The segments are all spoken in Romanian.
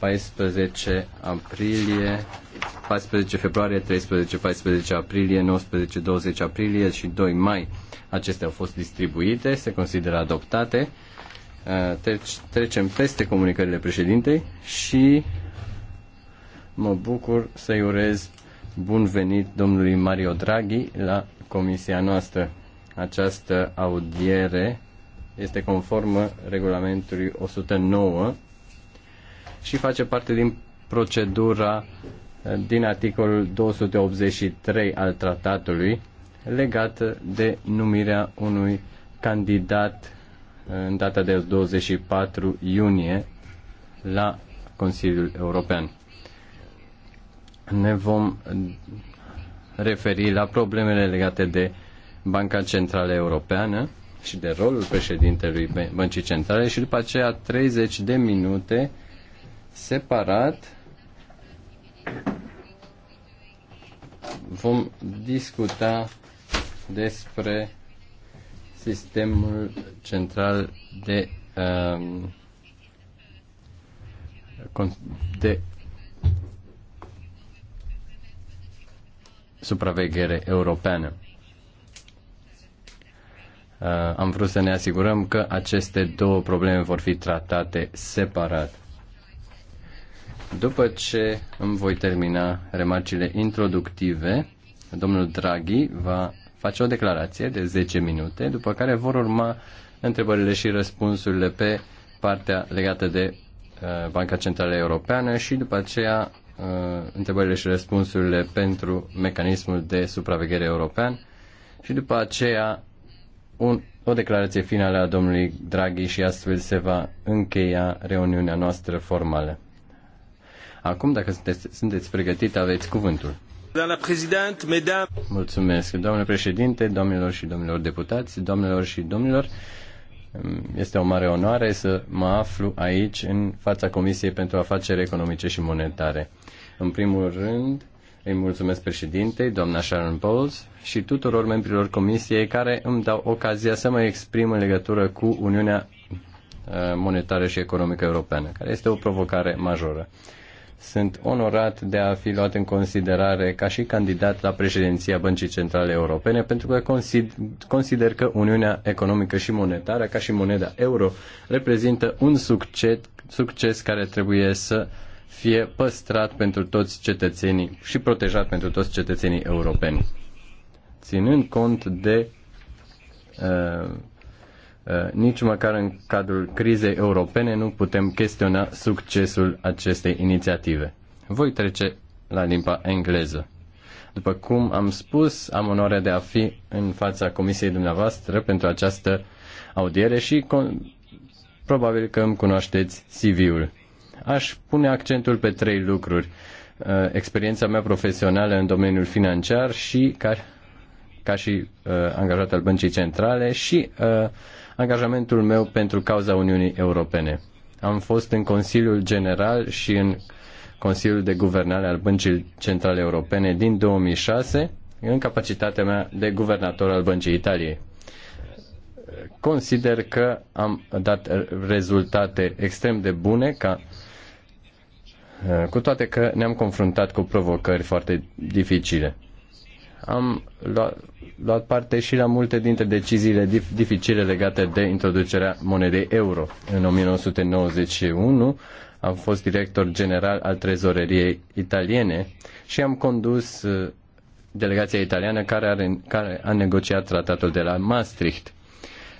14 aprilie, 14 februarie, 13, 14 aprilie, 19, 20 aprilie și 2 mai. Acestea au fost distribuite, se consideră adoptate. Uh, trecem peste comunicările președintei și mă bucur să-i urez bun venit domnului Mario Draghi la comisia noastră. Această audiere este conformă regulamentului 109 și face parte din procedura eh, din articolul 283 al tratatului legat de numirea unui candidat eh, în data de 24 iunie la Consiliul European. Ne vom referi la problemele legate de Banca Centrală Europeană și de rolul președintelui Băncii Centrale și după aceea 30 de minute separat vom discuta despre sistemul central de um, de supraveghere europeană. Uh, am vrut să ne asigurăm că aceste două probleme vor fi tratate separat. După ce îmi voi termina remarcile introductive, domnul Draghi va face o declarație de 10 minute, după care vor urma întrebările și răspunsurile pe partea legată de uh, Banca Centrală Europeană și după aceea uh, întrebările și răspunsurile pentru mecanismul de supraveghere european și după aceea un, o declarație finală a domnului Draghi și astfel se va încheia reuniunea noastră formală. Acum, dacă sunteți, sunteți pregătit, aveți cuvântul. Doamna președinte, medam. Mulțumesc, domnule președinte, domnilor și domnilor deputați, domnilor și domnilor. Este o mare onoare să mă aflu aici, în fața Comisiei pentru Afaceri Economice și Monetare. În primul rând, îi mulțumesc președintei, doamna Sharon Bowles și tuturor membrilor comisiei care îmi dau ocazia să mă exprim în legătură cu Uniunea uh, Monetară și Economică Europeană, care este o provocare majoră. Sunt onorat de a fi luat în considerare ca și candidat la președinția Băncii Centrale Europene, pentru că consider că Uniunea Economică și Monetară, ca și moneda euro, reprezintă un succes, succes care trebuie să fie păstrat pentru toți cetățenii și protejat pentru toți cetățenii europeni. Ținând cont de uh, Uh, nici măcar în cadrul crizei europene nu putem chestiona succesul acestei inițiative. Voi trece la limba engleză. După cum am spus, am onoarea de a fi în fața comisiei dumneavoastră pentru această audiere și con- probabil că îmi cunoașteți CV-ul. Aș pune accentul pe trei lucruri. Uh, experiența mea profesională în domeniul financiar și ca, ca și uh, angajat al băncii centrale și uh, angajamentul meu pentru cauza Uniunii Europene. Am fost în Consiliul General și în Consiliul de Guvernare al Băncii Centrale Europene din 2006, în capacitatea mea de guvernator al Băncii Italiei. Consider că am dat rezultate extrem de bune ca cu toate că ne-am confruntat cu provocări foarte dificile. Am luat, luat parte și la multe dintre deciziile dif- dificile legate de introducerea monedei euro. În 1991 am fost director general al trezoreriei italiene și am condus uh, delegația italiană care, are, care a negociat tratatul de la Maastricht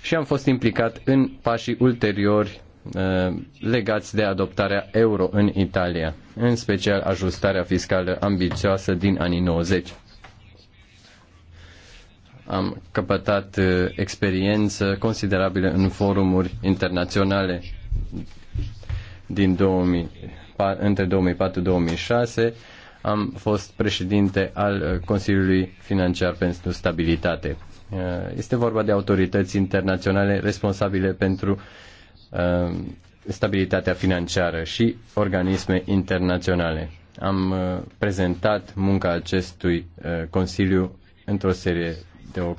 și am fost implicat în pașii ulteriori uh, legați de adoptarea euro în Italia, în special ajustarea fiscală ambițioasă din anii 90 am căpătat uh, experiență considerabilă în forumuri internaționale din 2000, între 2004-2006 am fost președinte al uh, Consiliului Financiar pentru Stabilitate. Uh, este vorba de autorități internaționale responsabile pentru stabilitatea financiară și organisme internaționale. Am prezentat munca acestui Consiliu într-o serie de, o,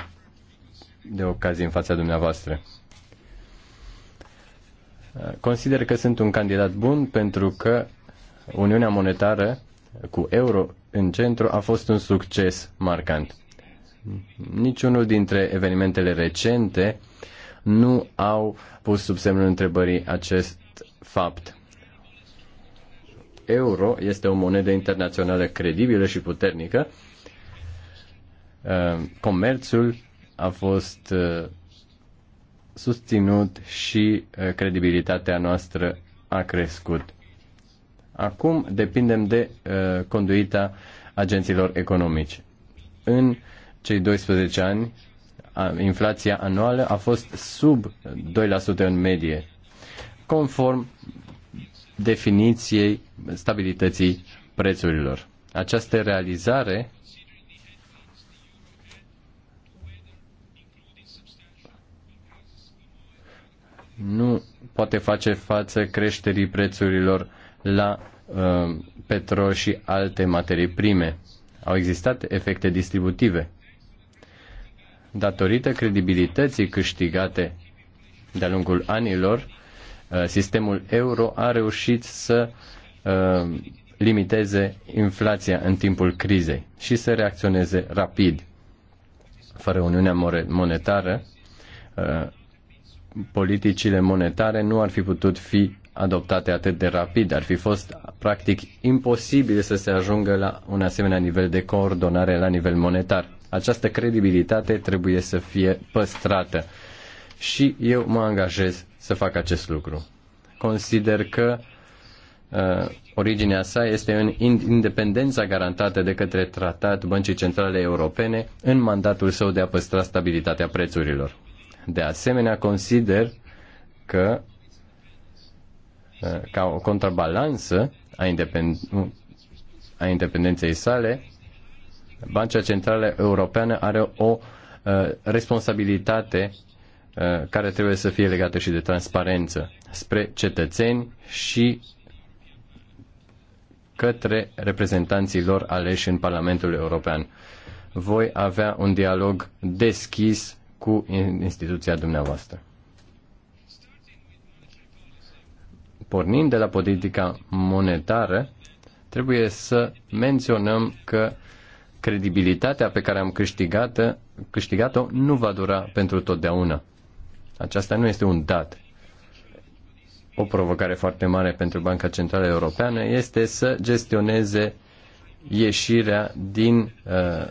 de ocazie în fața dumneavoastră. Consider că sunt un candidat bun pentru că Uniunea Monetară cu euro în centru a fost un succes marcant. Niciunul dintre evenimentele recente nu au pus sub semnul întrebării acest fapt. Euro este o monedă internațională credibilă și puternică Uh, comerțul a fost uh, susținut și uh, credibilitatea noastră a crescut. Acum depindem de conduita agenților economici. În cei 12 ani, inflația anuală a fost sub 2% în medie, conform definiției stabilității prețurilor. Această realizare nu poate face față creșterii prețurilor la uh, petrol și alte materii prime. Au existat efecte distributive. Datorită credibilității câștigate de-a lungul anilor, uh, sistemul euro a reușit să uh, limiteze inflația în timpul crizei și să reacționeze rapid. Fără Uniunea Monetară, uh, politicile monetare nu ar fi putut fi adoptate atât de rapid. Ar fi fost practic imposibil să se ajungă la un asemenea nivel de coordonare la nivel monetar. Această credibilitate trebuie să fie păstrată și eu mă angajez să fac acest lucru. Consider că uh, originea sa este în independența garantată de către tratat Băncii Centrale Europene în mandatul său de a păstra stabilitatea prețurilor. De asemenea, consider că uh, ca o contrabalansă a, independen- a independenței sale, Banca Centrală Europeană are o uh, responsabilitate uh, care trebuie să fie legată și de transparență spre cetățeni și către reprezentanții lor aleși în Parlamentul European. Voi avea un dialog deschis cu instituția dumneavoastră. Pornind de la politica monetară, trebuie să menționăm că credibilitatea pe care am câștigat-o, câștigat-o nu va dura pentru totdeauna. Aceasta nu este un dat. O provocare foarte mare pentru Banca Centrală Europeană este să gestioneze ieșirea din uh,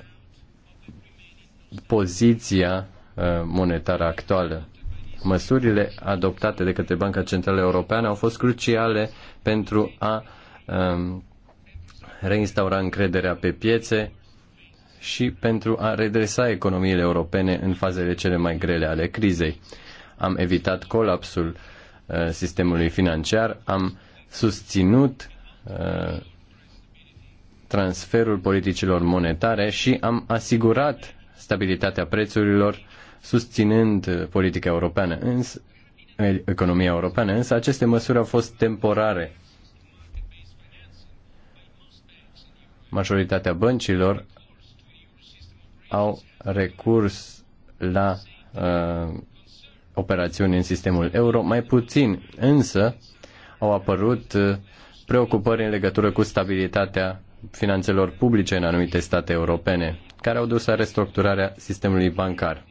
poziția Uh, monetară actuală. Măsurile adoptate de către Banca Centrală Europeană au fost cruciale pentru a um, reinstaura încrederea pe piețe și pentru a redresa economiile europene în fazele cele mai grele ale crizei. Am evitat colapsul uh, sistemului financiar, am susținut uh, transferul politicilor monetare și am asigurat stabilitatea prețurilor susținând uh, politica europeană, însă, economia europeană, însă aceste măsuri au fost temporare. Majoritatea băncilor au recurs la uh, operațiuni în sistemul euro, mai puțin, însă au apărut uh, preocupări în legătură cu stabilitatea finanțelor publice în anumite state europene, care au dus la restructurarea sistemului bancar.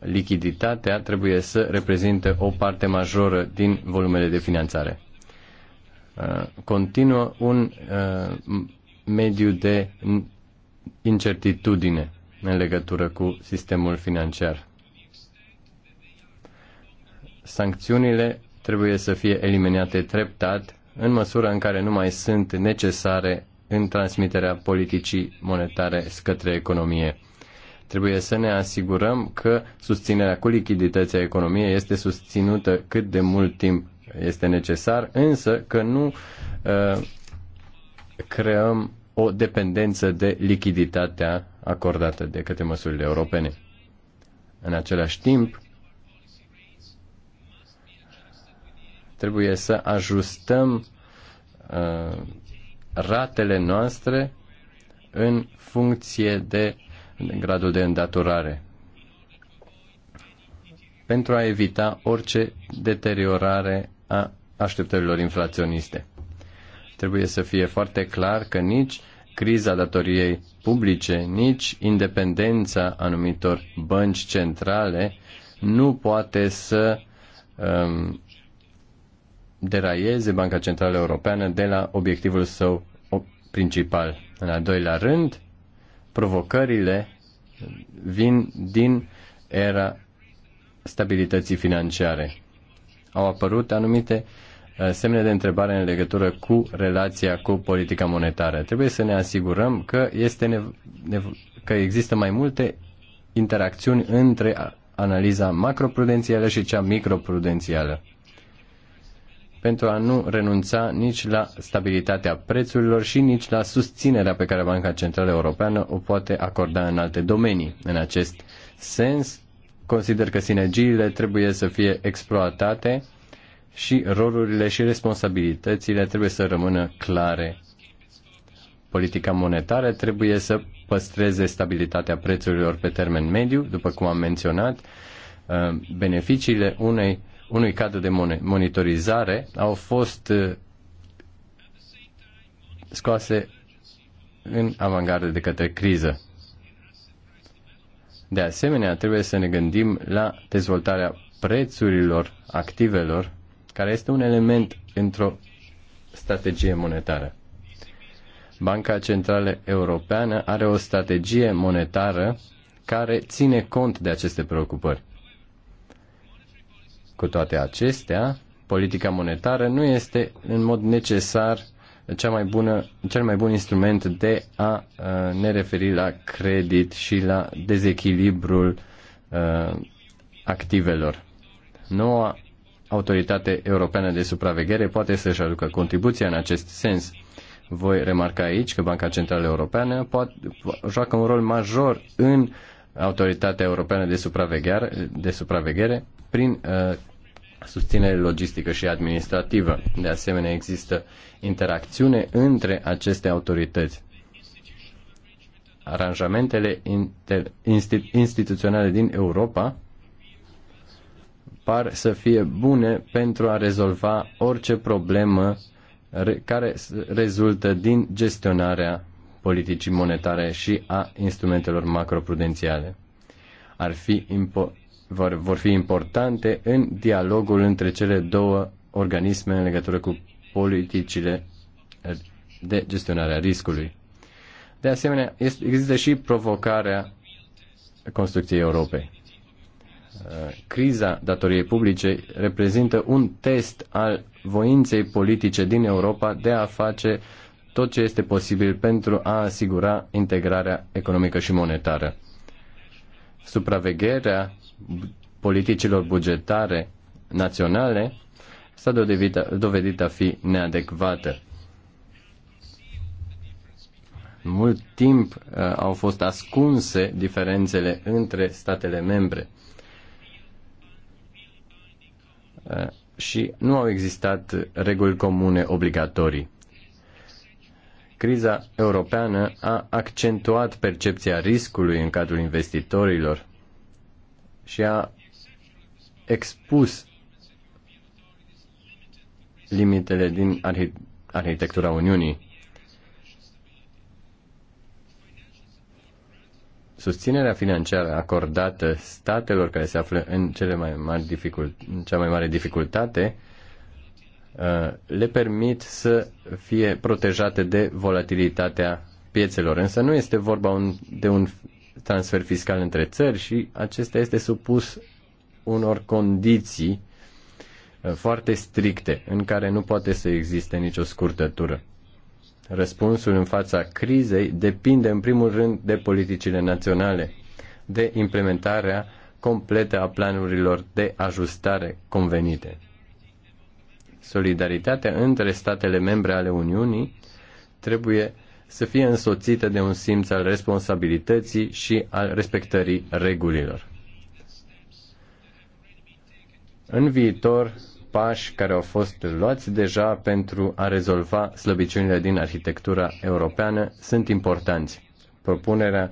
lichiditatea trebuie să reprezinte o parte majoră din volumele de finanțare. Uh, continuă un uh, mediu de incertitudine în legătură cu sistemul financiar. Sancțiunile trebuie să fie eliminate treptat în măsura în care nu mai sunt necesare în transmiterea politicii monetare către economie Trebuie să ne asigurăm că susținerea cu lichidității a economiei este susținută cât de mult timp este necesar, însă că nu uh, creăm o dependență de lichiditatea acordată de către măsurile europene. În același timp, trebuie să ajustăm uh, ratele noastre în funcție de gradul de îndatorare pentru a evita orice deteriorare a așteptărilor inflaționiste. Trebuie să fie foarte clar că nici criza datoriei publice, nici independența anumitor bănci centrale nu poate să um, deraieze Banca Centrală Europeană de la obiectivul său principal. În al doilea rând, provocările vin din era stabilității financiare. Au apărut anumite uh, semne de întrebare în legătură cu relația cu politica monetară. Trebuie să ne asigurăm că, este că există mai multe interacțiuni între analiza macroprudențială și cea microprudențială pentru a nu renunța nici la stabilitatea prețurilor și nici la susținerea pe care Banca Centrală Europeană o poate acorda în alte domenii. În acest sens, consider că sinergiile trebuie să fie exploatate și rolurile și responsabilitățile trebuie să rămână clare. Politica monetară trebuie să păstreze stabilitatea prețurilor pe termen mediu, după cum am menționat, beneficiile unei unui cadru de monitorizare au fost uh, scoase în avangardă de către criză. De asemenea, trebuie să ne gândim la dezvoltarea prețurilor activelor, care este un element într-o strategie monetară. Banca Centrală Europeană are o strategie monetară care ține cont de aceste preocupări. Cu toate acestea, politica monetară nu este în mod necesar cea mai bună, cel mai bun instrument de a ne referi la credit și la dezechilibrul activelor. Noua autoritate europeană de supraveghere poate să-și aducă contribuția în acest sens. Voi remarca aici că Banca Centrală Europeană poate, joacă un rol major în Autoritatea Europeană de Supraveghere, de supraveghere prin uh, susținere logistică și administrativă. De asemenea, există interacțiune între aceste autorități. Aranjamentele inter, instit, instituționale din Europa par să fie bune pentru a rezolva orice problemă care rezultă din gestionarea politicii monetare și a instrumentelor macroprudențiale. Ar fi vor, vor fi importante în dialogul între cele două organisme în legătură cu politicile de gestionare a riscului. De asemenea, există și provocarea construcției Europei. Criza datoriei publice reprezintă un test al voinței politice din Europa de a face uh, tot ce este posibil pentru a asigura integrarea economică și monetară. Supravegherea politicilor bugetare naționale s-a dovedit a fi neadecvată. Mult timp au fost ascunse diferențele între statele membre și nu au existat reguli comune obligatorii. Criza europeană a accentuat percepția riscului în cadrul investitorilor și a expus limitele din arhi- arhitectura Uniunii. Susținerea financiară acordată statelor care se află în, cele mai mari dificult- în cea mai mare dificultate Uh, le permit să fie protejate de volatilitatea piețelor. Însă nu este vorba de un transfer fiscal între țări și acesta este supus unor condiții uh, foarte stricte în care nu poate să existe nicio scurtătură. Răspunsul în fața crizei depinde în primul rând de politicile naționale, de implementarea completă a planurilor de ajustare convenite. Solidaritatea între statele membre ale Uniunii trebuie să fie însoțită de un simț al responsabilității și al respectării regulilor. În viitor, pași care au fost luați deja pentru a rezolva slăbiciunile din arhitectura europeană sunt importanți. Propunerea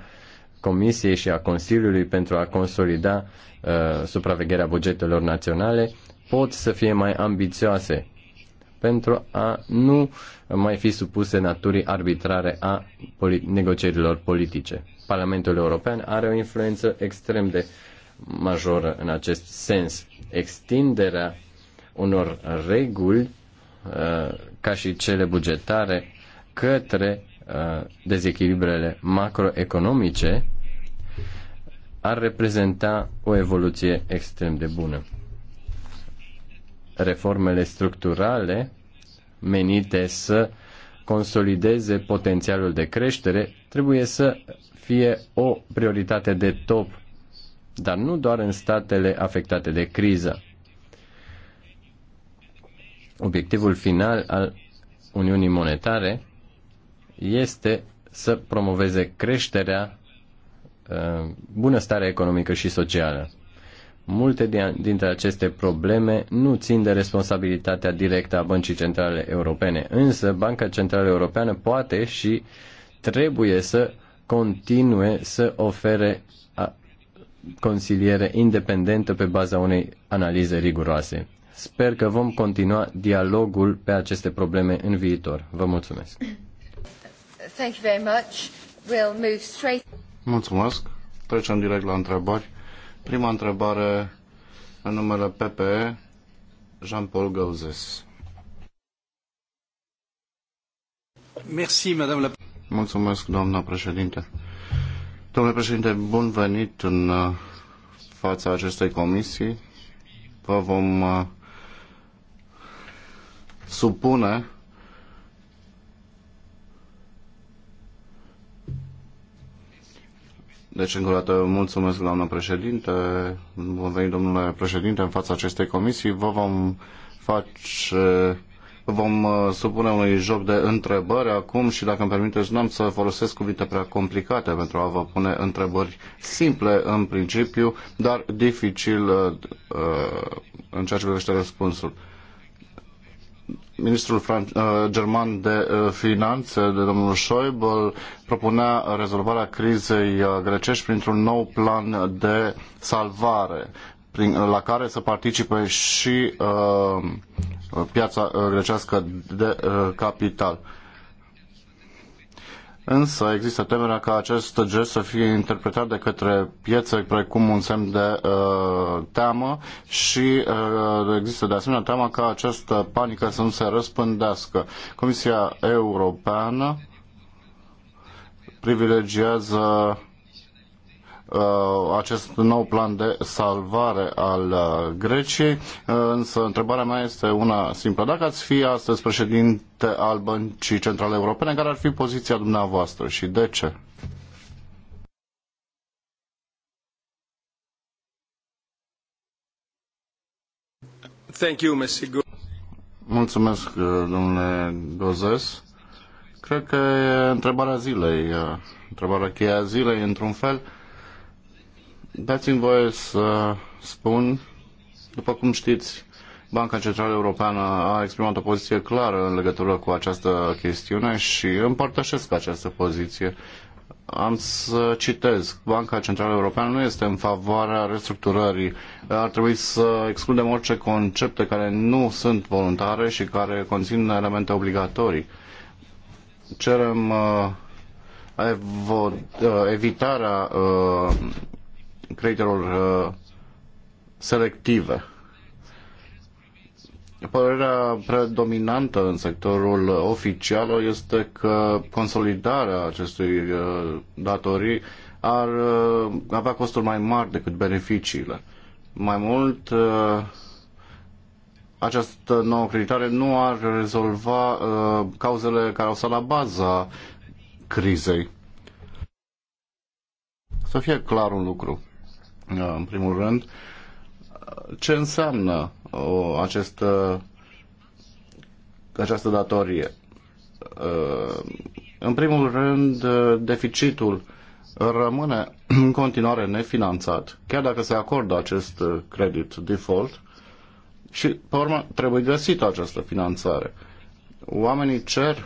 Comisiei și a Consiliului pentru a consolida uh, supravegherea bugetelor naționale pot să fie mai ambițioase pentru a nu mai fi supuse naturii arbitrare a negocierilor politice. Parlamentul European are o influență extrem de majoră în acest sens. Extinderea unor reguli uh, ca și cele bugetare către uh, dezechilibrele macroeconomice ar reprezenta o evoluție extrem de bună reformele structurale menite să consolideze potențialul de creștere trebuie să fie o prioritate de top, dar nu doar în statele afectate de criză. Obiectivul final al Uniunii Monetare este să promoveze creșterea, uh, bunăstarea economică și socială. Multe dintre aceste probleme nu țin de responsabilitatea directă a Băncii Centrale Europene, însă Banca Centrală Europeană poate și trebuie să continue să ofere consiliere independentă pe baza unei analize riguroase. Sper că vom continua dialogul pe aceste probleme în viitor. Vă mulțumesc. Thank you very much. We'll move straight... Mulțumesc. Trecem direct la întrebări. Prima întrebare în numele PPE, Jean-Paul Gauzes. Merci, madame la... Mulțumesc, doamna președinte. Domnule președinte, bun venit în uh, fața acestei comisii. Vă vom uh, supune Deci, încă o dată, mulțumesc, doamnă președinte. Bun venit, domnule președinte, în fața acestei comisii. Vă vom face vom uh, supune unui joc de întrebări acum și dacă îmi permiteți, n-am să folosesc cuvinte prea complicate pentru a vă pune întrebări simple în principiu, dar dificil uh, uh, în ceea ce privește răspunsul ministrul uh, german de uh, finanțe, de domnul Schäuble, propunea rezolvarea crizei uh, grecești printr-un nou plan de salvare, prin, la care să participe și uh, piața grecească de uh, capital. Uh, Însă există temerea ca acest gest să fie interpretat de către piețe precum un semn de uh, teamă și uh, există de asemenea teama ca această panică să nu se răspândească. Comisia Europeană privilegiază Uh, acest nou plan de salvare al uh, Greciei, uh, însă întrebarea mea este una simplă. Dacă ați fi astăzi președinte al Băncii Centrale Europene, care ar fi poziția dumneavoastră și de ce? Thank you, Mulțumesc, domnule Gozes. Cred că e întrebarea zilei, întrebarea cheia zilei, într-un fel. Dați-mi voie să spun, după cum știți, Banca Centrală Europeană a exprimat o poziție clară în legătură cu această chestiune și împărtășesc această poziție. Am să citez. Banca Centrală Europeană nu este în favoarea restructurării. Ar trebui să excludem orice concepte care nu sunt voluntare și care conțin elemente obligatorii. Cerem uh, uh, evitarea uh, creditelor uh, selective. Părerea predominantă în sectorul oficial este că consolidarea acestui uh, datorii ar uh, avea costuri mai mari decât beneficiile. Mai mult, această nouă creditare nu ar rezolva cauzele care au stat la baza crizei. Să fie clar un lucru. Uh, în primul rând, ce înseamnă o, uh, această, această datorie. Uh, în primul rând, deficitul rămâne în continuare nefinanțat, chiar dacă se acordă acest credit default și, pe urmă, trebuie găsită această finanțare. Oamenii cer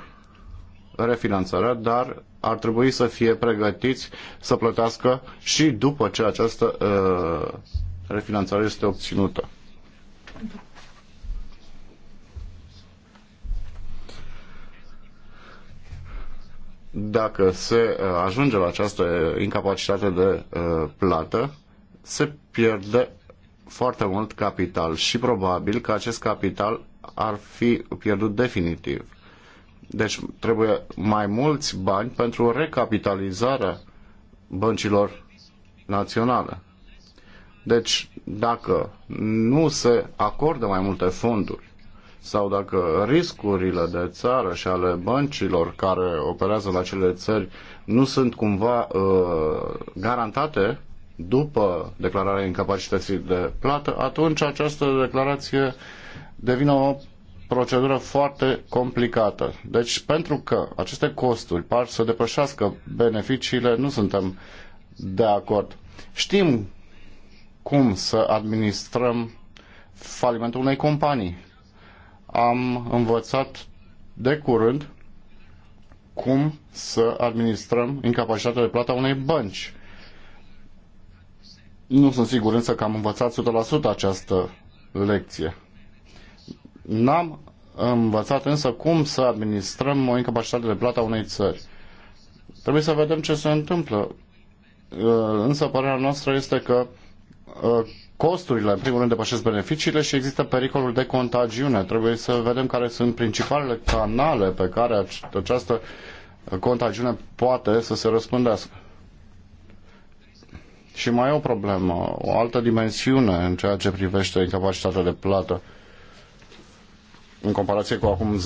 refinanțarea, dar ar trebui să fie pregătiți să plătească și după ce această uh, refinanțare este obținută. Dacă se uh, ajunge la această incapacitate de uh, plată, se pierde foarte mult capital și probabil că acest capital ar fi pierdut definitiv. Deci trebuie mai mulți bani pentru recapitalizarea băncilor naționale. Deci, dacă nu se acordă mai multe fonduri sau dacă riscurile de țară și ale băncilor care operează la acele țări nu sunt cumva uh, garantate după declararea incapacității de plată, atunci această declarație devine o procedură foarte complicată. Deci, pentru că aceste costuri par să depășească beneficiile, nu suntem de acord. Știm cum să administrăm falimentul unei companii. Am învățat de curând cum să administrăm incapacitatea de plată a unei bănci. Nu sunt sigur însă că am învățat 100% această lecție. N-am învățat însă cum să administrăm o incapacitate de plată a unei țări. Trebuie să vedem ce se întâmplă. Uh, însă părerea noastră este că uh, costurile, în primul rând, depășesc beneficiile și există pericolul de contagiune. Trebuie să vedem care sunt principalele canale pe care această contagiune poate să se răspândească. Și mai e o problemă, o altă dimensiune în ceea ce privește incapacitatea de plată în comparație cu acum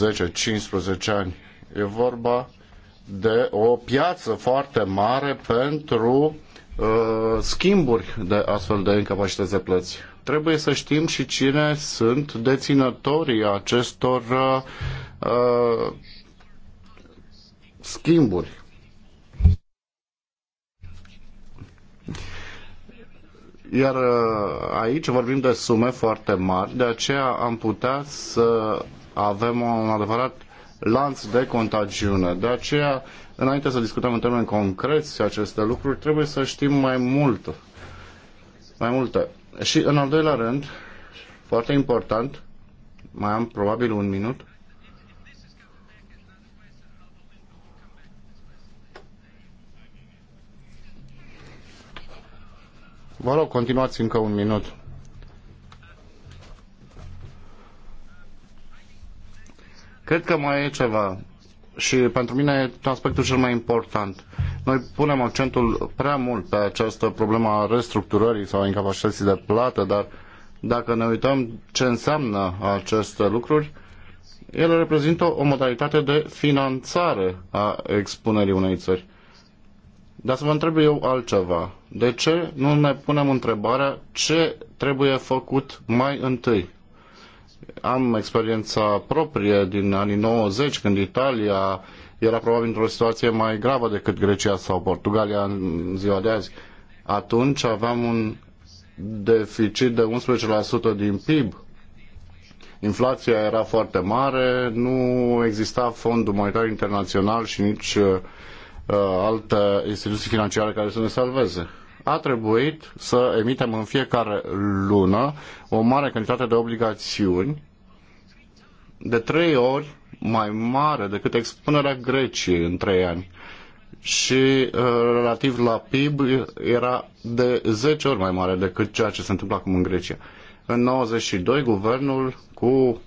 10-15 ani. E vorba de o piață foarte mare pentru uh, schimburi de astfel de incapacități de plăți. Trebuie să știm și cine sunt deținătorii acestor uh, uh schimburi. Iar uh, aici vorbim de sume foarte mari, de aceea am putea să avem un adevărat lanț de contagiune. De aceea, înainte să discutăm în termeni concreți aceste lucruri, trebuie să știm mai mult. Mai multe. Și în al doilea rând, foarte important, mai am probabil un minut, Vă rog, continuați încă un minut. Cred că mai e ceva și pentru mine e aspectul cel mai important. Noi punem accentul prea mult pe această problemă a restructurării sau a incapacității de plată, dar dacă ne uităm ce înseamnă aceste lucruri, ele reprezintă o modalitate de finanțare a expunerii unei țări. Dar să vă întreb eu altceva. De ce nu ne punem întrebarea ce trebuie făcut mai întâi? Am experiența proprie din anii 90, când Italia era probabil într-o situație mai gravă decât Grecia sau Portugalia în ziua de azi. Atunci aveam un deficit de 11% din PIB. Inflația era foarte mare, nu exista fondul monetar internațional și nici uh, Uh, alte instituții financiare care să ne salveze. A trebuit să emitem în fiecare lună o mare cantitate de obligațiuni de trei ori mai mare decât expunerea Greciei în trei ani și uh, relativ la PIB era de 10 ori mai mare decât ceea ce se întâmplă acum în Grecia. În 92, guvernul cu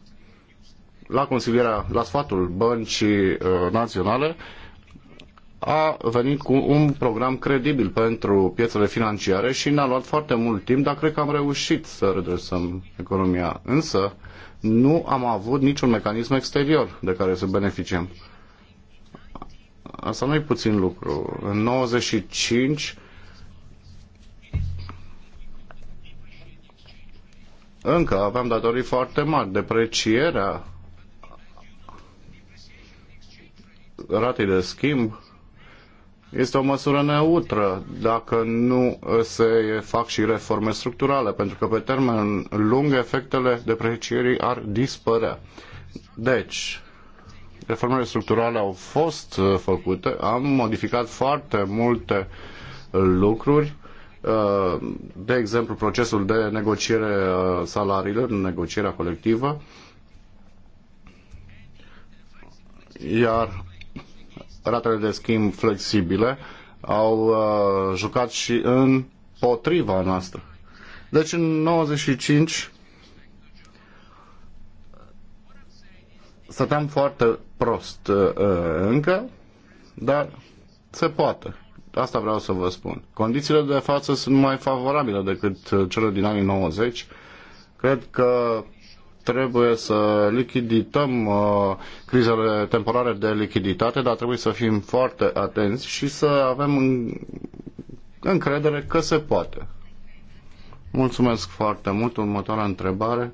la consilierea, la sfatul băncii uh, naționale a venit cu un program credibil pentru piețele financiare și ne-a luat foarte mult timp, dar cred că am reușit să redresăm economia. Însă nu am avut niciun mecanism exterior de care să beneficiem. Asta nu e puțin lucru. În 95 încă aveam datorii foarte mari. Deprecierea ratei de schimb este o măsură neutră dacă nu se fac și reforme structurale, pentru că pe termen lung efectele deprecierii ar dispărea. Deci, reformele structurale au fost uh, făcute, am modificat foarte multe uh, lucruri, uh, de exemplu procesul de negociere salariilor, negocierea colectivă, iar ratele de schimb flexibile au uh, jucat și în potriva noastră. Deci în 95 stăteam foarte prost uh, uh, încă, dar se poate. Asta vreau să vă spun. Condițiile de față sunt mai favorabile decât uh, cele din anii 90. Cred că trebuie să lichidităm uh, crizele temporare de lichiditate, dar trebuie să fim foarte atenți și să avem încredere că se poate. Mulțumesc foarte mult. Următoarea întrebare.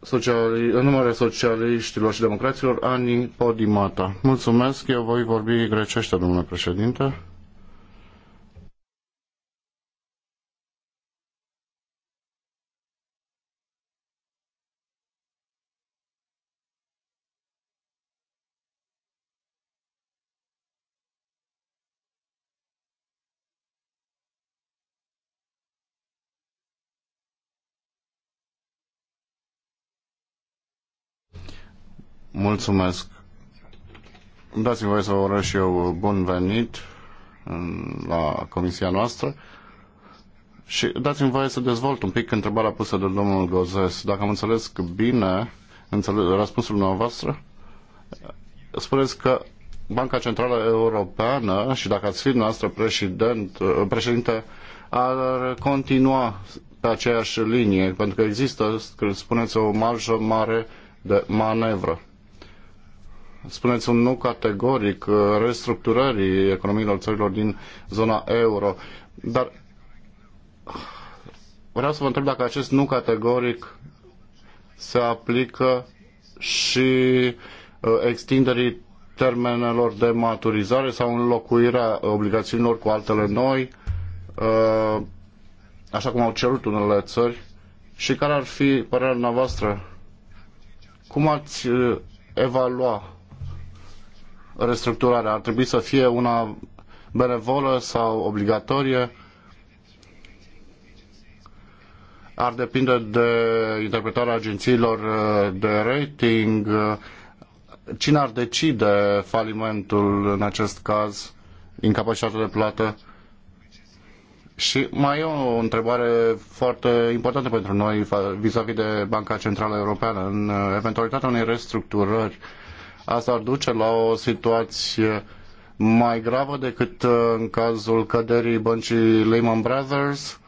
Sociali... În numele socialiștilor și democraților, Ani Podimata. Mulțumesc, eu voi vorbi grecește, domnule președinte. Mulțumesc. dați-mi voie să vă urez și eu bun venit la comisia noastră. Și dați-mi voie să dezvolt un pic întrebarea pusă de domnul Gozes. Dacă am înțeles bine înțeles, răspunsul dumneavoastră, spuneți că Banca Centrală Europeană și dacă ați fi noastră președint, președinte, ar continua pe aceeași linie, pentru că există, spuneți, o marjă mare de manevră spuneți un nu categoric uh, restructurării economiilor țărilor din zona euro. Dar vreau să vă întreb dacă acest nu categoric se aplică și uh, extinderii termenelor de maturizare sau înlocuirea obligațiilor cu altele noi, uh, așa cum au cerut unele țări, și care ar fi părerea noastră? Cum ați evalua restructurare ar trebui să fie una benevolă sau obligatorie? Ar depinde de interpretarea agențiilor uh, de rating. Uh, cine ar decide falimentul în acest caz, incapacitatea de plată? Și mai e o întrebare foarte importantă pentru noi vis-a-vis de Banca Centrală Europeană. În uh, eventualitatea unei restructurări, Asta ar duce la o situație mai gravă decât uh, în cazul căderii băncii Lehman Brothers.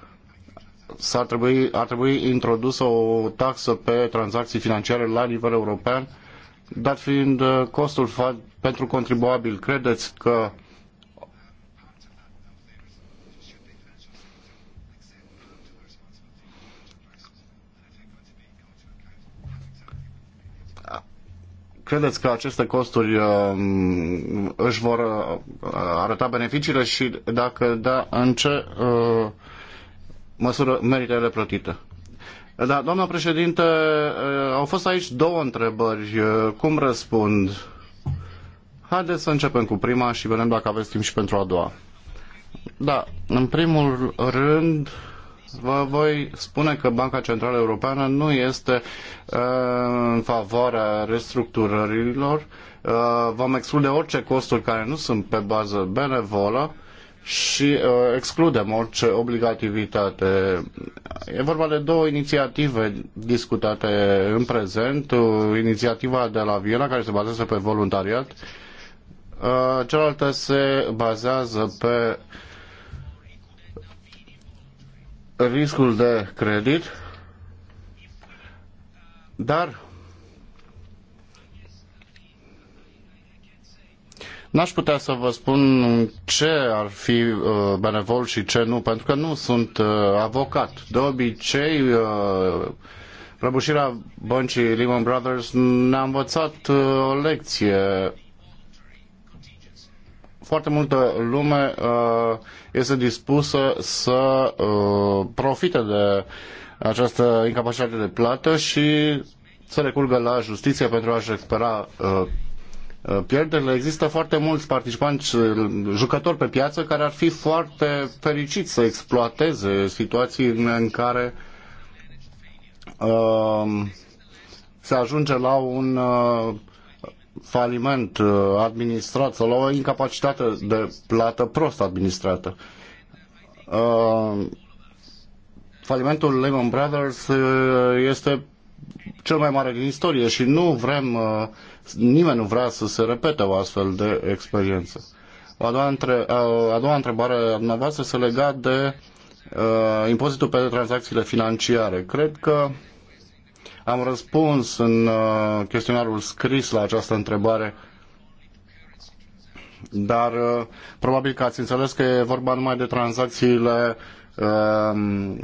S-ar trebui, ar trebui introdusă o taxă pe tranzacții financiare la nivel european, dat fiind uh, costul pentru contribuabil. Credeți că Credeți că aceste costuri um, își vor uh, arăta beneficiile și dacă da, în ce uh, măsură merită ele plătite? Da, doamna președinte, uh, au fost aici două întrebări. Cum răspund? Haideți să începem cu prima și vedem dacă aveți timp și pentru a doua. Da, în primul rând, vă voi spune că Banca Centrală Europeană nu este uh, în favoarea restructurărilor. Uh, vom exclude orice costuri care nu sunt pe bază benevolă și uh, excludem orice obligativitate. E vorba de două inițiative discutate în prezent. Inițiativa de la Viena, care se bazează pe voluntariat, cealaltă se bazează pe riscul de credit, dar N-aș putea să vă spun ce ar fi uh, benevol și ce nu, pentru că nu sunt uh, avocat. De obicei, uh, răbușirea băncii Lehman Brothers ne-a învățat o lecție foarte multă lume uh, este dispusă să uh, profite de această incapacitate de plată și să recurgă la justiție pentru a-și recupera uh, pierderile. Există foarte mulți participanți, jucători pe piață care ar fi foarte fericiți să exploateze situații în care se ajunge la un faliment uh, administrat sau la o incapacitate de plată prost administrată. Uh, falimentul Lehman Brothers uh, este cel mai mare din istorie și nu vrem, nimeni nu vrea să se repete o astfel de experiență. A doua, între, a doua întrebare a dumneavoastră se lega de uh, impozitul pe tranzacțiile financiare. Cred că uh, am răspuns în uh, chestionarul scris la această întrebare, dar uh, probabil că ați înțeles că e vorba numai de tranzacțiile um,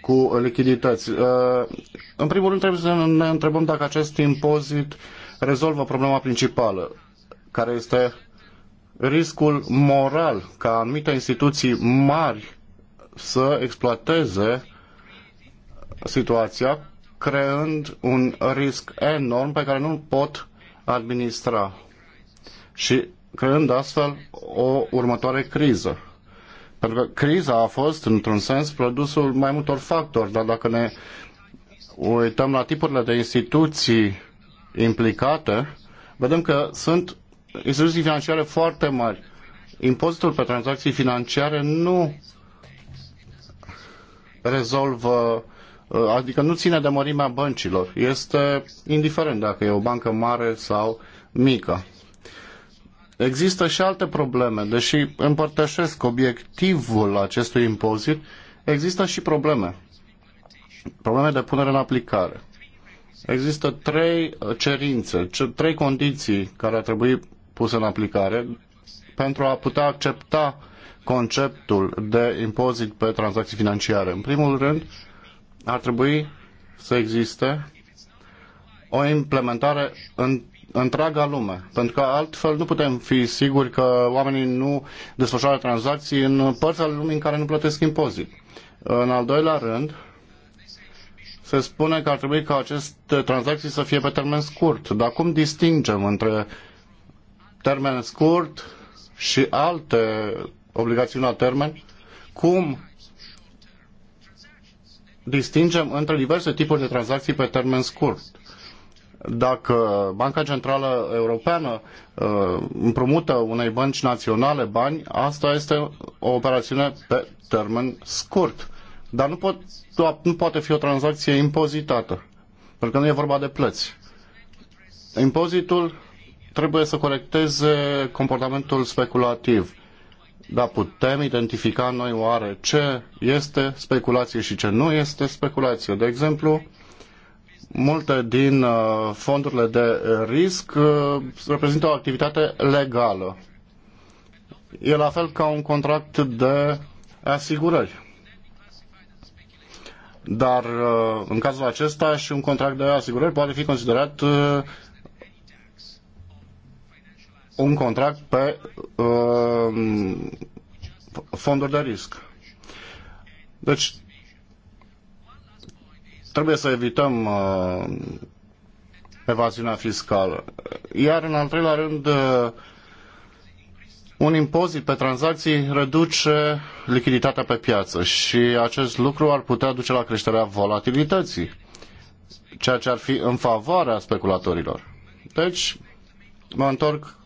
cu lichidități. Uh, în primul rând trebuie să ne întrebăm dacă acest impozit rezolvă problema principală, care este riscul moral ca anumite instituții mari să exploateze situația creând un risc enorm pe care nu-l pot administra și creând astfel o următoare criză. Pentru că criza a fost, într-un sens, produsul mai multor factori, dar dacă ne uităm la tipurile de instituții implicate, vedem că sunt instituții financiare foarte mari. Impozitul pe tranzacții financiare nu rezolvă, uh, adică nu ține de mărimea băncilor. Este indiferent dacă e o bancă mare sau mică. Există și alte probleme, deși împărtășesc obiectivul acestui impozit, există și probleme. Probleme de punere în aplicare. Există trei uh, cerințe, trei condiții care ar trebui puse în aplicare pentru a putea accepta conceptul de impozit pe tranzacții financiare. În primul rând, ar trebui să existe o implementare în întreaga lume, pentru că altfel nu putem fi siguri că oamenii nu desfășoară tranzacții în părți ale lumii în care nu plătesc impozit. În al doilea rând, se spune că ar trebui ca aceste tranzacții să fie pe termen scurt. Dar cum distingem între termen scurt și alte obligațiuni la termen, cum distingem între diverse tipuri de tranzacții pe termen scurt. Dacă Banca Centrală Europeană uh, împrumută unei bănci naționale bani, asta este o operațiune pe termen scurt. Dar nu, pot, nu poate fi o tranzacție impozitată, pentru că nu e vorba de plăți. Impozitul trebuie să corecteze comportamentul speculativ. Da, putem identifica noi oare ce este speculație și ce nu este speculație. De exemplu, multe din uh, fondurile de risc uh, reprezintă o activitate legală. E la fel ca un contract de asigurări. Dar uh, în cazul acesta și un contract de asigurări poate fi considerat un contract pe uh, fonduri de risc. Deci, trebuie să evităm uh, evaziunea fiscală. Iar, în al treilea rând, uh, un impozit pe tranzacții reduce lichiditatea pe piață și acest lucru ar putea duce la creșterea volatilității, ceea ce ar fi în favoarea speculatorilor. Deci, mă întorc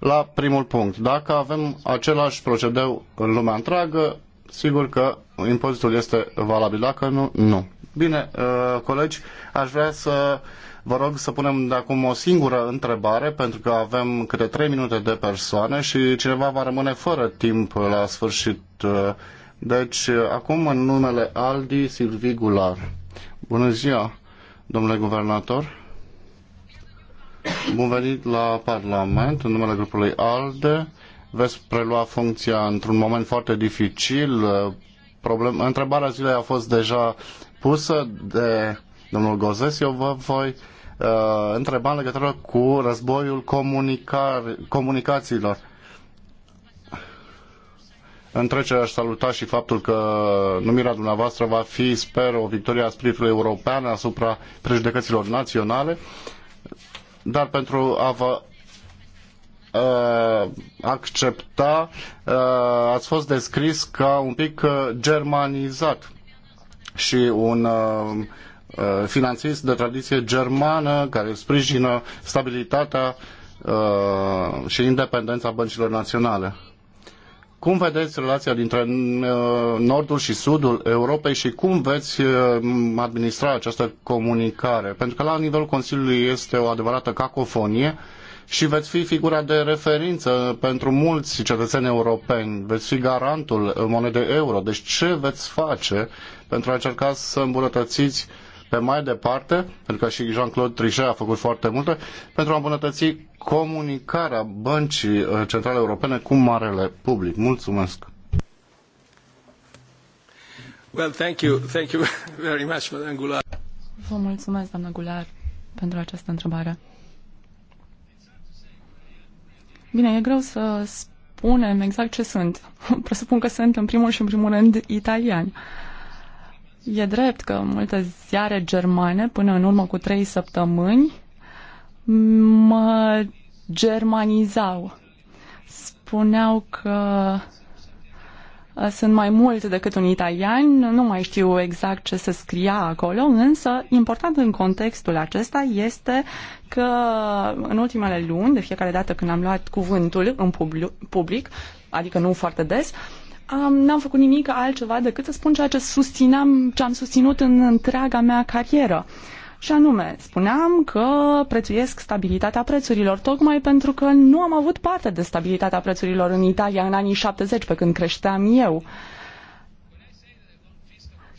la primul punct. Dacă avem același procedeu în lumea întreagă, sigur că impozitul este valabil. Dacă nu, nu. Bine, uh, colegi, aș vrea să vă rog să punem de acum o singură întrebare, pentru că avem câte 3 minute de persoane și cineva va rămâne fără timp la sfârșit. Uh, deci, acum, în numele Aldi Silvi Gular. Bună ziua, domnule guvernator. Bun venit la Parlament, în numele grupului ALDE. Veți prelua funcția într-un moment foarte dificil. Problem... Întrebarea zilei a fost deja pusă de domnul Gozes. Eu vă voi uh, întreba în legătură cu războiul comunicar... comunicațiilor. În trecere aș saluta și faptul că numirea dumneavoastră va fi, sper, o victorie a spiritului european asupra prejudecăților naționale dar pentru a vă uh, accepta, uh, ați fost descris ca un pic uh, germanizat și un uh, finanțist de tradiție germană care sprijină stabilitatea uh, și independența băncilor naționale. Cum vedeți relația dintre uh, nordul și sudul Europei și cum veți uh, administra această comunicare? Pentru că la nivelul Consiliului este o adevărată cacofonie și veți fi figura de referință pentru mulți cetățeni europeni, veți fi garantul monedei euro. Deci ce veți face pentru a încerca să îmbunătățiți uh, pe mai departe, pentru că și Jean-Claude Trichet a făcut foarte multe, pentru a îmbunătăți comunicarea Băncii uh, Centrale Europene cu marele public. Mulțumesc! Well, thank you. Thank you very much, Madame Goulard. Vă mulțumesc, doamnă Gular, pentru această întrebare. Bine, e greu să spunem exact ce sunt. Presupun că sunt, în primul și în primul rând, italiani. Uh, E drept că multe ziare germane, până în urmă cu trei săptămâni, mă germanizau. Spuneau că uh, sunt mai mult decât un italian, nu mai știu exact ce se scria acolo, însă important în contextul acesta este că în ultimele luni, de fiecare dată când am luat cuvântul în public, adică nu foarte des, uh, am, n-am făcut nimic altceva decât să spun ceea ce susțineam, ce am susținut în întreaga mea carieră. Și anume, spuneam că prețuiesc stabilitatea prețurilor, tocmai pentru că nu am avut parte de stabilitatea prețurilor în Italia în anii 70, pe când creșteam eu.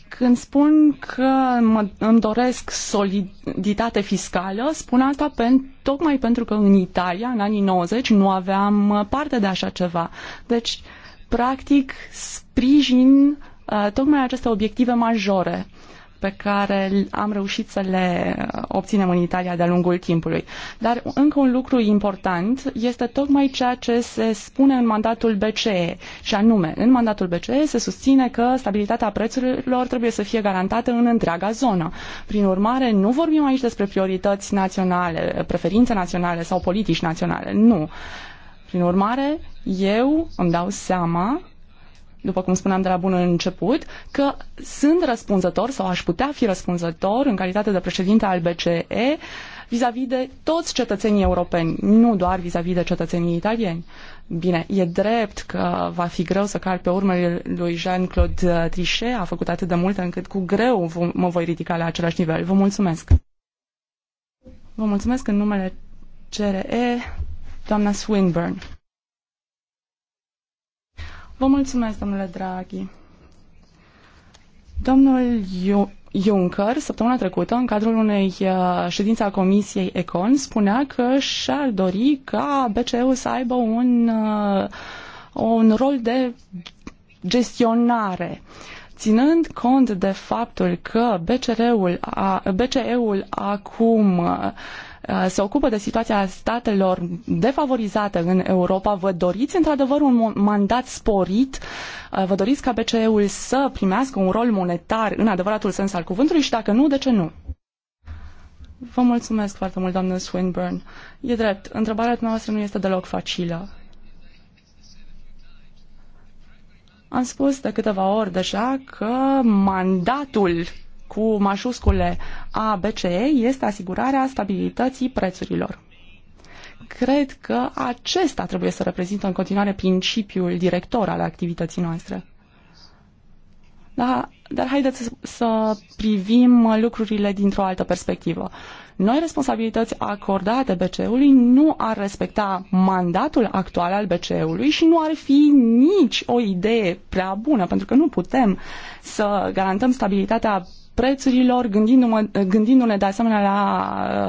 Când spun că mă, îmi doresc soliditate fiscală, spun asta pen, tocmai pentru că în Italia, în anii 90, nu aveam parte de așa ceva. Deci, uh, practic sprijin uh, tocmai aceste obiective majore pe care am reușit să le uh, obținem în Italia de-a lungul timpului. Dar încă un lucru important este tocmai ceea ce se spune în mandatul BCE, și anume, în mandatul BCE se susține că stabilitatea prețurilor trebuie să fie garantată în întreaga zonă. Prin urmare, nu vorbim aici despre priorități naționale, preferințe naționale sau politici naționale, nu. Prin urmare, eu îmi dau seama, după cum spuneam de la bun început, că sunt răspunzător sau aș putea fi răspunzător în calitate de președinte al BCE vis-a-vis -vis de toți cetățenii europeni, nu doar vis-a-vis -vis de cetățenii italieni. Bine, e drept că va fi greu să car pe urmele lui Jean-Claude Trichet, a făcut atât de mult, încât cu greu mă voi ridica la același nivel. Vă mulțumesc! Vă mulțumesc în numele CRE, doamna Swinburne. Vă mulțumesc, domnule Draghi. Domnul Iu Juncker, săptămâna trecută, în cadrul unei uh, ședințe a Comisiei Econ, spunea că și-ar dori ca BCE-ul să aibă un, uh, un rol de gestionare. Ținând cont de faptul că BCE-ul BCE acum uh, Uh, se ocupă de situația statelor defavorizate în Europa, vă doriți într-adevăr un mandat sporit? Uh, vă doriți ca BCE-ul să primească un rol monetar în adevăratul sens al cuvântului și dacă nu, de ce nu? Vă mulțumesc foarte mult, doamnă Swinburne. E drept, întrebarea noastră nu este deloc facilă. Am spus de câteva ori deja că mandatul cu mașuscule E, este asigurarea stabilității prețurilor. Cred că acesta trebuie să reprezintă în continuare principiul director al activității noastre. Da, dar haideți să, să privim lucrurile dintr-o altă perspectivă. Noi responsabilități acordate BCE-ului nu ar respecta mandatul actual al BCE-ului și nu ar fi nici o idee prea bună, pentru că nu putem să garantăm stabilitatea prețurilor, gândindu-ne de asemenea la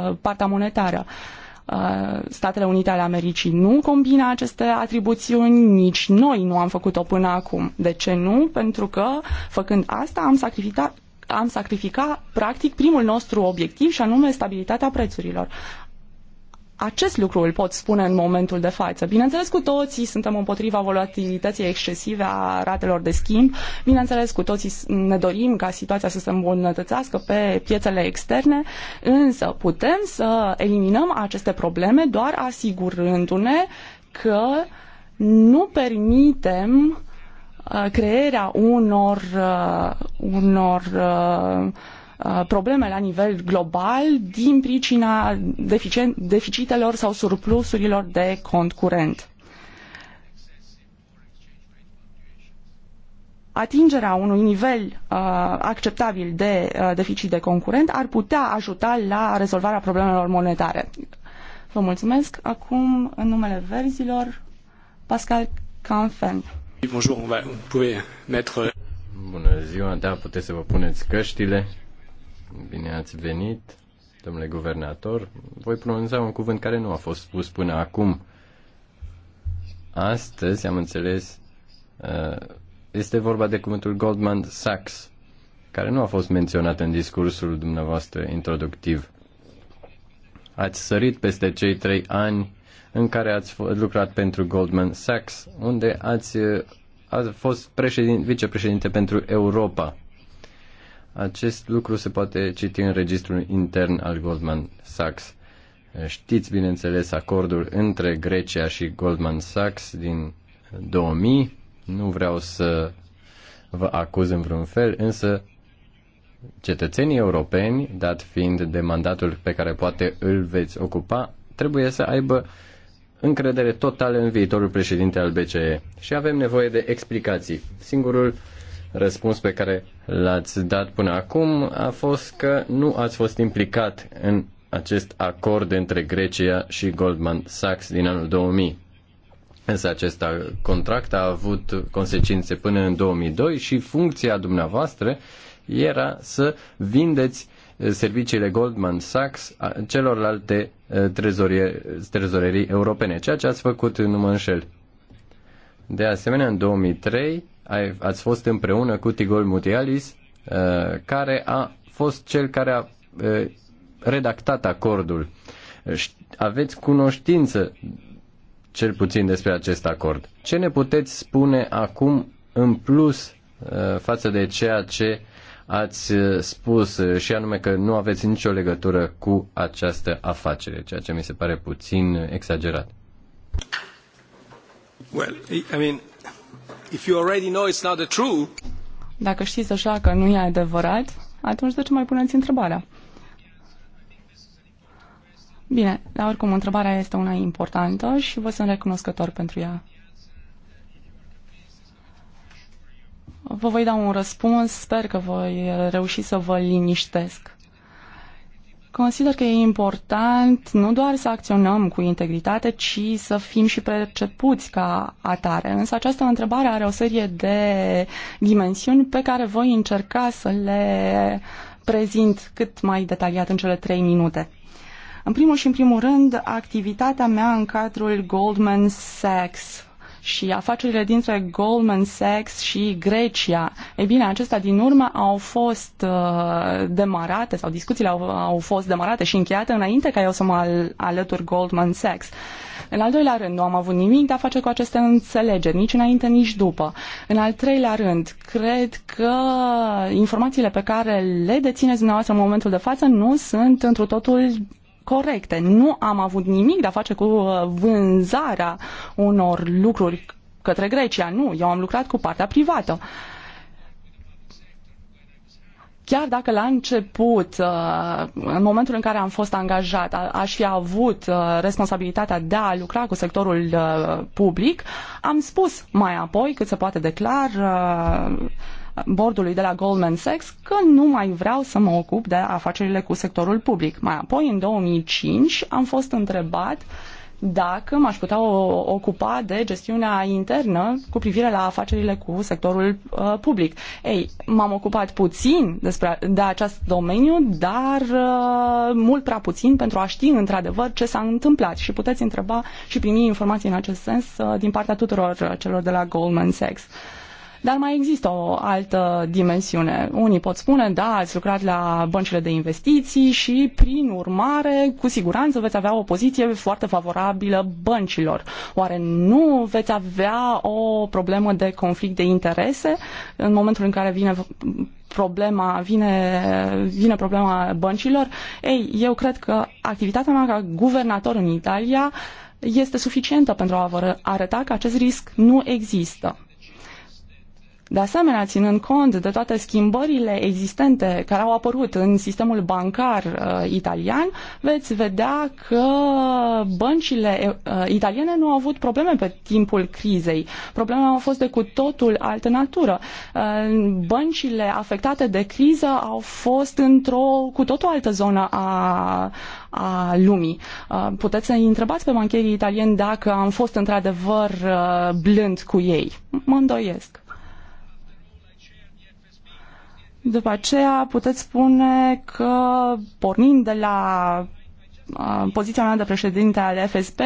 uh, partea monetară. Uh, Statele Unite ale Americii nu combina aceste atribuțiuni, nici noi nu am făcut-o până acum. De ce nu? Pentru că, făcând asta, am sacrificat am sacrifica practic primul nostru obiectiv și anume stabilitatea prețurilor acest lucru îl pot spune în momentul de față. Bineînțeles, cu toții suntem împotriva volatilității excesive a ratelor de schimb. Bineînțeles, cu toții ne dorim ca situația să se îmbunătățească pe piețele externe, însă putem să eliminăm aceste probleme doar asigurându-ne că nu permitem uh, crearea unor, uh, unor uh, Uh, probleme la nivel global din pricina deficitelor sau surplusurilor de cont curent. atingerea unui nivel uh, acceptabil de uh, deficit de concurent ar putea ajuta la rezolvarea problemelor monetare. Vă mulțumesc. Acum, în numele verzilor, Pascal Canfen. Bonjour, Bună ziua, da, puteți să vă puneți căștile. Bine ați venit, domnule guvernator. Voi pronunța un cuvânt care nu a fost spus până acum. Astăzi, am înțeles, uh, este vorba de cuvântul Goldman Sachs, care nu a fost menționat în discursul dumneavoastră introductiv. Ați sărit peste cei trei ani în care ați lucrat pentru Goldman Sachs, unde ați uh, ați fost președin, vicepreședinte pentru Europa. Acest lucru se poate citi în registrul intern al Goldman Sachs. Știți, bineînțeles, acordul între Grecia și Goldman Sachs din 2000. Nu vreau să vă acuz în vreun fel, însă cetățenii europeni, dat fiind de mandatul pe care poate îl veți ocupa, trebuie să aibă încredere totală în viitorul președinte al BCE. Și avem nevoie de explicații. Singurul răspuns pe care l-ați dat până acum a fost că nu ați fost implicat în acest acord între Grecia și Goldman Sachs din anul 2000. Însă acest contract a avut consecințe până în 2002 și funcția dumneavoastră era să vindeți serviciile Goldman Sachs celorlalte trezorerii europene, ceea ce ați făcut în mă înșel. De asemenea, în 2003 ați fost împreună cu Tigol Mutialis, uh, care a fost cel care a uh, redactat acordul. Aveți cunoștință cel puțin despre acest acord. Ce ne puteți spune acum în plus uh, față de ceea ce ați spus și anume că nu aveți nicio legătură cu această afacere, ceea ce mi se pare puțin exagerat. Well, I mean, If you already know it's not Dacă știți deja că nu e adevărat, atunci de ce mai puneți întrebarea? Bine, dar oricum întrebarea este una importantă și vă sunt recunoscător pentru ea. Vă voi da un răspuns, sper că voi reuși să vă liniștesc. Consider că e important nu doar să acționăm cu integritate, ci să fim și percepuți ca atare. Însă această întrebare are o serie de dimensiuni pe care voi încerca să le prezint cât mai detaliat în cele trei minute. În primul și în primul rând, activitatea mea în cadrul Goldman Sachs și afacerile dintre Goldman Sachs și Grecia. Ei bine, acestea din urmă au fost uh, demarate sau discuțiile au, au fost demarate și încheiate înainte ca eu să mă al- alătur Goldman Sachs. În al doilea rând, nu am avut nimic de a face cu aceste înțelegeri, nici înainte, nici după. În al treilea rând, cred că informațiile pe care le dețineți dumneavoastră în momentul de față nu sunt întru totul corecte. Nu am avut nimic de a face cu uh, vânzarea unor lucruri către Grecia. Nu, eu am lucrat cu partea privată. Chiar dacă la început, uh, în momentul în care am fost angajat, aș fi avut uh, responsabilitatea de a lucra cu sectorul public, am spus mai apoi, cât se poate declar, bordului de la Goldman Sachs că nu mai vreau să mă ocup de afacerile cu sectorul public. Mai apoi, în 2005, am fost întrebat dacă m-aș putea ocupa de gestiunea internă cu privire la afacerile cu sectorul uh, public. Ei, m-am ocupat puțin despre, de acest domeniu, dar uh, mult prea puțin pentru a ști într-adevăr ce s-a întâmplat și puteți întreba și primi informații în acest sens uh, din partea tuturor uh, celor de la Goldman Sachs. Uh, dar mai există o altă dimensiune. Unii pot spune, da, ați lucrat la băncile de investiții și, prin urmare, cu siguranță veți avea o poziție foarte favorabilă băncilor. Oare nu veți avea o problemă de conflict de interese în momentul în care vine problema, vine, vine problema băncilor? Ei, eu cred că activitatea mea ca guvernator în Italia este suficientă pentru a vă arăta că acest risc nu există. De asemenea, ținând cont de toate schimbările existente care au apărut în sistemul bancar uh, italian, veți vedea că băncile uh, italiene nu au avut probleme pe timpul crizei. Problema au fost de cu totul altă natură. Uh, băncile afectate de criză au fost într-o cu totul altă zonă a, a lumii. Uh, puteți să întrebați pe bancherii italieni dacă am fost într-adevăr uh, blând cu ei. Mă îndoiesc. După aceea puteți spune că, pornind de la poziția mea de președinte al FSP,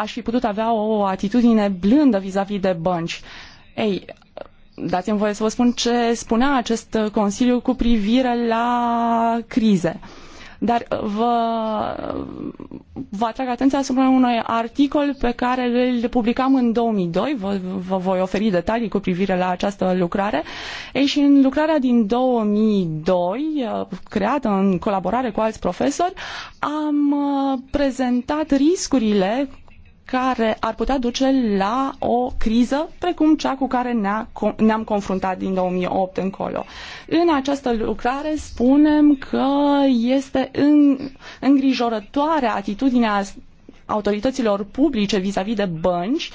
aș fi putut avea o atitudine blândă vis-a-vis -vis de bănci. Ei, dați-mi voie să vă spun ce spunea acest Consiliu cu privire la crize. Dar uh, vă, vă atrag atenția asupra unui articol pe care îl publicam în 2002, vă, vă voi oferi detalii cu privire la această lucrare. Ei, și în lucrarea din 2002, uh, creată în colaborare cu alți profesori, am uh, prezentat riscurile care ar putea duce la o criză precum cea cu care ne-a, ne-am confruntat din 2008 încolo. În această lucrare spunem că este în, îngrijorătoare atitudinea autorităților publice vis-a-vis -vis de bănci,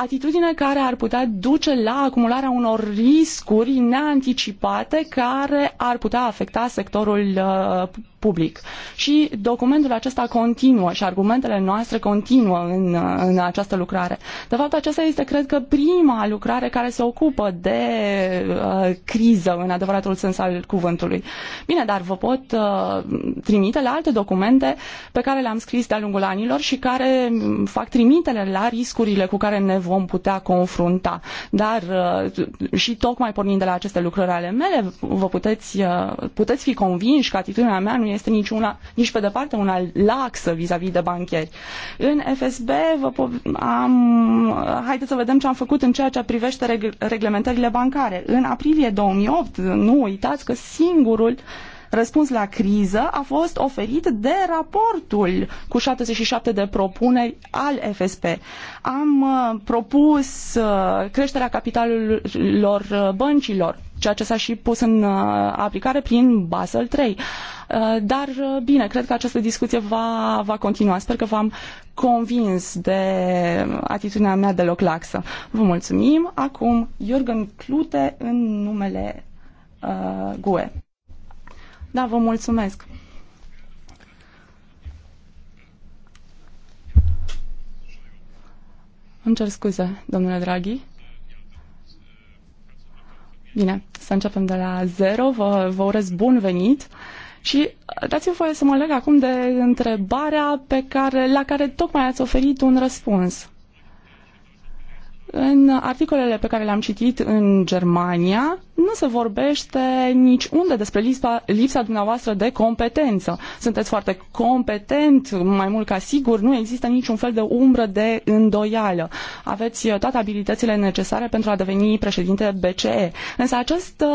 atitudine care ar putea duce la acumularea unor riscuri neanticipate care ar putea afecta sectorul uh, public. Și documentul acesta continuă și argumentele noastre continuă în, în această lucrare. De fapt, aceasta este, cred că, prima lucrare care se ocupă de uh, criză în adevăratul sens al cuvântului. Bine, dar vă pot uh, trimite la alte documente pe care le-am scris de-a lungul anilor și care fac trimitele la riscurile cu care ne vom putea confrunta. Dar uh, și tocmai pornind de la aceste lucrări ale mele, vă puteți, uh, puteți fi convinși că atitudinea mea nu este nici, una, nici pe departe una laxă vis-a-vis -vis de bancheri. În FSB vă am, haideți să vedem ce am făcut în ceea ce privește reg- reglementările bancare. În aprilie 2008, nu uitați că singurul răspuns la criză a fost oferit de raportul cu 77 de propuneri al FSP. Am uh, propus uh, creșterea capitalului uh, băncilor, ceea ce s-a și pus în uh, aplicare prin Basel 3. Uh, dar uh, bine, cred că această discuție va, va continua. Sper că v-am convins de atitudinea mea deloc laxă. Vă mulțumim. Acum, Iorgen Clute în numele uh, GUE. Da, vă mulțumesc. Îmi cer scuze, domnule Draghi. Bine, să începem de la zero. Vă, vă urez bun venit. Și uh, dați-mi voie să mă leg acum de întrebarea pe care, la care tocmai ați oferit un răspuns. În articolele pe care le-am citit în Germania, nu se vorbește nici unde despre lipsa, lipsa dumneavoastră de competență. Sunteți foarte competent, mai mult ca sigur, nu există niciun fel de umbră de îndoială. Aveți uh, toate abilitățile necesare pentru a deveni președinte BCE. Însă această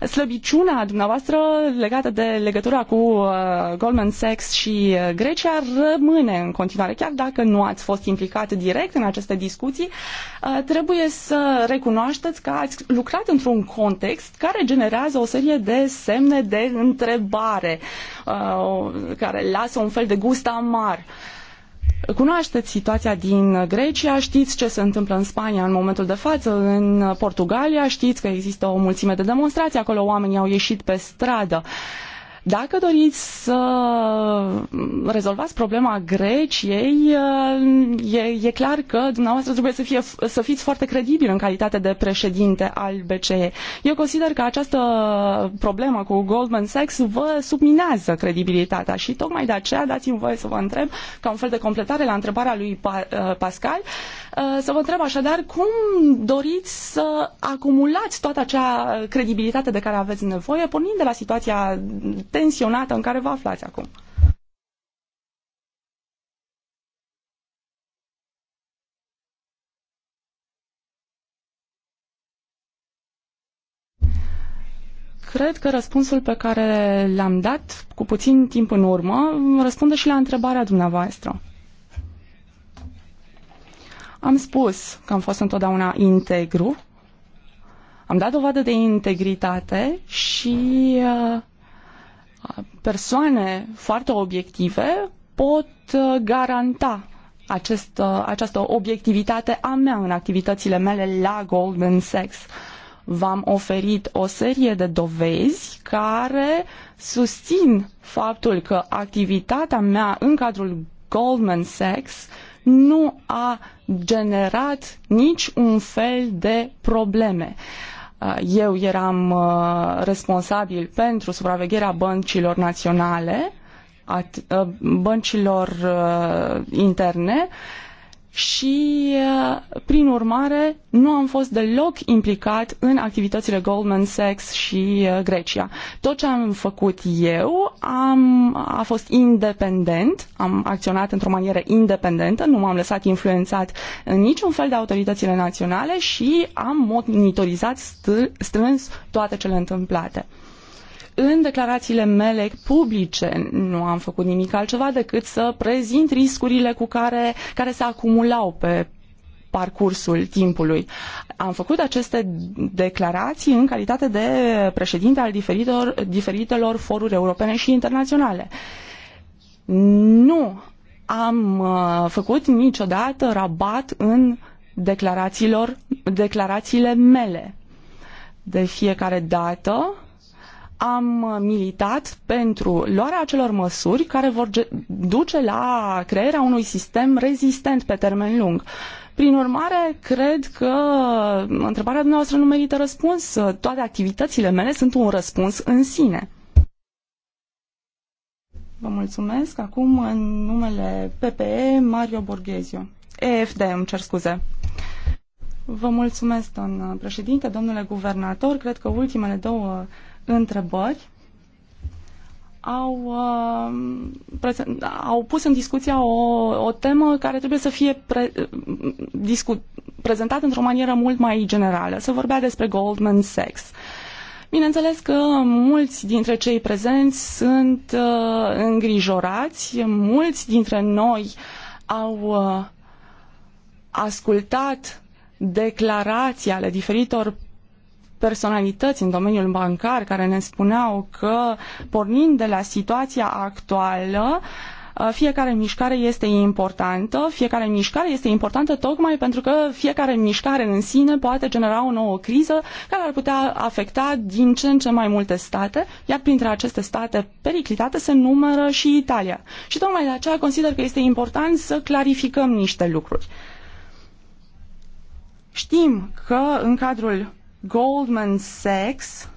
uh, slăbiciune a dumneavoastră legată de legătura cu uh, Goldman Sachs și Grecia rămâne în continuare. Chiar dacă nu ați fost implicat direct în aceste discuții, trebuie să recunoașteți că ați lucrat într-un context care generează o serie de semne de întrebare, uh, care lasă un fel de gust amar. Cunoașteți situația din Grecia, știți ce se întâmplă în Spania în momentul de față, în Portugalia, știți că există o mulțime de demonstrații, acolo oamenii au ieșit pe stradă. Uh, dacă doriți să rezolvați problema Greciei, e, e clar că dumneavoastră trebuie să, fie, să fiți foarte credibil în calitate de președinte al BCE. Eu consider că această problemă cu Goldman Sachs vă subminează credibilitatea și tocmai de aceea dați-mi voie să vă întreb, ca un fel de completare la întrebarea lui uh, Pascal, uh, să vă întreb așadar cum doriți să acumulați toată acea credibilitate de care aveți nevoie, pornind de la situația tensionată în care vă aflați acum. cred că răspunsul pe care l-am dat cu puțin timp în urmă răspunde și la întrebarea dumneavoastră. Am spus că am fost întotdeauna integru, am dat dovadă de integritate și uh, persoane foarte obiective pot uh, garanta acest, uh, această obiectivitate a mea în activitățile mele la Goldman Sachs. V-am oferit o serie de dovezi care susțin faptul că activitatea mea în cadrul Goldman Sachs nu a generat nici un fel de probleme. Uh, Eh, eu eram eh, responsabil pentru supravegherea băncilor naționale, eh, băncilor interne și, uh, prin urmare, nu am fost deloc implicat în activitățile Goldman Sachs și uh, Grecia. Tot ce am făcut eu am, a fost independent, am acționat într-o manieră independentă, nu m-am lăsat influențat în niciun fel de autoritățile naționale și am monitorizat strâns toate cele întâmplate. În declarațiile mele publice nu am făcut nimic altceva decât să prezint riscurile cu care, care se acumulau pe parcursul timpului. Am făcut aceste declarații în calitate de președinte al diferitor, diferitelor foruri europene și internaționale. Nu am uh, făcut niciodată rabat în declarațiilor, declarațiile mele. De fiecare dată am militat pentru luarea acelor măsuri care vor duce la crearea unui sistem rezistent pe termen lung. Prin urmare, cred că întrebarea dumneavoastră nu merită răspuns. Toate activitățile mele sunt un răspuns în sine. Vă mulțumesc. Acum, în numele PPE, Mario Borghezio. EFD, îmi cer scuze. Vă mulțumesc, domnule președinte, domnule guvernator. Cred că ultimele două întrebări au, uh, prezent, au pus în discuție o, o temă care trebuie să fie pre, discu, prezentată într-o manieră mult mai generală. Se vorbea despre Goldman Sachs. Bineînțeles că mulți dintre cei prezenți sunt uh, îngrijorați, mulți dintre noi au uh, ascultat declarații ale diferitor personalități în domeniul bancar care ne spuneau că, pornind de la situația actuală, uh, fiecare mișcare este importantă, fiecare mișcare este importantă tocmai pentru că fiecare mișcare în sine poate genera o nouă criză care ar putea afecta din ce în ce mai multe state, iar printre aceste state periclitate se numără și Italia. Și tocmai de aceea consider că este important să clarificăm niște lucruri. Știm că în cadrul Goldman Sachs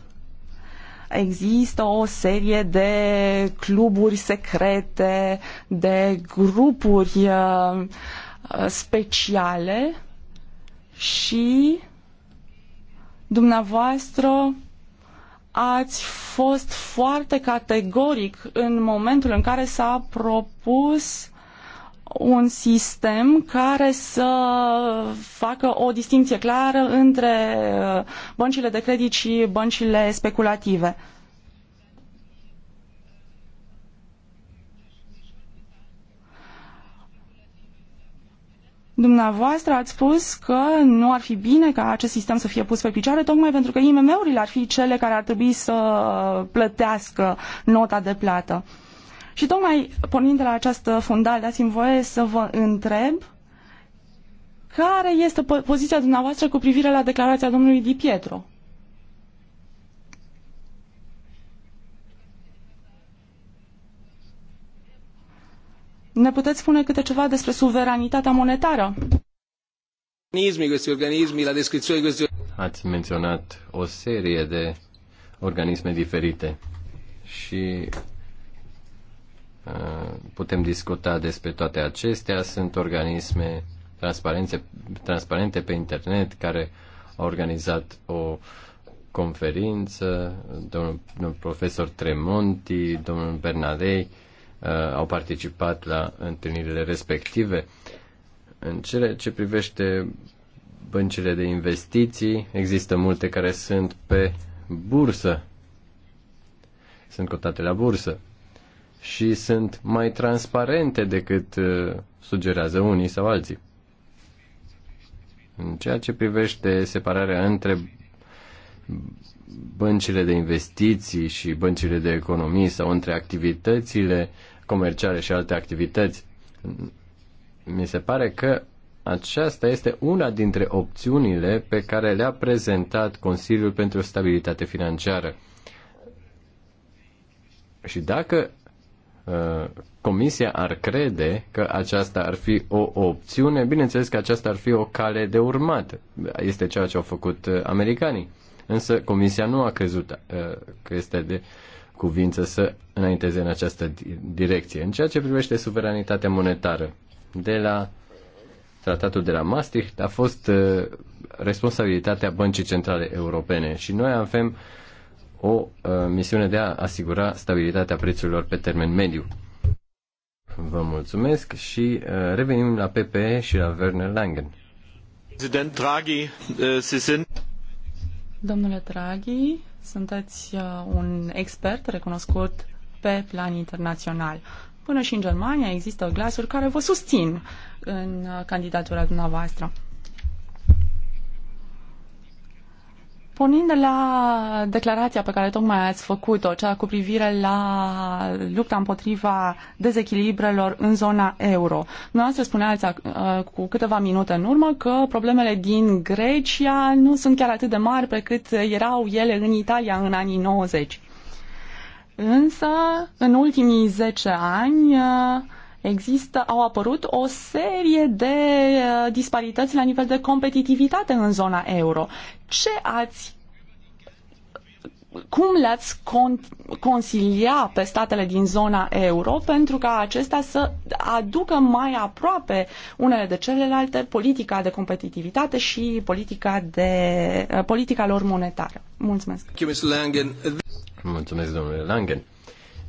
există o serie de cluburi secrete, de grupuri uh, speciale și dumneavoastră ați fost foarte categoric în momentul în care s-a propus un sistem care să facă o distinție clară între uh, băncile de credit și băncile speculative. Dumneavoastră ați spus că nu ar fi bine ca acest sistem să fie pus pe picioare, tocmai pentru că IMM-urile ar fi cele care ar trebui să plătească nota de plată. Uh, și tocmai pornind de la această fundal, dați-mi voie să vă întreb care este poziția dumneavoastră cu privire la declarația domnului Di Pietro? Ne puteți spune câte ceva despre suveranitatea monetară? organismi, la Ați menționat o serie de organisme diferite și putem discuta despre toate acestea. Sunt organisme transparente, transparente pe internet care au organizat o conferință, domnul, domnul profesor Tremonti, domnul Bernadei uh, au participat la întâlnirile respective. În cele ce privește băncile de investiții, există multe care sunt pe bursă, sunt cotate la bursă și sunt mai transparente decât uh, sugerează unii sau alții. În ceea ce privește separarea între băncile de investiții și băncile de economii sau între activitățile comerciale și alte activități, mi se pare că aceasta este una dintre opțiunile pe care le-a prezentat Consiliul pentru Stabilitate Financiară. Și dacă Uh, comisia ar crede că aceasta ar fi o opțiune, bineînțeles că aceasta ar fi o cale de urmat. Este ceea ce au făcut uh, americanii. Însă Comisia nu a crezut uh, că este de cuvință să înainteze în această direcție. În ceea ce privește suveranitatea monetară, de la tratatul de la Maastricht a fost responsabilitatea Băncii Centrale Europene și noi avem uh, o uh, misiune de a asigura stabilitatea prețurilor pe termen mediu. Vă mulțumesc și uh, revenim la PPE și la Werner Langen. President Draghi, uh, Domnule Draghi, sunteți uh, un expert recunoscut pe plan internațional. Până și în Germania există glasuri care vă susțin în uh, candidatura dumneavoastră. Pornind de la declarația pe care tocmai ați făcut-o, cea cu privire la lupta împotriva dezechilibrelor în zona euro, dumneavoastră spuneați uh, cu câteva minute în urmă că problemele din Grecia nu sunt chiar atât de mari pe cât erau ele în Italia în anii 90. Însă, în ultimii 10 ani, uh, Există, au apărut o serie de uh, disparități la nivel de competitivitate în zona euro. Ce ați cum le-ați con- consilia pe statele din zona euro pentru ca acestea să aducă mai aproape unele de celelalte politica de competitivitate și politica, de, uh, politica lor monetară? Mulțumesc! Mulțumesc, domnule Langen!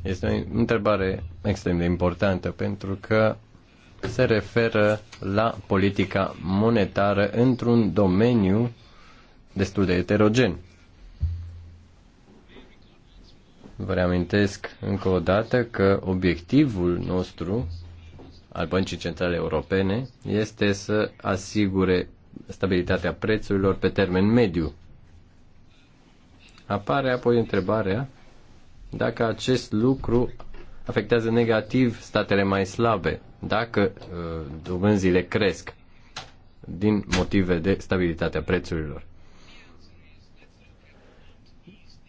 Este o întrebare extrem de importantă pentru că se referă la politica monetară într-un domeniu destul de heterogen. Vă reamintesc încă o dată că obiectivul nostru al Băncii Centrale Europene este să asigure stabilitatea prețurilor pe termen mediu. Apare apoi întrebarea dacă acest lucru afectează negativ statele mai slabe, dacă uh, dobânzile cresc din motive de stabilitate a prețurilor.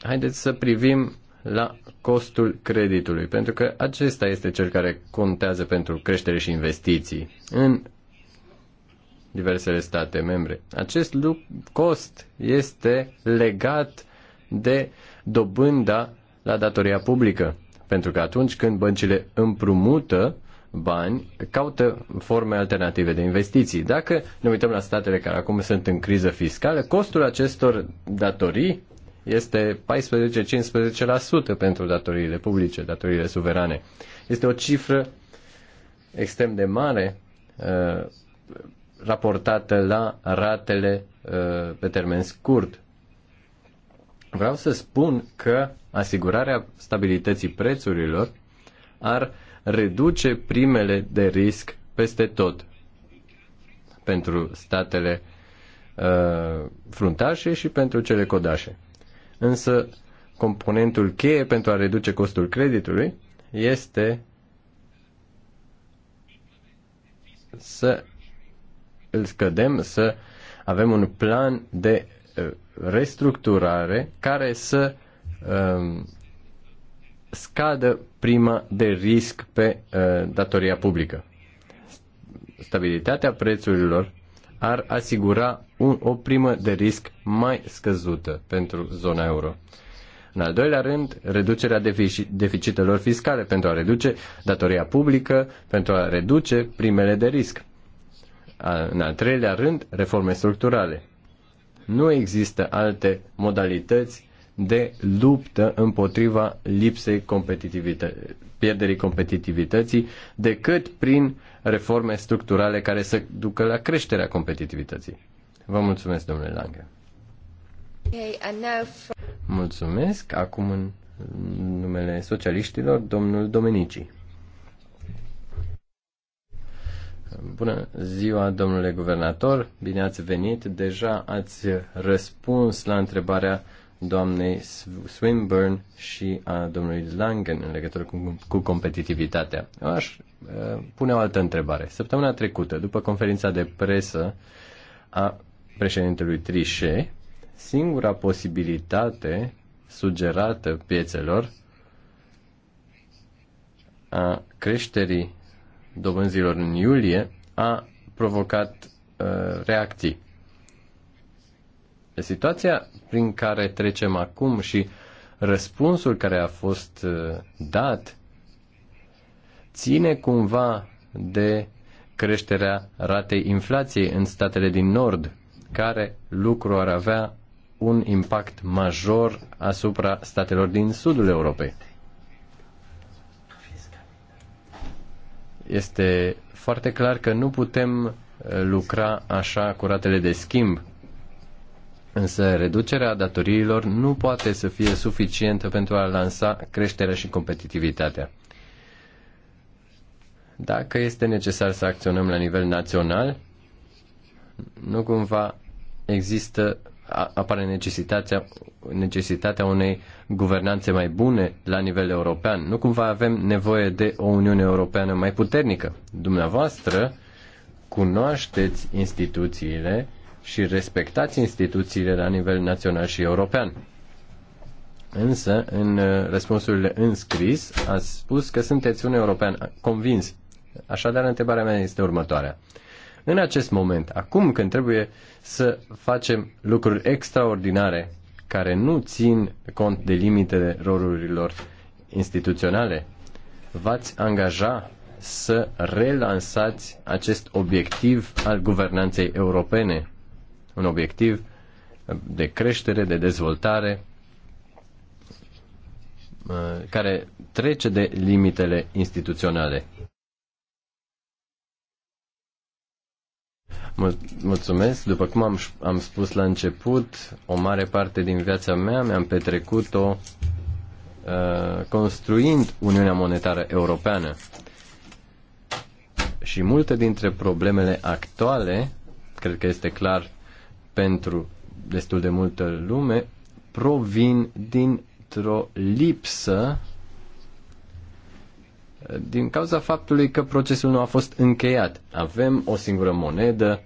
Haideți să privim la costul creditului, pentru că acesta este cel care contează pentru creștere și investiții în diversele state membre. Acest cost este legat de dobânda la datoria publică, pentru că atunci când băncile împrumută bani, caută forme alternative de investiții. Dacă ne uităm la statele care acum sunt în criză fiscală, costul acestor datorii este 14-15% pentru datoriile publice, datoriile suverane. Este o cifră extrem de mare uh, raportată la ratele uh, pe termen scurt. Vreau să spun că asigurarea stabilității prețurilor ar reduce primele de risc peste tot pentru statele uh, fruntașe și pentru cele codașe. Însă, componentul cheie pentru a reduce costul creditului este să îl scădem, să avem un plan de uh, restructurare care să uh, Um, scadă prima de risc pe uh, datoria publică. Stabilitatea prețurilor ar asigura un, o primă de risc mai scăzută pentru zona euro. În al doilea rând, reducerea deficitelor fiscale pentru a reduce datoria publică, pentru a reduce primele de risc. În al treilea rând, reforme structurale. Nu există alte modalități de luptă împotriva lipsei competitivită- pierderii competitivității decât prin reforme structurale care să ducă la creșterea competitivității. Vă mulțumesc, domnule Lange. Mulțumesc. Acum în numele socialiștilor, domnul Domenici. Bună ziua, domnule guvernator, bine ați venit. Deja ați răspuns la întrebarea doamnei Swinburne și a domnului Langen în legătură cu, cu competitivitatea. Eu aș uh, pune o altă întrebare. Săptămâna trecută, după conferința de presă a președintelui Trichet, singura posibilitate sugerată piețelor a creșterii dobânzilor în iulie a provocat uh, reacții deci situația prin care trecem acum și răspunsul care a fost uh, dat ține cumva de creșterea ratei inflației în statele din Nord, care lucru ar avea un impact major asupra statelor din sudul Europei. Este foarte clar că nu putem uh, lucra așa cu ratele de schimb. Însă reducerea datoriilor nu poate să fie suficientă pentru a lansa creșterea și competitivitatea. Dacă este necesar să acționăm la nivel național, nu cumva există apare necesitatea, necesitatea unei guvernanțe mai bune la nivel european. Nu cumva avem nevoie de o Uniune Europeană mai puternică. Dumneavoastră cunoașteți instituțiile și respectați instituțiile la nivel național și european. Însă, în uh, răspunsurile înscris, a spus că sunteți un european convins. Așadar, întrebarea mea este următoarea. În acest moment, acum când trebuie să facem lucruri extraordinare care nu țin cont de limitele rolurilor instituționale, v-ați angaja să relansați acest obiectiv al guvernanței europene un obiectiv de creștere, de dezvoltare, uh, care trece de limitele instituționale. Mulțumesc. După cum am, am spus la început, o mare parte din viața mea mi-am petrecut-o uh, construind Uniunea Monetară Europeană. Și multe dintre problemele actuale, cred că este clar pentru destul de multă lume provin dintr-o lipsă din cauza faptului că procesul nu a fost încheiat. Avem o singură monedă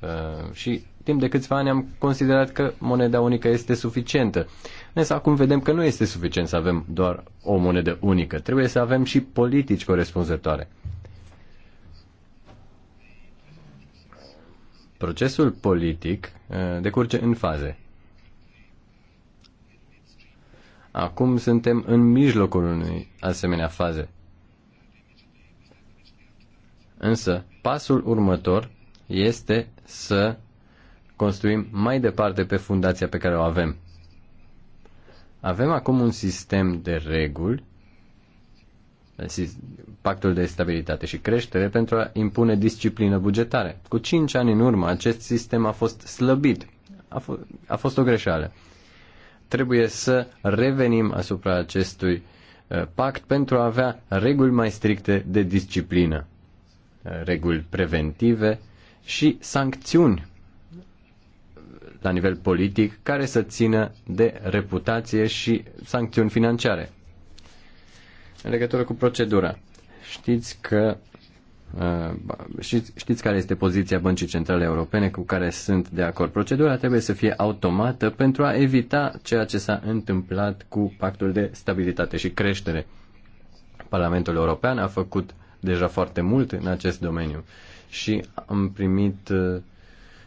uh, și timp de câțiva ani am considerat că moneda unică este suficientă. Însă acum vedem că nu este suficient să avem doar o monedă unică. Trebuie să avem și politici corespunzătoare. Procesul politic uh, decurge în faze. Acum suntem în mijlocul unei asemenea faze. Însă, pasul următor este să construim mai departe pe fundația pe care o avem. Avem acum un sistem de reguli pactul de stabilitate și creștere pentru a impune disciplină bugetare. Cu cinci ani în urmă, acest sistem a fost slăbit. A, f- a fost o greșeală. Trebuie să revenim asupra acestui uh, pact pentru a avea reguli mai stricte de disciplină, uh, reguli preventive și sancțiuni uh, la nivel politic care să țină de reputație și sancțiuni financiare. În legătură cu procedura, știți că uh, știți, știți care este poziția Băncii Centrale Europene cu care sunt de acord. Procedura trebuie să fie automată pentru a evita ceea ce s-a întâmplat cu pactul de stabilitate și creștere. Parlamentul European a făcut deja foarte mult în acest domeniu și am primit uh,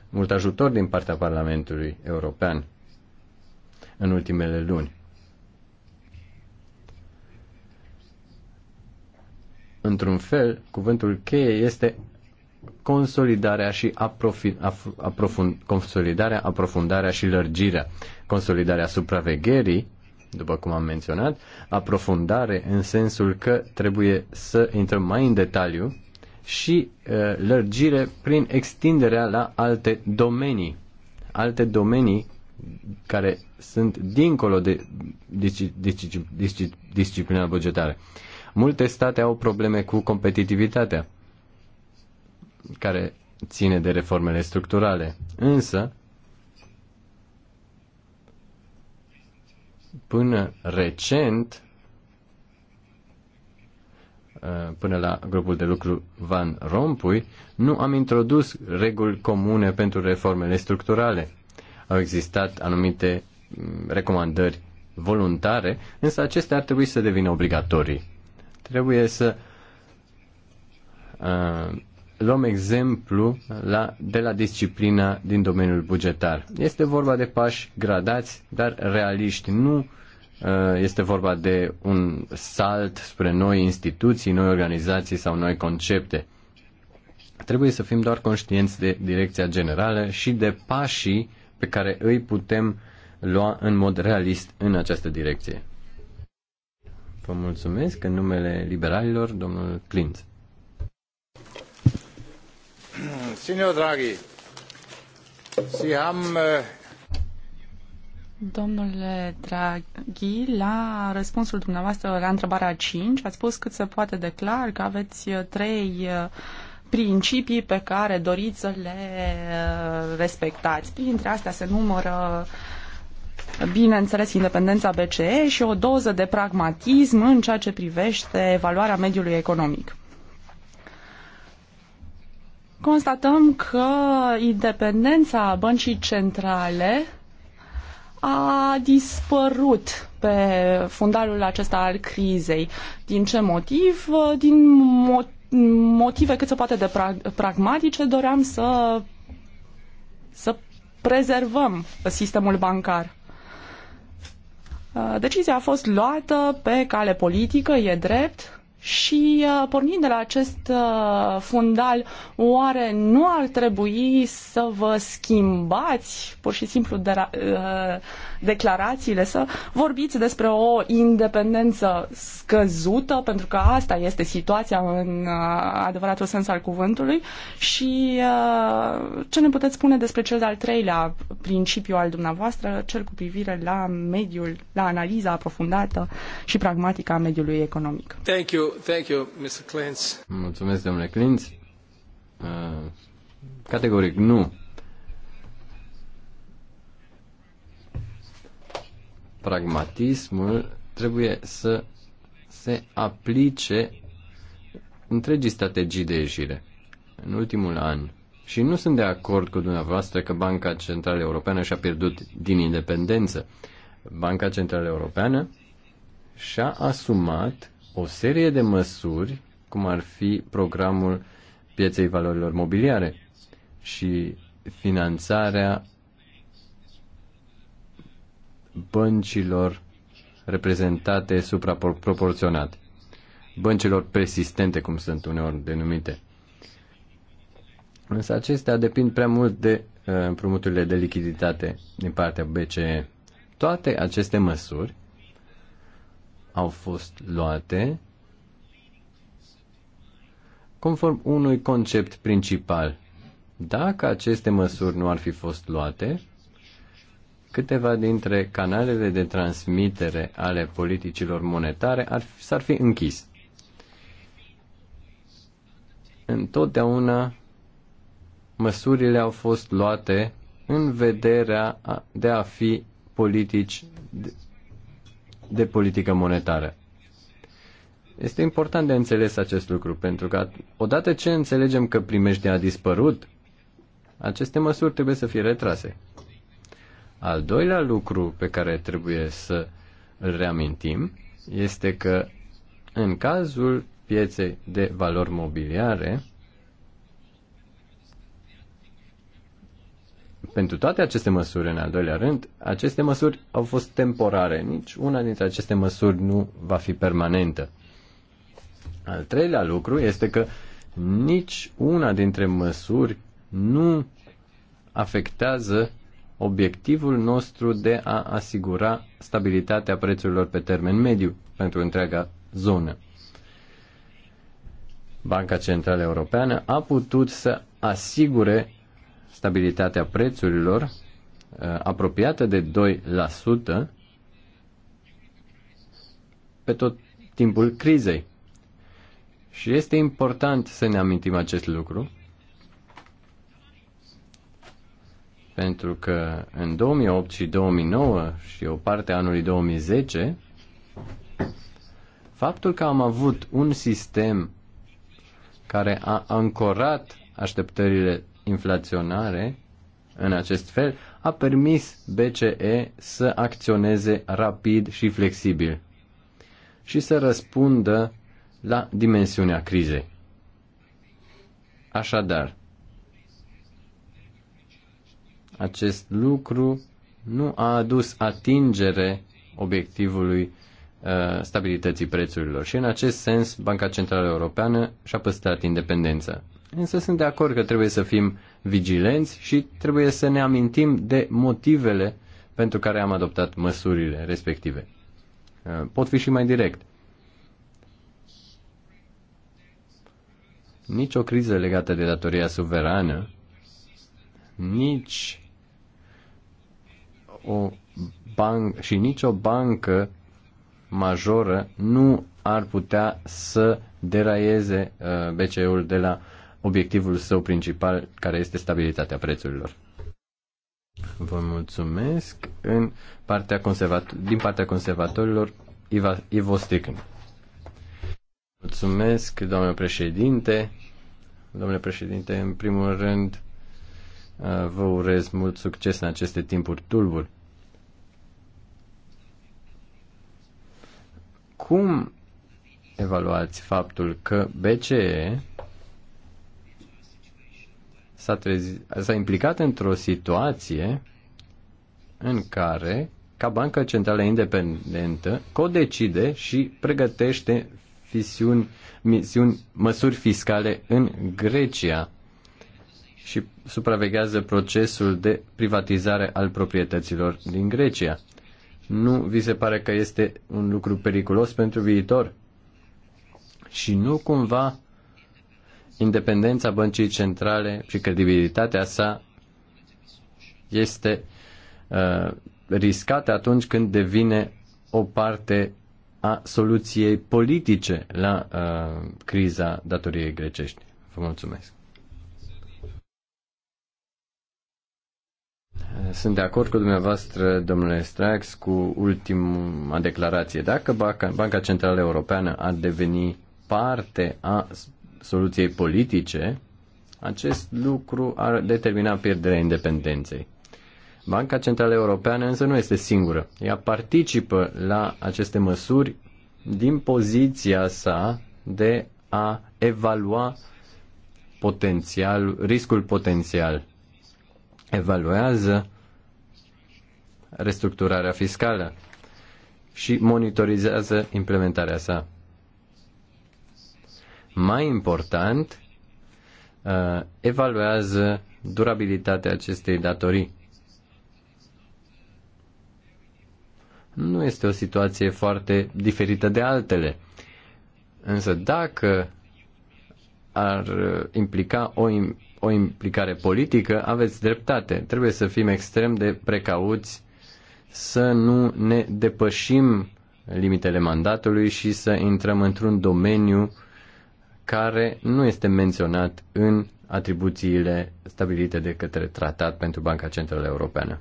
mult ajutor din partea Parlamentului European în ultimele luni. Într-un fel, cuvântul cheie este consolidarea și aprofi, af, aprofund, consolidarea, aprofundarea și lărgirea. Consolidarea supravegherii, după cum am menționat, aprofundare în sensul că trebuie să intrăm mai în detaliu și uh, lărgire prin extinderea la alte domenii. Alte domenii care sunt dincolo de disciplina bugetară. Uh, Multe state au probleme cu competitivitatea, care ține de reformele structurale. Însă, până recent, uh, până la grupul de lucru Van Rompuy, nu am introdus reguli comune pentru reformele structurale. Au existat anumite mm, recomandări voluntare, însă acestea ar trebui să devină obligatorii. Trebuie să uh, luăm exemplu la, de la disciplina din domeniul bugetar. Este vorba de pași gradați, dar realiști. Nu uh, este vorba de un salt spre noi instituții, noi organizații sau noi concepte. Trebuie să fim doar conștienți de direcția generală și de pașii pe care îi putem lua în mod realist în această direcție. Vă mulțumesc. În numele liberalilor, domnul Clint. Signor Draghi, si am. Eh, Domnule Draghi, la răspunsul dumneavoastră la întrebarea 5 ați spus cât se poate declar că aveți eh, trei eh, principii pe care doriți să le respectați. Printre astea se numără uh, bineînțeles, independența BCE și o doză de pragmatism în ceea ce privește evaluarea mediului economic. Constatăm că independența băncii centrale a dispărut pe fundalul acesta al crizei. Din ce motiv? Din motive cât se poate de pragmatice doream să, să prezervăm sistemul bancar. Uh, decizia a fost luată pe cale politică, e drept, și uh, pornind de la acest uh, fundal, oare nu ar trebui să vă schimbați pur și simplu de declarațiile să vorbiți despre o independență scăzută, pentru că asta este situația în uh, adevăratul sens al cuvântului și uh, ce ne puteți spune despre cel de-al treilea principiu al dumneavoastră, cel cu privire la mediul, la analiza aprofundată și pragmatică a mediului economic. Thank you, thank you, Mr. Clintz. Mulțumesc, domnule Clintz. Uh, categoric nu pragmatismul trebuie să se aplice întregii strategii de ieșire. În ultimul an, și nu sunt de acord cu dumneavoastră că Banca Centrală Europeană și-a pierdut din independență. Banca Centrală Europeană și-a asumat o serie de măsuri, cum ar fi programul pieței valorilor mobiliare și finanțarea băncilor reprezentate supraproporționat, băncilor persistente, cum sunt uneori denumite. Însă acestea depind prea mult de uh, împrumuturile de lichiditate din partea BCE. Toate aceste măsuri au fost luate conform unui concept principal. Dacă aceste măsuri nu ar fi fost luate, câteva dintre canalele de transmitere ale politicilor monetare ar, s-ar fi închis. Întotdeauna măsurile au fost luate în vederea de a fi politici de, de politică monetară. Este important de înțeles acest lucru, pentru că odată ce înțelegem că primește a dispărut, aceste măsuri trebuie să fie retrase. Al doilea lucru pe care trebuie să îl reamintim este că în cazul pieței de valori mobiliare, pentru toate aceste măsuri, în al doilea rând, aceste măsuri au fost temporare. Nici una dintre aceste măsuri nu va fi permanentă. Al treilea lucru este că nici una dintre măsuri nu afectează obiectivul nostru de a asigura stabilitatea prețurilor pe termen mediu pentru întreaga zonă. Banca Centrală Europeană a putut să asigure stabilitatea prețurilor uh, apropiată de 2% pe tot timpul crizei. Și este important să ne amintim acest lucru, pentru că în 2008 și 2009 și o parte a anului 2010, faptul că am avut un sistem care a ancorat așteptările inflaționare în acest fel, a permis BCE să acționeze rapid și flexibil și să răspundă la dimensiunea crizei. Așadar, acest lucru nu a adus atingere obiectivului uh, stabilității prețurilor și în acest sens Banca Centrală Europeană și-a păstrat independența. Însă sunt de acord că trebuie să fim vigilenți și trebuie să ne amintim de motivele pentru care am adoptat măsurile respective. Uh, pot fi și mai direct. Nici o criză legată de datoria suverană, nici o ban și nicio bancă majoră nu ar putea să deraieze uh, BCE-ul de la obiectivul său principal, care este stabilitatea prețurilor. Vă mulțumesc. În partea conservator- din partea conservatorilor, Ivo Sticân. Mulțumesc, domnule președinte. Domnule președinte, în primul rând, Uh, vă urez mult succes în aceste timpuri tulburi. Cum evaluați faptul că BCE s-a, s-a implicat într-o situație în care, ca bancă centrală independentă, codecide și pregătește fisiuni, misiuni, măsuri fiscale în Grecia și supraveghează procesul de privatizare al proprietăților din Grecia. Nu vi se pare că este un lucru periculos pentru viitor? Și nu cumva independența băncii centrale și credibilitatea sa este uh, riscată atunci când devine o parte a soluției politice la uh, criza datoriei grecești. Vă mulțumesc. Sunt de acord cu dumneavoastră, domnule Strax, cu ultima declarație. Dacă Banca Centrală Europeană ar deveni parte a soluției politice, acest lucru ar determina pierderea independenței. Banca Centrală Europeană însă nu este singură. Ea participă la aceste măsuri din poziția sa de a evalua potențial, riscul potențial evaluează restructurarea fiscală și monitorizează implementarea sa. Mai important, uh, evaluează durabilitatea acestei datorii. Nu este o situație foarte diferită de altele. Însă dacă ar implica o o implicare politică, aveți dreptate. Trebuie să fim extrem de precauți să nu ne depășim limitele mandatului și să intrăm într-un domeniu care nu este menționat în atribuțiile stabilite de către tratat pentru Banca Centrală Europeană.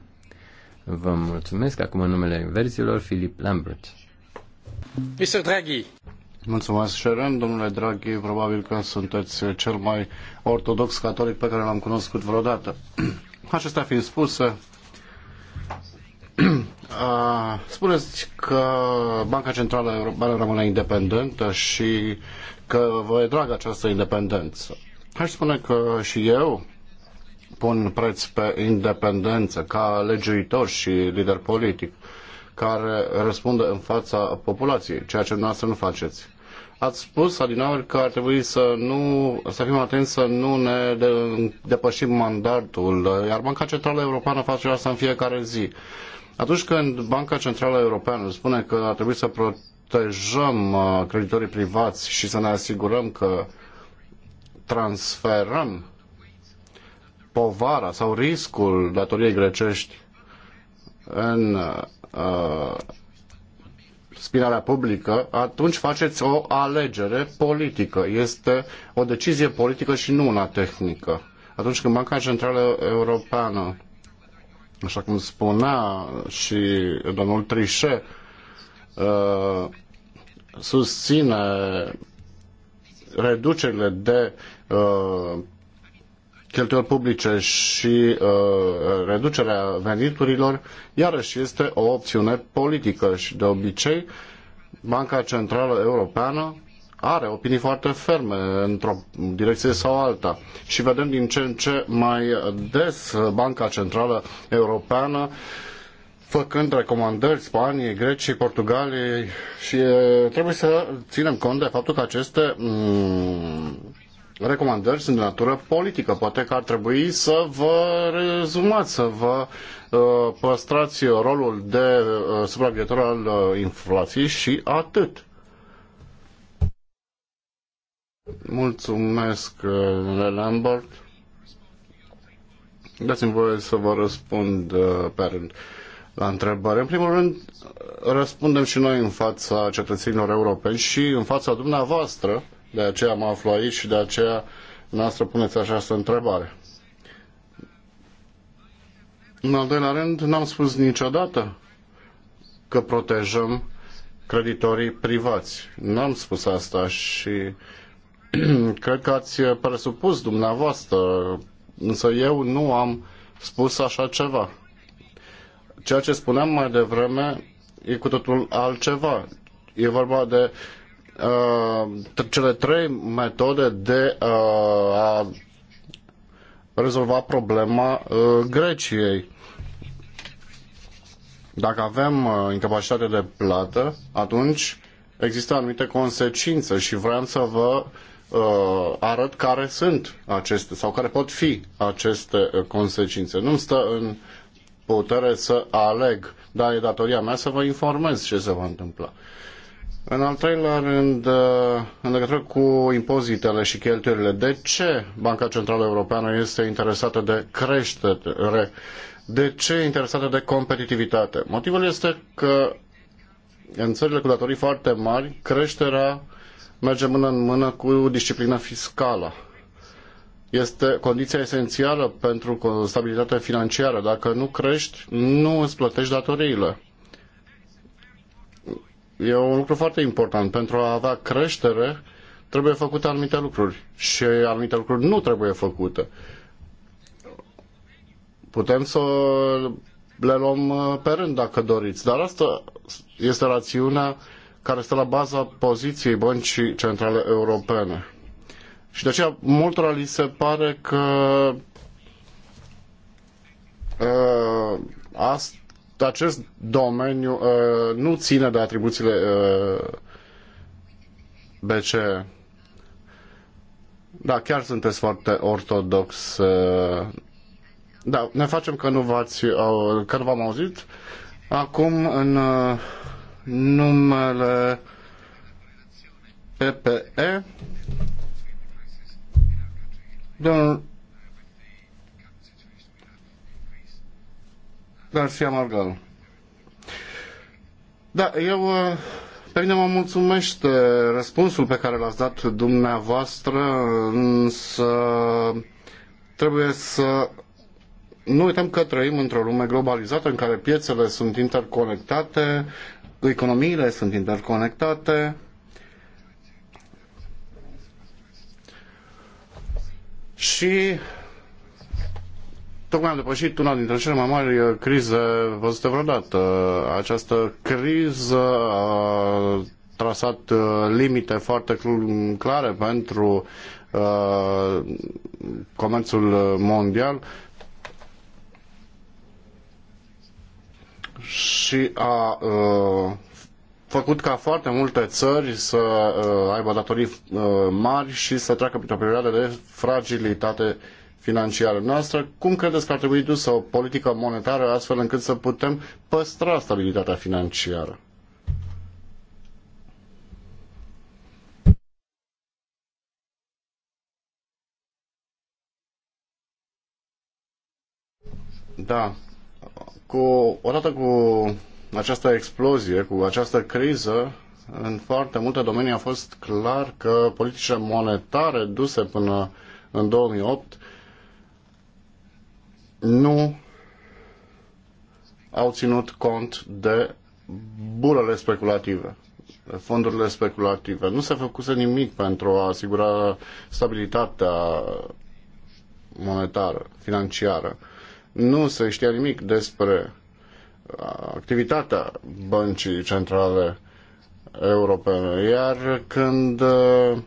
Vă mulțumesc acum în numele verzilor Filip Lambert. Mr. Draghi. Mulțumesc, Sharon. Domnule Draghi, probabil că sunteți cel mai ortodox catolic pe care l-am cunoscut vreodată. Acestea fiind spuse, spuneți că Banca Centrală Europeană rămâne independentă și că vă e dragă această independență. Aș spune că și eu pun preț pe independență ca legiuitor și lider politic care răspunde în fața populației, ceea ce noastră nu faceți. Ați spus, Adinaur, că ar trebui să, nu, să fim atenți să nu ne depășim mandatul, iar Banca Centrală Europeană face asta în fiecare zi. Atunci când Banca Centrală Europeană spune că ar trebui să protejăm uh, creditorii privați și să ne asigurăm că transferăm povara sau riscul datoriei grecești în uh, uh, spirarea publică, atunci faceți o alegere politică. Este o decizie politică și nu una tehnică. Atunci când Banca Centrală Europeană, așa cum spunea și domnul Trichet, uh, susține reducerile de uh, cheltuieli publice și uh, reducerea veniturilor, iarăși este o opțiune politică și de obicei Banca Centrală Europeană are opinii foarte ferme într-o direcție sau alta. Și vedem din ce în ce mai des Banca Centrală Europeană făcând recomandări Spaniei, Greciei, Portugaliei și trebuie să ținem cont de faptul că aceste mm, recomandări sunt de natură politică. Poate că ar trebui să vă rezumați, să vă uh, păstrați rolul de uh, supraveghetor al uh, inflației și atât. Mulțumesc, domnule Lambert. Dați-mi voie să vă răspund pe rând la întrebare. În primul rând, răspundem și noi în fața cetățenilor europeni și în fața dumneavoastră de aceea mă aflu aici și de aceea noastră puneți această întrebare. În al doilea rând, n-am spus niciodată că protejăm creditorii privați. N-am spus asta și cred că ați presupus dumneavoastră, însă eu nu am spus așa ceva. Ceea ce spuneam mai devreme e cu totul altceva. E vorba de Uh, cele trei metode de uh, a rezolva problema uh, Greciei. Dacă avem incapacitate de plată, atunci există anumite consecințe și vreau să vă arăt care sunt aceste sau care pot fi aceste consecințe. Nu-mi stă în putere să aleg, dar e datoria mea să vă informez ce se va întâmpla. Uh, în al treilea rând, uh, în legătură cu impozitele și cheltuielile, de ce Banca Centrală Europeană este interesată de creștere? De ce e interesată de competitivitate? Motivul este că în țările cu datorii foarte mari, creșterea merge mână în mână cu disciplina fiscală. Este condiția esențială pentru stabilitatea financiară. Dacă nu crești, nu îți plătești datoriile e un lucru foarte important. Pentru a avea creștere, trebuie făcute anumite lucruri și anumite lucruri nu trebuie făcute. Putem să le luăm uh, pe rând dacă doriți, dar asta este rațiunea care stă la baza poziției Băncii Centrale Europene. Și de aceea multora li se pare că uh, asta acest domeniu uh, nu ține de atribuțiile uh, BC. Da, chiar sunteți foarte ortodox. Uh, da, ne facem că nu, v-ați, că nu v-am auzit. Acum, în numele PPE, domnul Garcia Margal. Da, eu uh, pe mine mă mulțumește răspunsul pe care l-ați dat dumneavoastră, însă trebuie să nu uităm că trăim într-o lume globalizată în care piețele sunt interconectate, economiile sunt interconectate. Și tocmai am depășit una dintre cele mai mari uh, crize văzute vreodată. Uh, această criză a trasat uh, limite foarte clare pentru comerțul mondial și a făcut ca foarte multe țări să aibă datorii mari și să treacă printr-o perioadă de fragilitate financiară noastră, cum credeți că ar trebui dusă o politică monetară astfel încât să putem păstra stabilitatea financiară? Da. Cu, odată cu această explozie, cu această criză, în foarte multe domenii a fost clar că politicile monetare duse până în 2008 nu au ținut cont de bulele speculative, de fondurile speculative. Nu s-a făcut nimic pentru a asigura stabilitatea monetară, financiară. Nu se știa nimic despre uh, activitatea băncii centrale europene. Iar când uh,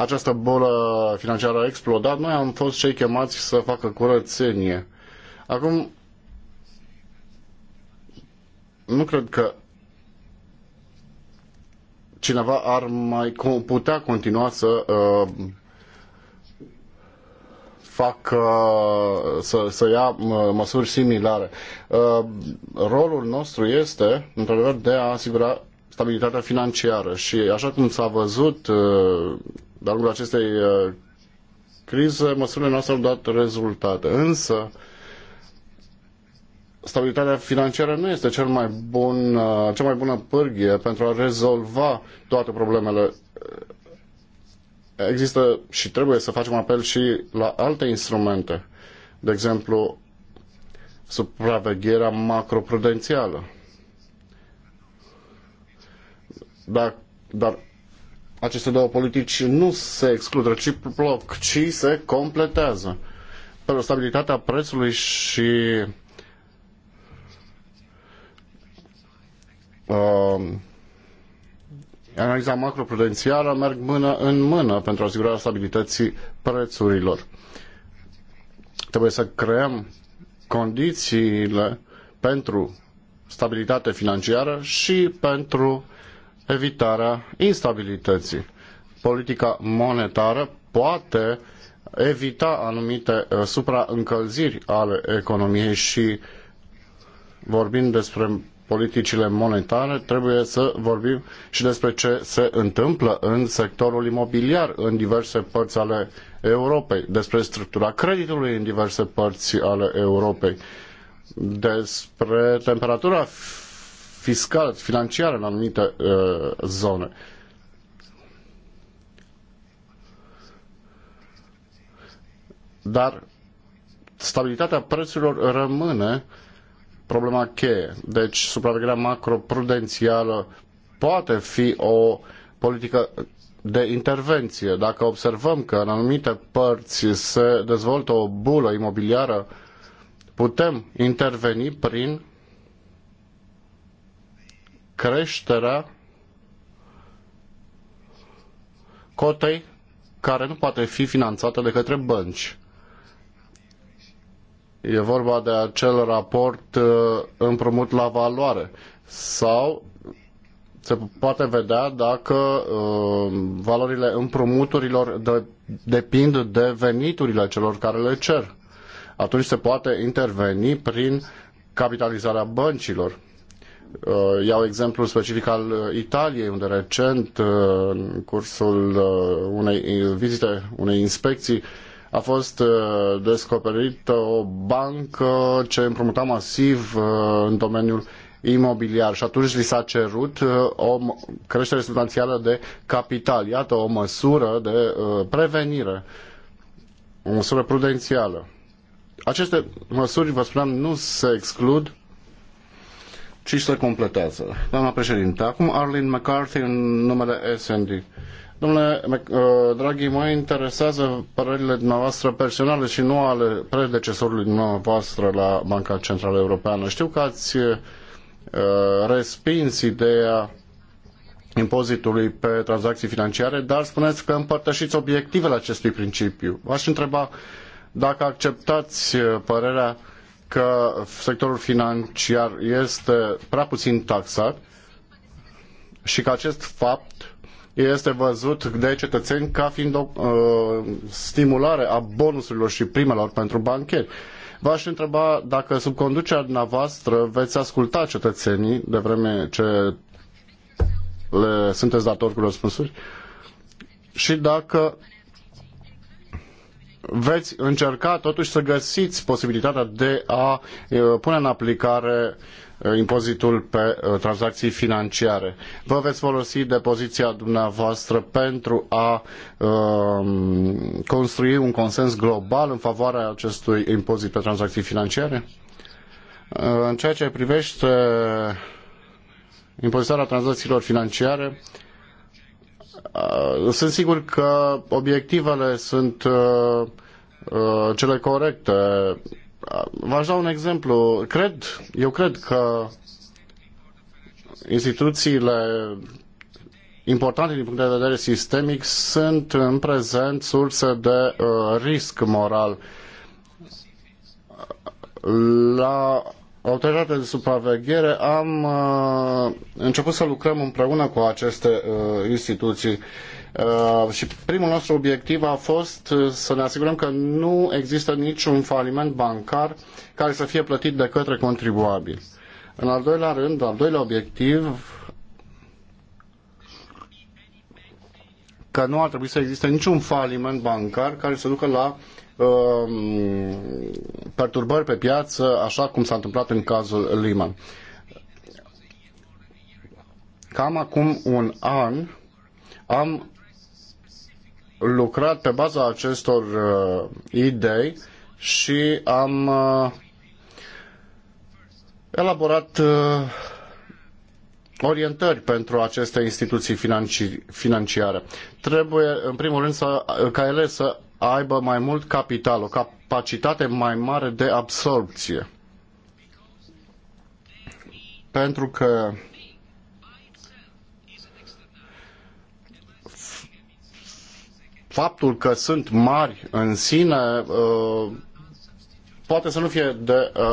această bolă financiară a explodat, noi am fost cei chemați să facă curățenie. Acum, nu cred că cineva ar mai putea continua să uh, fac uh, să, să ia uh, măsuri similare. Uh, rolul nostru este, într-adevăr, de a asigura stabilitatea financiară și, așa cum s-a văzut uh, de-a lungul acestei uh, crize, măsurile noastre au dat rezultate. Însă, stabilitatea financiară nu este cel mai bun, uh, cea mai bună pârghie pentru a rezolva toate problemele. Există și trebuie să facem apel și la alte instrumente, de exemplu, supravegherea macroprudențială. Da, dar, dar aceste două politici nu se exclud reciproc, ci se completează. Pentru stabilitatea prețului și uh, analiza macroprudențială merg mână în mână pentru asigurarea stabilității prețurilor. Trebuie să creăm condițiile pentru stabilitate financiară și pentru evitarea instabilității. Politica monetară poate evita anumite uh, supraîncălziri ale economiei și vorbind despre politicile monetare, trebuie să vorbim și despre ce se întâmplă în sectorul imobiliar în diverse părți ale Europei, despre structura creditului în diverse părți ale Europei, despre temperatura fiscală, financiară în anumite uh, zone. Dar stabilitatea prețurilor rămâne problema cheie. Deci supravegherea macroprudențială poate fi o politică de intervenție. Dacă observăm că în anumite părți se dezvoltă o bulă imobiliară, putem interveni prin creșterea cotei care nu poate fi finanțată de către bănci. E vorba de acel raport uh, împrumut la valoare sau se poate vedea dacă uh, valorile împrumuturilor de, depind de veniturile celor care le cer. Atunci se poate interveni prin capitalizarea băncilor. Uh, iau exemplul specific al uh, Italiei, unde recent, uh, în cursul unei vizite, unei inspecții, a fost descoperită o bancă ce împrumuta masiv în domeniul imobiliar și atunci li s-a cerut o creștere substanțială de capital. Iată o măsură de prevenire, o măsură prudențială. Aceste măsuri, vă spuneam, nu se exclud ci să completează. Doamna președinte, acum Arlene McCarthy în numele SND. Domnule uh, Draghi, mă interesează părerile dumneavoastră personale și nu ale predecesorului dumneavoastră la Banca Centrală Europeană. Știu că ați uh, respins ideea impozitului pe tranzacții financiare, dar spuneți că împărtășiți obiectivele acestui principiu. V-aș întreba dacă acceptați uh, părerea că sectorul financiar este prea puțin taxat și că acest fapt este văzut de cetățeni ca fiind o uh, stimulare a bonusurilor și primelor pentru bancheri. V-aș întreba dacă sub conducerea dumneavoastră veți asculta cetățenii de vreme ce le sunteți datori cu răspunsuri și dacă veți încerca totuși să găsiți posibilitatea de a pune în aplicare impozitul pe tranzacții financiare. Vă veți folosi de poziția dumneavoastră pentru a construi un consens global în favoarea acestui impozit pe tranzacții financiare? În ceea ce privește impozitarea tranzacțiilor financiare, Uh, sunt sigur că obiectivele sunt uh, uh, cele corecte. V-aș da un exemplu. Cred, eu cred că instituțiile importante din punct de vedere sistemic sunt în prezent surse de risc moral. La autoritatea de supraveghere am uh, început să lucrăm împreună cu aceste uh, instituții uh, și primul nostru obiectiv a fost uh, să ne asigurăm că nu există niciun faliment bancar care să fie plătit de către contribuabil. În al doilea rând, al doilea obiectiv că nu ar trebui să existe niciun faliment bancar care să ducă la Um, perturbări pe piață, așa cum s-a întâmplat în cazul Lehman. Cam acum un an am lucrat pe baza acestor uh, idei și am uh, elaborat uh, orientări pentru aceste instituții financiare. Trebuie, în primul rând, să, ca ele să aibă mai mult capital, o capacitate mai mare de absorpție. Pentru că faptul că sunt mari în sine uh, poate să nu fie de uh,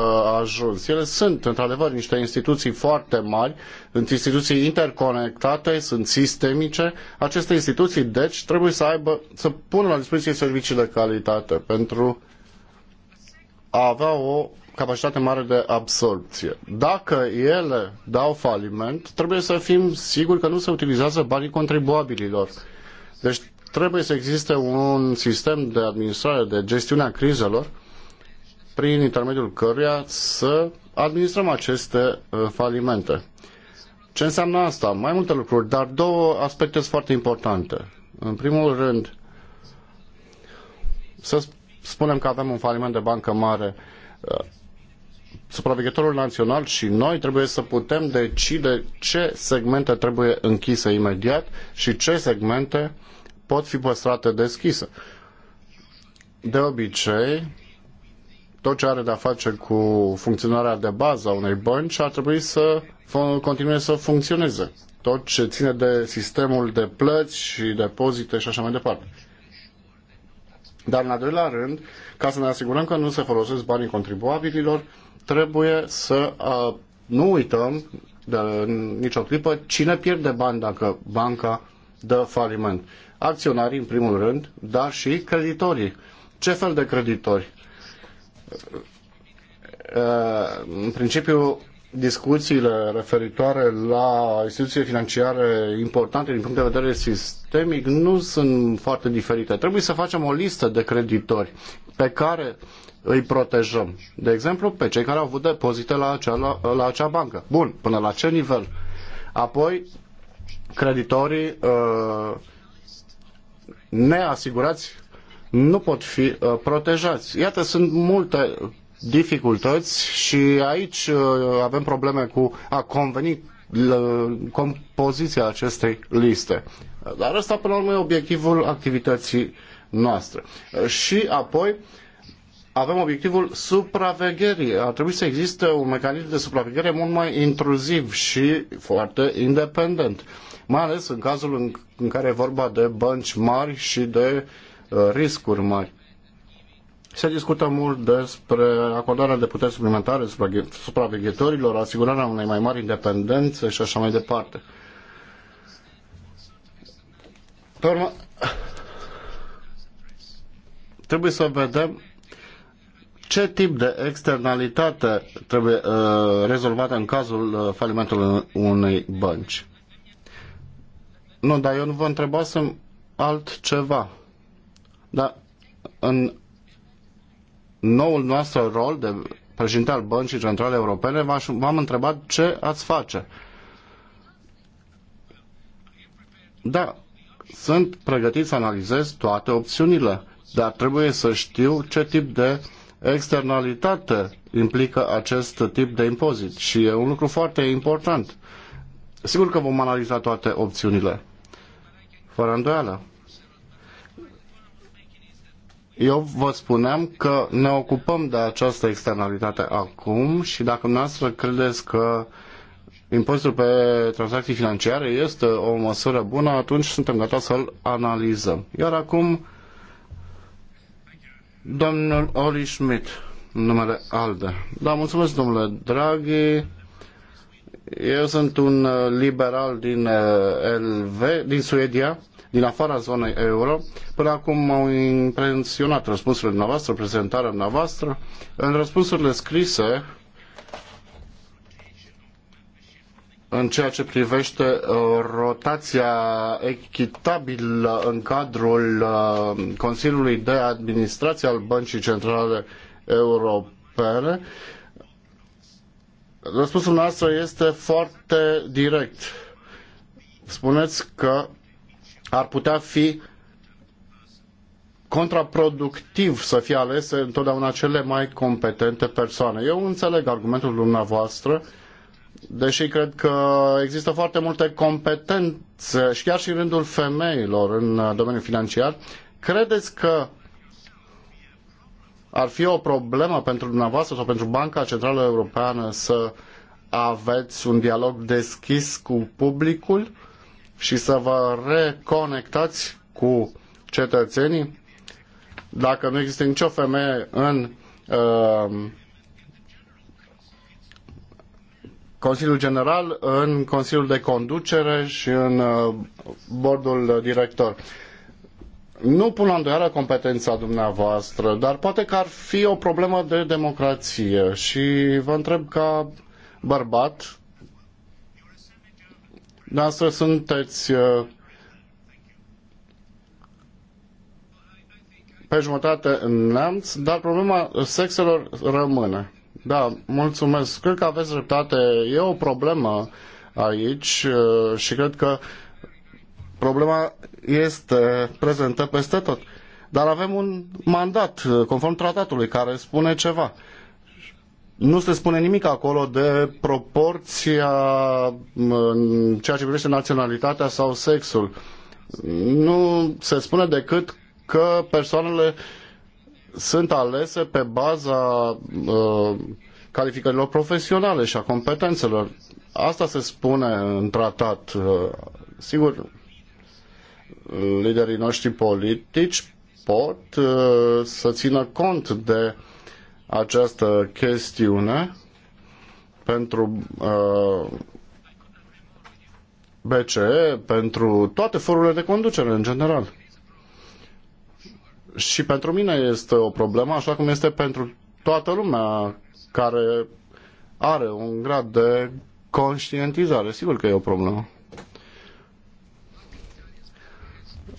ajuns. Ele sunt, într-adevăr, niște instituții foarte mari, sunt instituții interconectate, sunt sistemice. Aceste instituții, deci, trebuie să aibă, să pună la dispoziție servicii de calitate pentru a avea o capacitate mare de absorpție. Dacă ele dau faliment, trebuie să fim siguri că nu se utilizează banii contribuabililor. Deci trebuie să existe un sistem de administrare, de gestiune a crizelor, prin intermediul căruia să administrăm aceste uh, falimente. Ce înseamnă asta? Mai multe lucruri, dar două aspecte sunt foarte importante. În primul rând, să spunem că avem un faliment de bancă mare, uh, supraveghetorul național și noi trebuie să putem decide ce segmente trebuie închise imediat și ce segmente pot fi păstrate deschise. De obicei, tot ce are de-a face cu funcționarea de bază a unei bănci ar trebui să continue să funcționeze. Tot ce ține de sistemul de plăți și depozite și așa mai departe. Dar, în al doilea rând, ca să ne asigurăm că nu se folosesc banii contribuabililor, trebuie să uh, nu uităm de nicio clipă cine pierde bani dacă banca dă faliment. Acționarii, în primul rând, dar și creditorii. Ce fel de creditori? în principiu, discuțiile referitoare la instituții financiare importante din punct de vedere sistemic nu sunt foarte diferite. Trebuie să facem o listă de creditori pe care îi protejăm. De exemplu, pe cei care au avut depozite la acea, la, la acea bancă. Bun, până la ce nivel? Apoi, creditorii uh, neasigurați nu pot fi uh, protejați. Iată, sunt multe dificultăți și aici uh, avem probleme cu a conveni uh, compoziția acestei liste. Dar ăsta, până la urmă, e obiectivul activității noastre. Și apoi avem obiectivul supravegherii. Ar trebui să existe un mecanism de supraveghere mult mai intruziv și foarte independent, mai ales în cazul în, care e vorba de bănci mari și de uh, Uh, riscuri mari. Se discută mult despre acordarea de puteri suplimentare supraveghetorilor, asigurarea unei mai mari independențe și așa mai departe. Pe urmă, trebuie să vedem ce tip de externalitate trebuie uh, rezolvată în cazul uh, falimentului unei bănci. Nu, dar eu nu vă întrebasem altceva. Dar în noul nostru rol de președinte al Băncii Centrale Europene, v-am întrebat ce ați face. Da, sunt pregătit să analizez toate opțiunile, dar trebuie să știu ce tip de externalitate implică acest tip de impozit și e un lucru foarte important. Sigur că vom analiza toate opțiunile, fără îndoială. Eu vă spuneam că ne ocupăm de această externalitate acum și dacă dumneavoastră credeți că impozitul pe tranzacții financiare este o măsură bună, atunci suntem gata să-l analizăm. Iar acum, domnul Oli Schmidt, numele ALDE. Da, mulțumesc, domnule Draghi. Eu sunt un liberal din uh, LV, din Suedia din afara zonei euro. Până acum m-au impresionat răspunsurile dumneavoastră, prezentarea dumneavoastră. În răspunsurile scrise, în ceea ce privește uh, rotația echitabilă în cadrul uh, Consiliului de Administrație al Băncii Centrale Europene. Răspunsul nostru este foarte direct. Spuneți că ar putea fi contraproductiv să fie alese întotdeauna cele mai competente persoane. Eu înțeleg argumentul dumneavoastră, deși cred că există foarte multe competențe și chiar și în rândul femeilor în domeniul financiar. Credeți că ar fi o problemă pentru dumneavoastră sau pentru Banca Centrală Europeană să aveți un dialog deschis cu publicul? și să vă reconectați cu cetățenii. Dacă nu există nicio femeie în uh, Consiliul General, în Consiliul de Conducere și în uh, Bordul Director. Nu pun la îndoială competența dumneavoastră, dar poate că ar fi o problemă de democrație și vă întreb ca bărbat Noastră sunteți uh, pe jumătate în neamț, dar problema sexelor rămâne. Da, mulțumesc. Cred că aveți dreptate. E o problemă aici uh, și cred că problema este prezentă peste tot. Dar avem un mandat uh, conform tratatului care spune ceva nu se spune nimic acolo de proporția în ceea ce privește naționalitatea sau sexul. Nu se spune decât că persoanele sunt alese pe baza uh, calificărilor profesionale și a competențelor. Asta se spune în tratat. Uh, sigur, liderii noștri politici pot uh, să țină cont de uh, această chestiune pentru uh, BCE, pentru toate forurile de conducere în general. Și pentru mine este o problemă, așa cum este pentru toată lumea care are un grad de conștientizare. Sigur că e o problemă.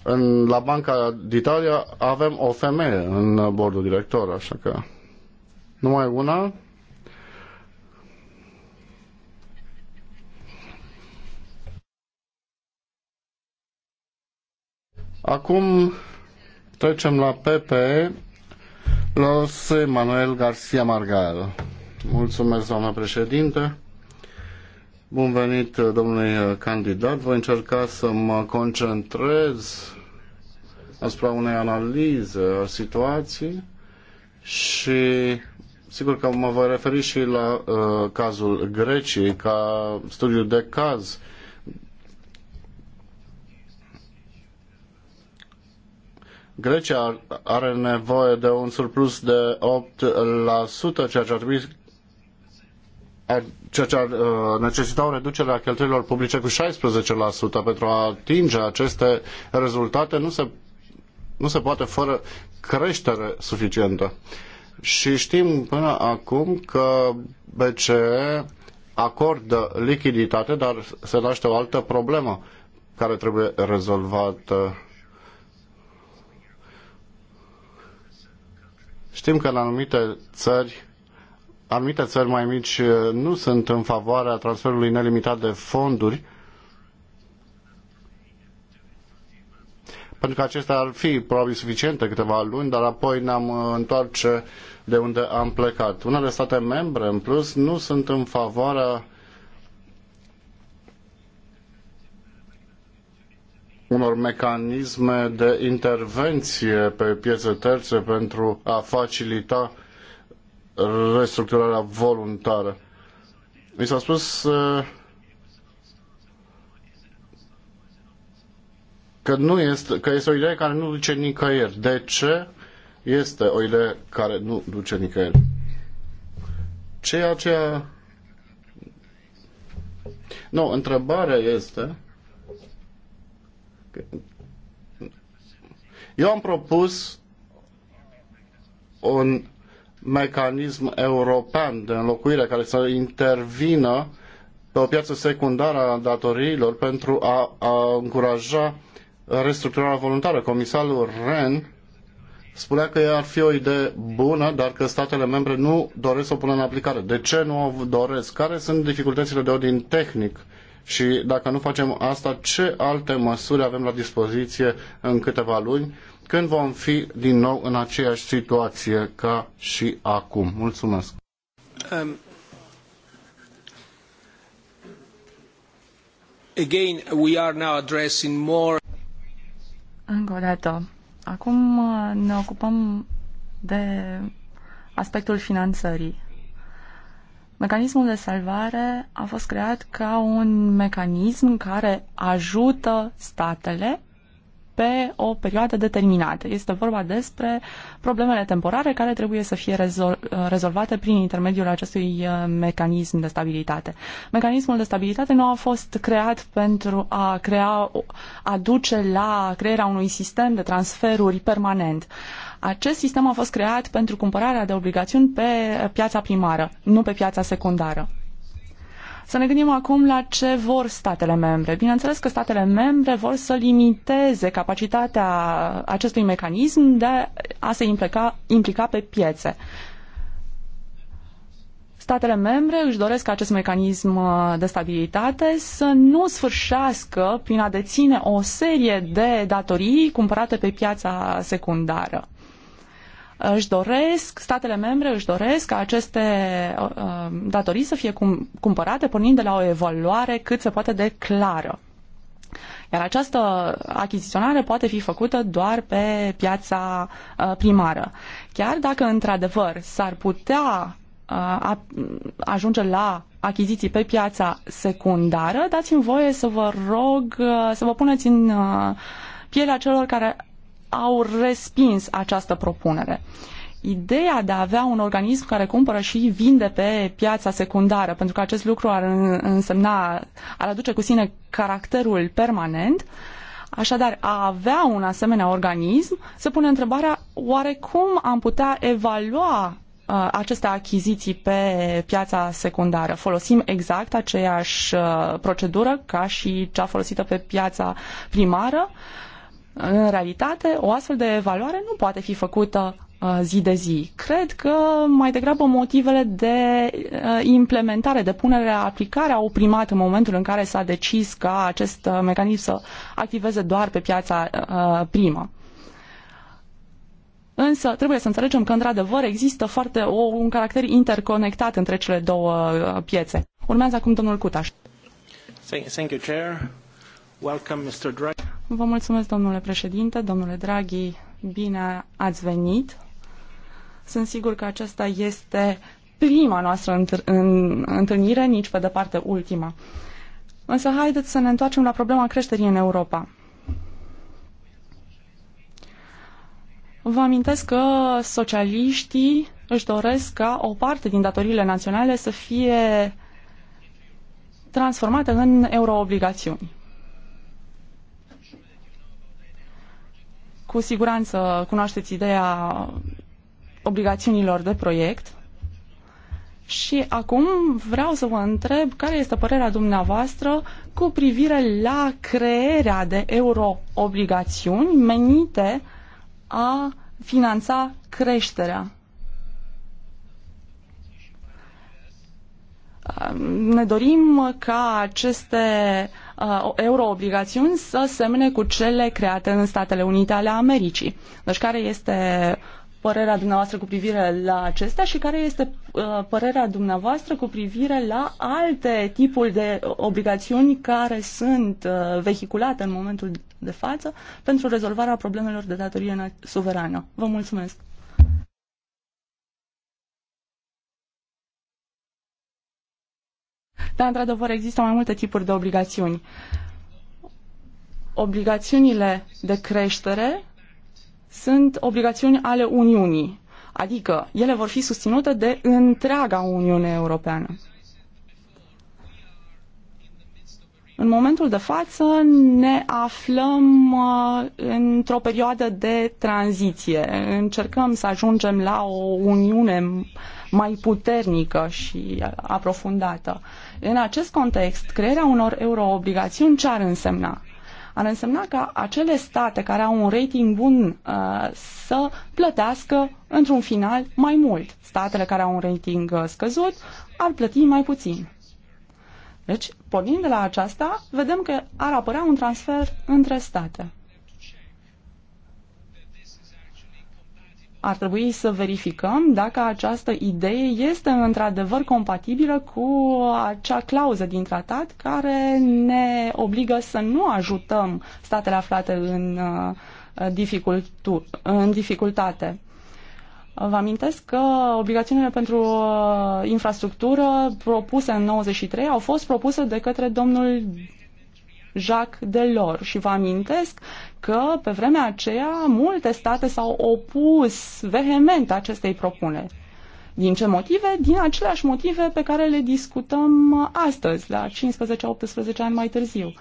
În, la Banca d'Italia avem o femeie în bordul director, așa că numai una. Acum trecem la PPE, Los Manuel Garcia Margal. Mulțumesc, doamna președinte. Bun venit, domnului candidat. Voi încerca să mă concentrez asupra unei analize a situației și Sigur că mă voi referi și la uh, cazul Greciei ca studiu de caz. Grecia are nevoie de un surplus de 8%, ceea ce ar trebui ar, ceea ce ar uh, necesita o reducere a cheltuielor publice cu 16% pentru a atinge aceste rezultate nu se, nu se poate fără creștere suficientă. Uh, și știm până acum că BCE acordă lichiditate, dar se naște o altă problemă care trebuie rezolvată. Știm că în anumite țări, anumite țări mai mici uh, nu sunt în favoarea transferului nelimitat de fonduri, pentru că acestea ar fi probabil suficiente câteva luni, dar apoi ne-am uh, întoarce de unde am plecat. Unele state membre, în plus, nu sunt în favoarea unor mecanisme de intervenție pe piețe terțe pentru a facilita restructurarea voluntară. Mi s-a spus uh, că, nu este, că este o idee care nu duce nicăieri. De ce este o idee care nu duce nicăieri? Ceea ce... Nu, întrebarea este... Eu am propus un mecanism european de înlocuire care să intervină pe o piață secundară a datoriilor pentru a, a încuraja restructurarea voluntară. Comisarul Ren spunea că ar fi o idee bună, dar că statele membre nu doresc să o pună în aplicare. De ce nu o doresc? Care sunt dificultățile de ordin tehnic? Și dacă nu facem asta, ce alte măsuri avem la dispoziție în câteva luni, când vom fi din nou în aceeași situație ca și acum? Mulțumesc! Um, again, we are now addressing more încă o dată. Acum uh, ne ocupăm de aspectul finanțării. Mecanismul de salvare a fost creat ca un mecanism care ajută statele pe o perioadă determinată. Este vorba despre problemele temporare care trebuie să fie rezol- rezolvate prin intermediul acestui uh, mecanism de stabilitate. Mecanismul de stabilitate nu a fost creat pentru a crea, a duce la crearea unui sistem de transferuri permanent. Acest sistem a fost creat pentru cumpărarea de obligațiuni pe piața primară, nu pe piața secundară. Să ne gândim acum la ce vor statele membre. Bineînțeles că statele membre vor să limiteze capacitatea acestui mecanism de a se implica, implica pe piețe. Statele membre își doresc ca acest mecanism uh, de stabilitate să nu sfârșească prin a deține o serie de datorii cumpărate pe piața secundară își doresc, statele membre își doresc ca aceste uh, uh, datorii să fie cumpărate pornind de la o evaluare cât se poate de clară. Iar această achiziționare poate fi făcută doar pe piața uh, primară. Chiar dacă, într-adevăr, s-ar putea ajunge la achiziții pe piața secundară, dați-mi voie să vă rog să vă puneți în pielea celor care au respins această propunere. Ideea de a avea un organism care cumpără și vinde pe piața secundară, pentru că acest lucru ar însemna, ar aduce cu sine caracterul permanent, Așadar, a avea un asemenea organism, se pune întrebarea oare cum am putea evalua uh, aceste achiziții pe piața secundară. Folosim exact aceeași uh, procedură ca și cea folosită pe piața primară. Uh, în realitate, o astfel de evaluare nu poate fi făcută uh, zi de zi. Cred că mai degrabă motivele de uh, implementare, de punere în aplicare au primat în momentul în care s-a decis ca acest uh, mecanism să activeze doar pe piața primă. Însă trebuie să înțelegem că, într-adevăr, există foarte o, un caracter interconectat între cele două piețe. Urmează acum domnul Cutaș. Thank you, Chair. Vă mulțumesc, domnule președinte, domnule Draghi, bine ați venit. Sunt sigur că aceasta este prima noastră întâlnire, nici pe departe ultima. Însă haideți să ne întoarcem la problema creșterii în Europa. Vă amintesc că socialiștii își doresc ca o parte din datoriile naționale să fie transformate în euroobligațiuni. Cu siguranță cunoașteți ideea obligațiunilor de proiect. Și acum vreau să vă întreb care este părerea dumneavoastră cu privire la crearea de euroobligațiuni menite a finanța creșterea. Ne dorim ca aceste uh, uh, euroobligațiuni să semene cu cele create în Statele Unite ale Americii. Deci care este părerea dumneavoastră cu privire la acestea și care este uh, părerea dumneavoastră cu privire la alte tipuri de obligațiuni care sunt uh, vehiculate în momentul de față pentru rezolvarea problemelor de datorie suverană. Vă mulțumesc! Dar, într-adevăr, există mai multe tipuri de obligațiuni. Obligațiunile de creștere sunt obligațiuni ale Uniunii, adică ele vor fi susținute de întreaga Uniune Europeană. În momentul de față ne aflăm uh, într-o perioadă de tranziție. Încercăm să ajungem la o uniune mai puternică și aprofundată. În acest context, crearea unor euroobligațiuni ce ar însemna? Ar însemna ca acele state care au un rating bun uh, să plătească într-un final mai mult. Statele care au un rating uh, scăzut ar plăti mai puțin. Deci, pornind de la aceasta, vedem că ar apărea un transfer între state. ar trebui să verificăm dacă această idee este într-adevăr compatibilă cu acea clauză din tratat care ne obligă să nu ajutăm statele aflate în, uh, în dificultate. Vă amintesc că obligațiunile pentru uh, infrastructură propuse în 93 au fost propuse de către domnul Jacques Delors și vă amintesc că pe vremea aceea multe state s-au opus vehement acestei propuneri. Din ce motive? Din aceleași motive pe care le discutăm astăzi, la 15-18 ani mai târziu.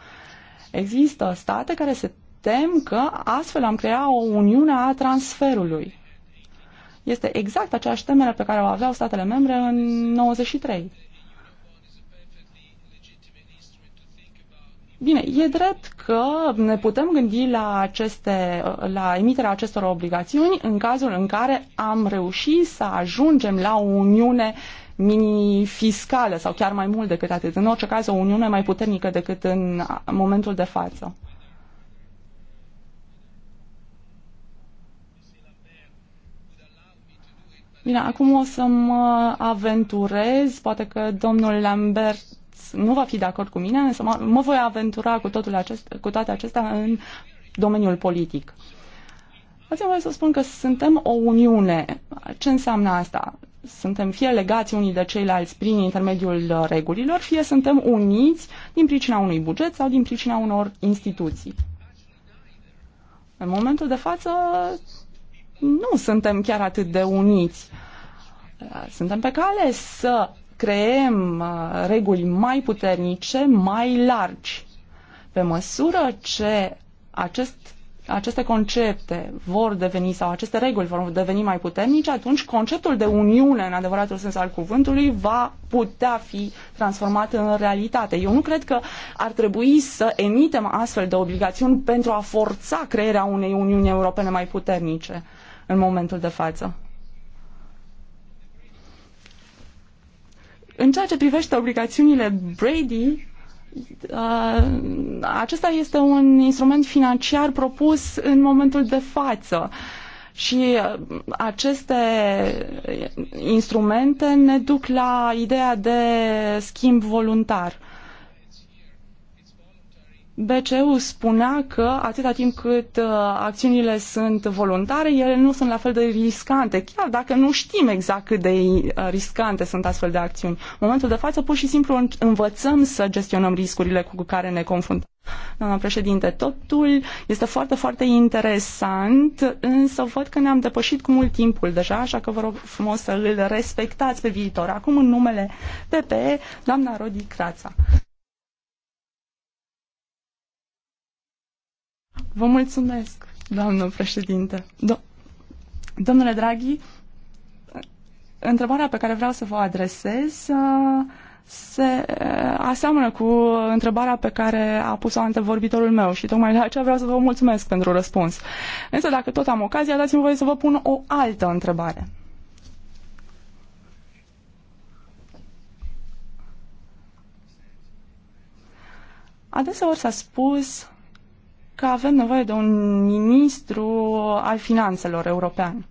Există state care se tem că astfel am creat o uniune a transferului. Este exact aceeași temere pe care o aveau statele membre în 93. Bine, e drept că ne putem gândi la, aceste, la emiterea acestor obligațiuni în cazul în care am reușit să ajungem la o uniune mini-fiscală sau chiar mai mult decât atât. În orice caz, o uniune mai puternică decât în momentul de față. Bine, acum o să mă aventurez, poate că domnul Lambert nu va fi de acord cu mine, însă mă, mă voi aventura cu, totul acest, cu toate acestea în domeniul politic. Ați voie să spun că suntem o uniune. Ce înseamnă asta? Suntem fie legați unii de ceilalți prin intermediul uh, regulilor, fie suntem uniți din pricina unui buget sau din pricina unor instituții. În momentul de față nu suntem chiar atât de uniți. Uh, suntem pe cale să creăm uh, reguli mai puternice, mai largi. Pe măsură ce acest, aceste concepte vor deveni sau aceste reguli vor deveni mai puternice, atunci conceptul de uniune, în adevăratul sens al cuvântului, va putea fi transformat în realitate. Eu nu cred că ar trebui să emitem astfel de obligațiuni pentru a forța crearea unei uniuni europene mai puternice în momentul de față. În ceea ce privește obligațiunile Brady, uh, acesta este un instrument financiar propus în momentul de față. Și uh, aceste instrumente ne duc la ideea de schimb voluntar. BCU spunea că atâta timp cât uh, acțiunile sunt voluntare, ele nu sunt la fel de riscante, chiar dacă nu știm exact cât de uh, riscante sunt astfel de acțiuni. În momentul de față, pur și simplu învățăm să gestionăm riscurile cu care ne confruntăm. Doamna președinte, totul este foarte, foarte interesant, însă văd că ne-am depășit cu mult timpul deja, așa că vă rog frumos să îl respectați pe viitor. Acum, în numele PPE, doamna Rodi Crața. Vă mulțumesc, doamnă președinte. Do- Domnule Draghi, întrebarea pe care vreau să vă adresez uh, se uh, aseamănă cu întrebarea pe care a pus-o antevorbitorul meu și tocmai de aceea vreau să vă mulțumesc pentru răspuns. Însă dacă tot am ocazia, dați-mi voie să vă pun o altă întrebare. Adeseori s-a spus că avem nevoie de un ministru al finanțelor european.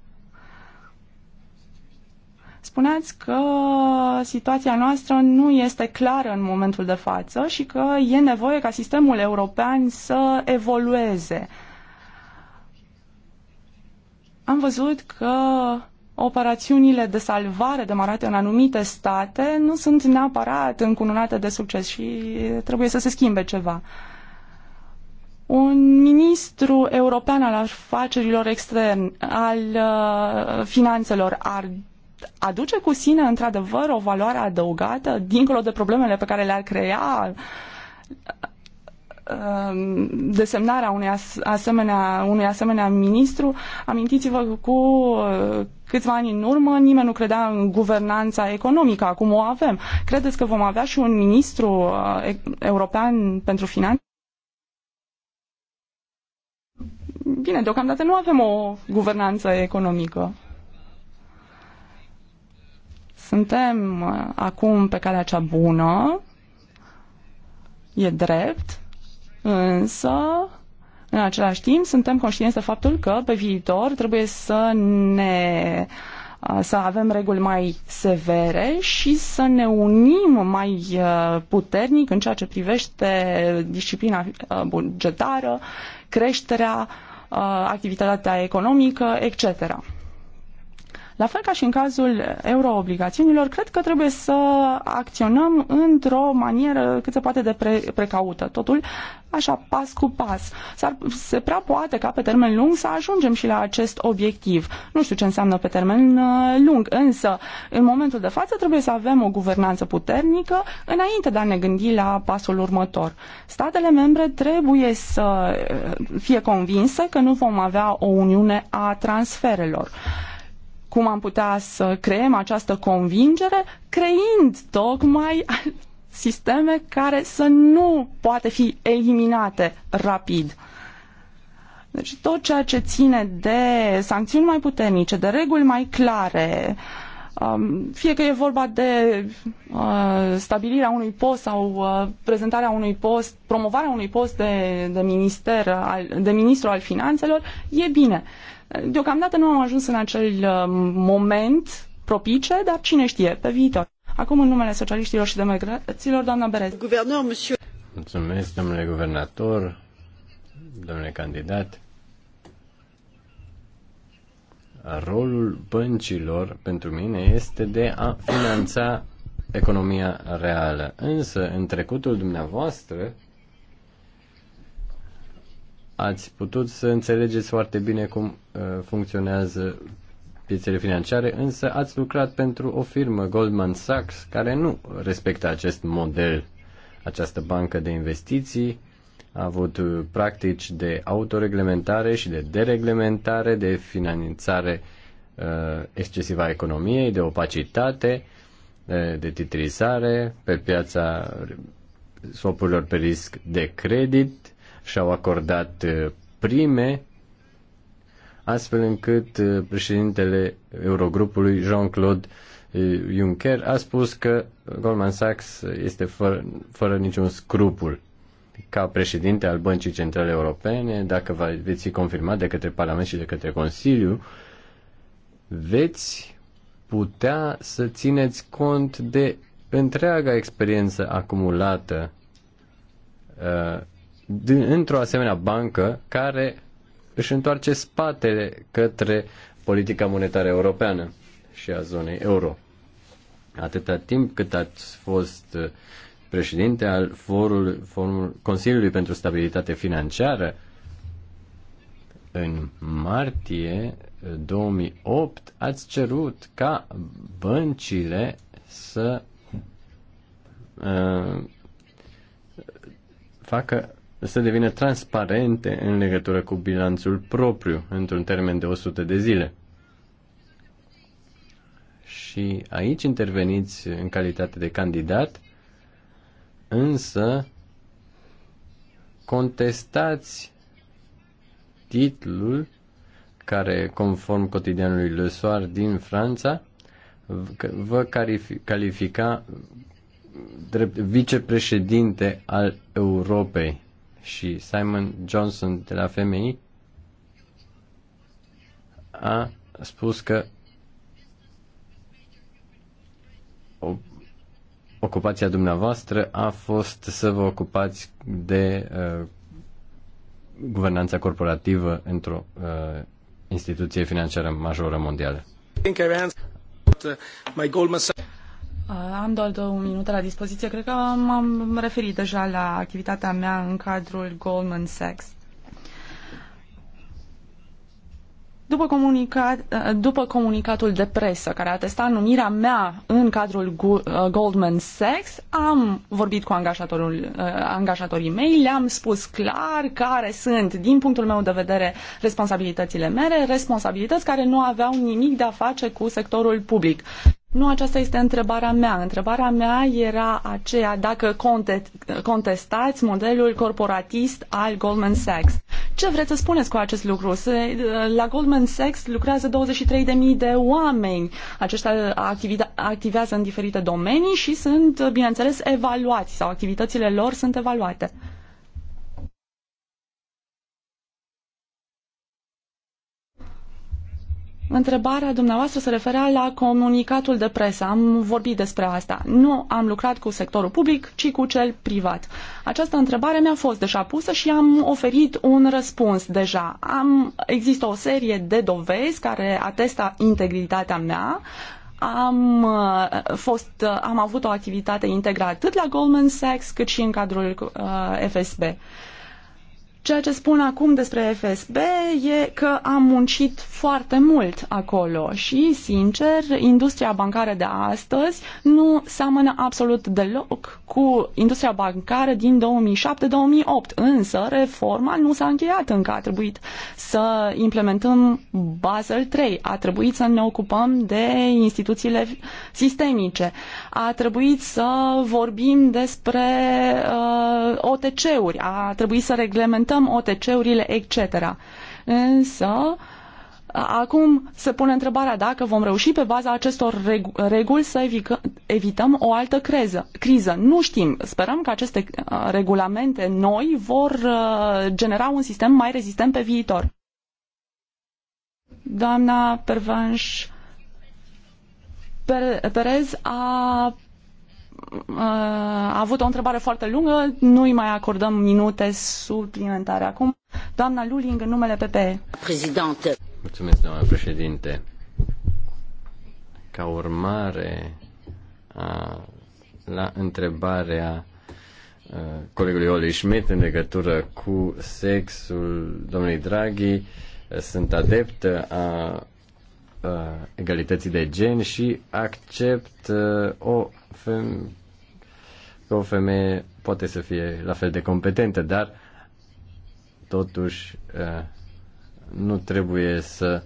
Spuneați că situația noastră nu este clară în momentul de față și că e nevoie ca sistemul european să evolueze. Am văzut că operațiunile de salvare demarate în anumite state nu sunt neapărat încununate de succes și trebuie să se schimbe ceva. Uh, un ministru european al afacerilor externe, al uh, finanțelor, ar aduce cu sine într-adevăr o valoare adăugată, dincolo de problemele pe care le-ar crea uh, desemnarea unui, asemenea, unui asemenea ministru. Amintiți-vă cu uh, câțiva ani în urmă nimeni nu credea în guvernanța economică, acum o avem. Credeți că vom avea și un ministru uh, european pentru finanțe? Bine, deocamdată nu avem o guvernanță economică. Suntem uh, acum pe calea cea bună, e drept, însă în același timp, suntem conștienți de faptul că pe viitor trebuie să ne uh, să avem reguli mai severe și să ne unim mai uh, puternic în ceea ce privește disciplina bugetară, creșterea Uh, activitatea economică, etc. La fel ca și în cazul euroobligațiunilor, cred că trebuie să acționăm într-o manieră cât se poate de pre- precaută. Totul așa pas cu pas. S-ar, se prea poate ca pe termen lung să ajungem și la acest obiectiv. Nu știu ce înseamnă pe termen uh, lung, însă în momentul de față trebuie să avem o guvernanță puternică înainte de a ne gândi la pasul următor. Statele membre trebuie să uh, fie convinse că nu vom avea o uniune a transferelor cum am putea să creăm această convingere, creind tocmai sisteme care să nu poate fi eliminate rapid. Deci tot ceea ce ține de sancțiuni mai puternice, de reguli mai clare, um, fie că e vorba de uh, stabilirea unui post sau uh, prezentarea unui post, promovarea unui post de, de, minister, de ministru al finanțelor, e bine. Deocamdată nu am ajuns în acel uh, moment propice, dar cine știe, pe viitor. Acum, în numele socialiștilor și democraților, doamna Berez. Guvernor, monsieur... Mulțumesc, domnule guvernator, domnule candidat. Rolul băncilor pentru mine este de a finanța economia reală. Însă, în trecutul dumneavoastră, ați putut să înțelegeți foarte bine cum uh, funcționează piețele financiare, însă ați lucrat pentru o firmă, Goldman Sachs, care nu respectă acest model. Această bancă de investiții a avut uh, practici de autoreglementare și de dereglementare, de finanțare uh, excesivă a economiei, de opacitate, uh, de titrizare pe piața swapurilor pe risc de credit, și-au acordat uh, prime, astfel încât uh, președintele Eurogrupului, Jean-Claude uh, Juncker, a spus că Goldman Sachs este fără, fără niciun scrupul ca președinte al Băncii Centrale Europene, dacă va, veți fi confirmat de către Parlament și de către Consiliu, veți putea să țineți cont de întreaga experiență acumulată într-o asemenea bancă care își întoarce spatele către politica monetară europeană și a zonei euro. Atâta timp cât ați fost uh, președinte al forul, forul Consiliului pentru Stabilitate Financiară, în martie 2008 uh, ați cerut ca băncile să uh, facă să devină transparente în legătură cu bilanțul propriu într-un termen de 100 de zile. Și aici interveniți în calitate de candidat, însă contestați titlul care, conform cotidianului Le Soir din Franța, vă califica drept vicepreședinte al Europei și Simon Johnson de la FMI a spus că ocupația dumneavoastră a fost să vă ocupați de uh, guvernanța corporativă într-o uh, instituție financiară majoră mondială. Uh, am doar două minute la dispoziție. Cred că m-am referit deja la activitatea mea în cadrul Goldman Sachs. După, comunicat, uh, după comunicatul de presă care a testat numirea mea în cadrul uh, Goldman Sachs, am vorbit cu angajatorul, angajatorii mei, le-am spus clar care sunt, din punctul meu de vedere, responsabilitățile mele, responsabilități care nu aveau nimic de a face cu sectorul public. Nu aceasta este întrebarea mea. Întrebarea mea era aceea dacă contestați modelul corporatist al Goldman Sachs. Ce vreți să spuneți cu acest lucru? Se, la Goldman Sachs lucrează 23.000 de oameni. Aceștia activează în diferite domenii și sunt, bineînțeles, evaluați sau activitățile lor sunt evaluate. Întrebarea dumneavoastră se referea la comunicatul de presă. Am vorbit despre asta. Nu am lucrat cu sectorul public, ci cu cel privat. Această întrebare mi-a fost deja pusă și am oferit un răspuns deja. Am, există o serie de dovezi care atesta integritatea mea. Am, uh, fost, uh, am avut o activitate integrată, atât la Goldman Sachs cât și în cadrul uh, FSB. Ceea ce spun acum despre FSB e că am muncit foarte mult acolo și, sincer, industria bancară de astăzi nu seamănă absolut deloc cu industria bancară din 2007-2008, însă reforma nu s-a încheiat încă. A trebuit să implementăm Basel III, a trebuit să ne ocupăm de instituțiile sistemice, a trebuit să vorbim despre uh, OTC-uri, a trebuit să reglementăm limităm OTC-urile, etc. Însă, Acum se pune întrebarea dacă vom reuși pe baza acestor reguli să evităm o altă creză, criză. Nu știm. Sperăm că aceste uh, regulamente noi vor uh, genera un sistem mai rezistent pe viitor. Doamna Pervanș Perez a a avut o întrebare foarte lungă, nu îi mai acordăm minute suplimentare acum. Doamna Luling, în numele PPE. Președinte. Mulțumesc, doamna președinte. Ca urmare a, la întrebarea a, colegului Oli Schmidt în legătură cu sexul domnului Draghi, sunt adept a Uh, egalității de gen și accept uh, o fem- că o femeie poate să fie la fel de competentă, dar totuși uh, nu trebuie să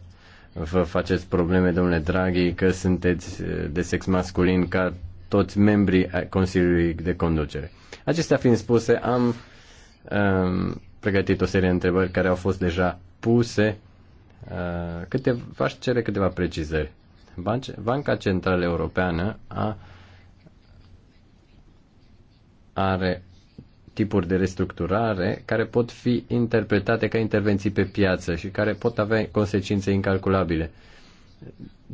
vă faceți probleme, domnule Draghi, că sunteți de sex masculin ca toți membrii Consiliului de Conducere. Acestea fiind spuse, am um, pregătit o serie de întrebări care au fost deja puse Uh, câteva, aș cere câteva precizări. Banca Centrală Europeană a, are tipuri de restructurare care pot fi interpretate ca intervenții pe piață și care pot avea consecințe incalculabile.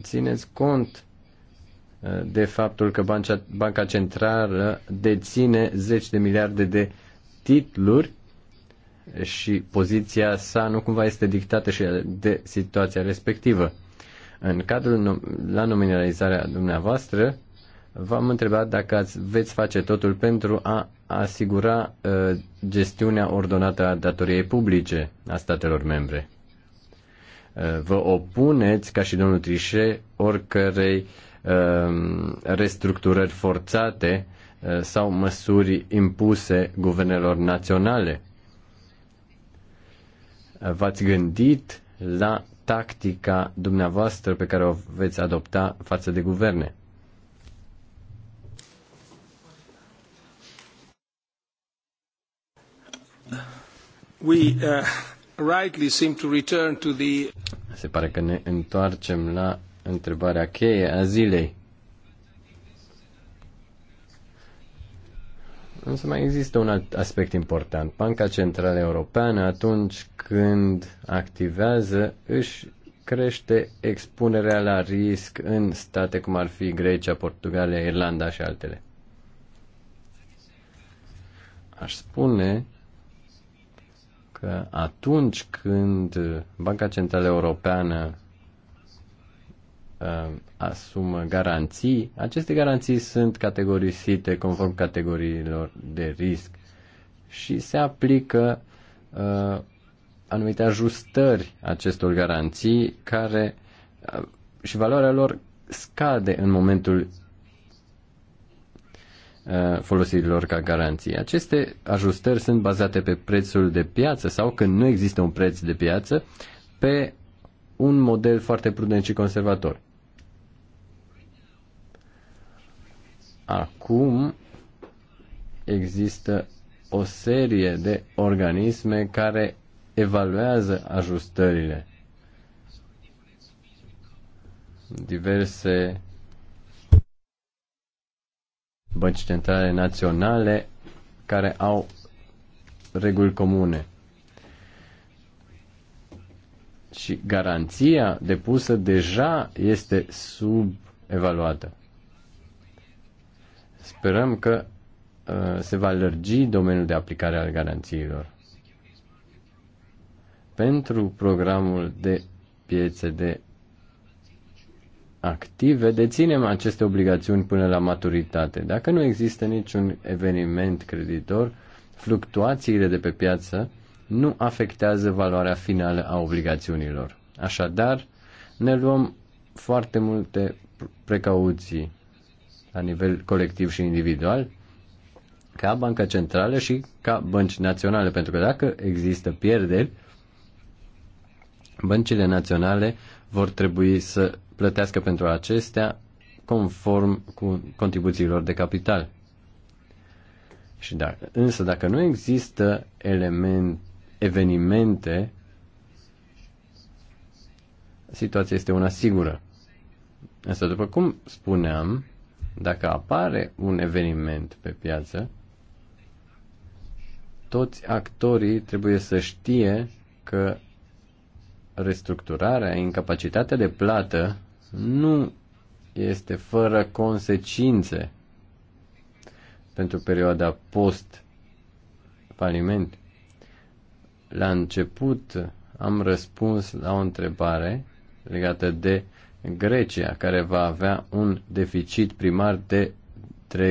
Țineți cont uh, de faptul că Banca, Banca Centrală deține 10 de miliarde de titluri și poziția sa nu cumva este dictată și de situația respectivă. În cadrul la nominalizarea dumneavoastră, v-am întrebat dacă ați, veți face totul pentru a asigura uh, gestiunea ordonată a datoriei publice a statelor membre. Uh, vă opuneți, ca și domnul Trișe, oricărei uh, restructurări forțate uh, sau măsuri impuse guvernelor naționale v-ați gândit la tactica dumneavoastră pe care o veți adopta față de guverne? We uh, rightly seem to return to the... Se pare că ne întoarcem la întrebarea cheie a zilei. Însă mai există un alt aspect important. Banca Centrală Europeană, atunci când activează, își crește expunerea la risc în state cum ar fi Grecia, Portugalia, Irlanda și altele. Aș spune că atunci când Banca Centrală Europeană uh, asumă garanții, aceste garanții sunt categorisite conform categoriilor de risc și se aplică uh, anumite ajustări acestor garanții care uh, și valoarea lor scade în momentul uh, folosirilor ca garanții. Aceste ajustări sunt bazate pe prețul de piață sau când nu există un preț de piață, pe un model foarte prudent și conservator. Acum există o serie de organisme care evaluează ajustările. Diverse bănci centrale naționale care au reguli comune. Și garanția depusă deja este subevaluată. Sperăm că uh, se va lărgi domeniul de aplicare al garanțiilor. Pentru programul de piețe de active, deținem aceste obligațiuni până la maturitate. Dacă nu există niciun eveniment creditor, fluctuațiile de pe piață nu afectează valoarea finală a obligațiunilor. Așadar, ne luăm foarte multe precauții la nivel colectiv și individual, ca Banca Centrală și ca bănci naționale, pentru că dacă există pierderi, băncile naționale vor trebui să plătească pentru acestea conform cu contribuțiilor de capital. Și dacă, însă dacă nu există element, evenimente, situația este una sigură. Însă, după cum spuneam, dacă apare un eveniment pe piață, toți actorii trebuie să știe că restructurarea, incapacitatea de plată nu este fără consecințe pentru perioada post-faliment. La început am răspuns la o întrebare legată de Grecia, care va avea un deficit primar de 3,1%.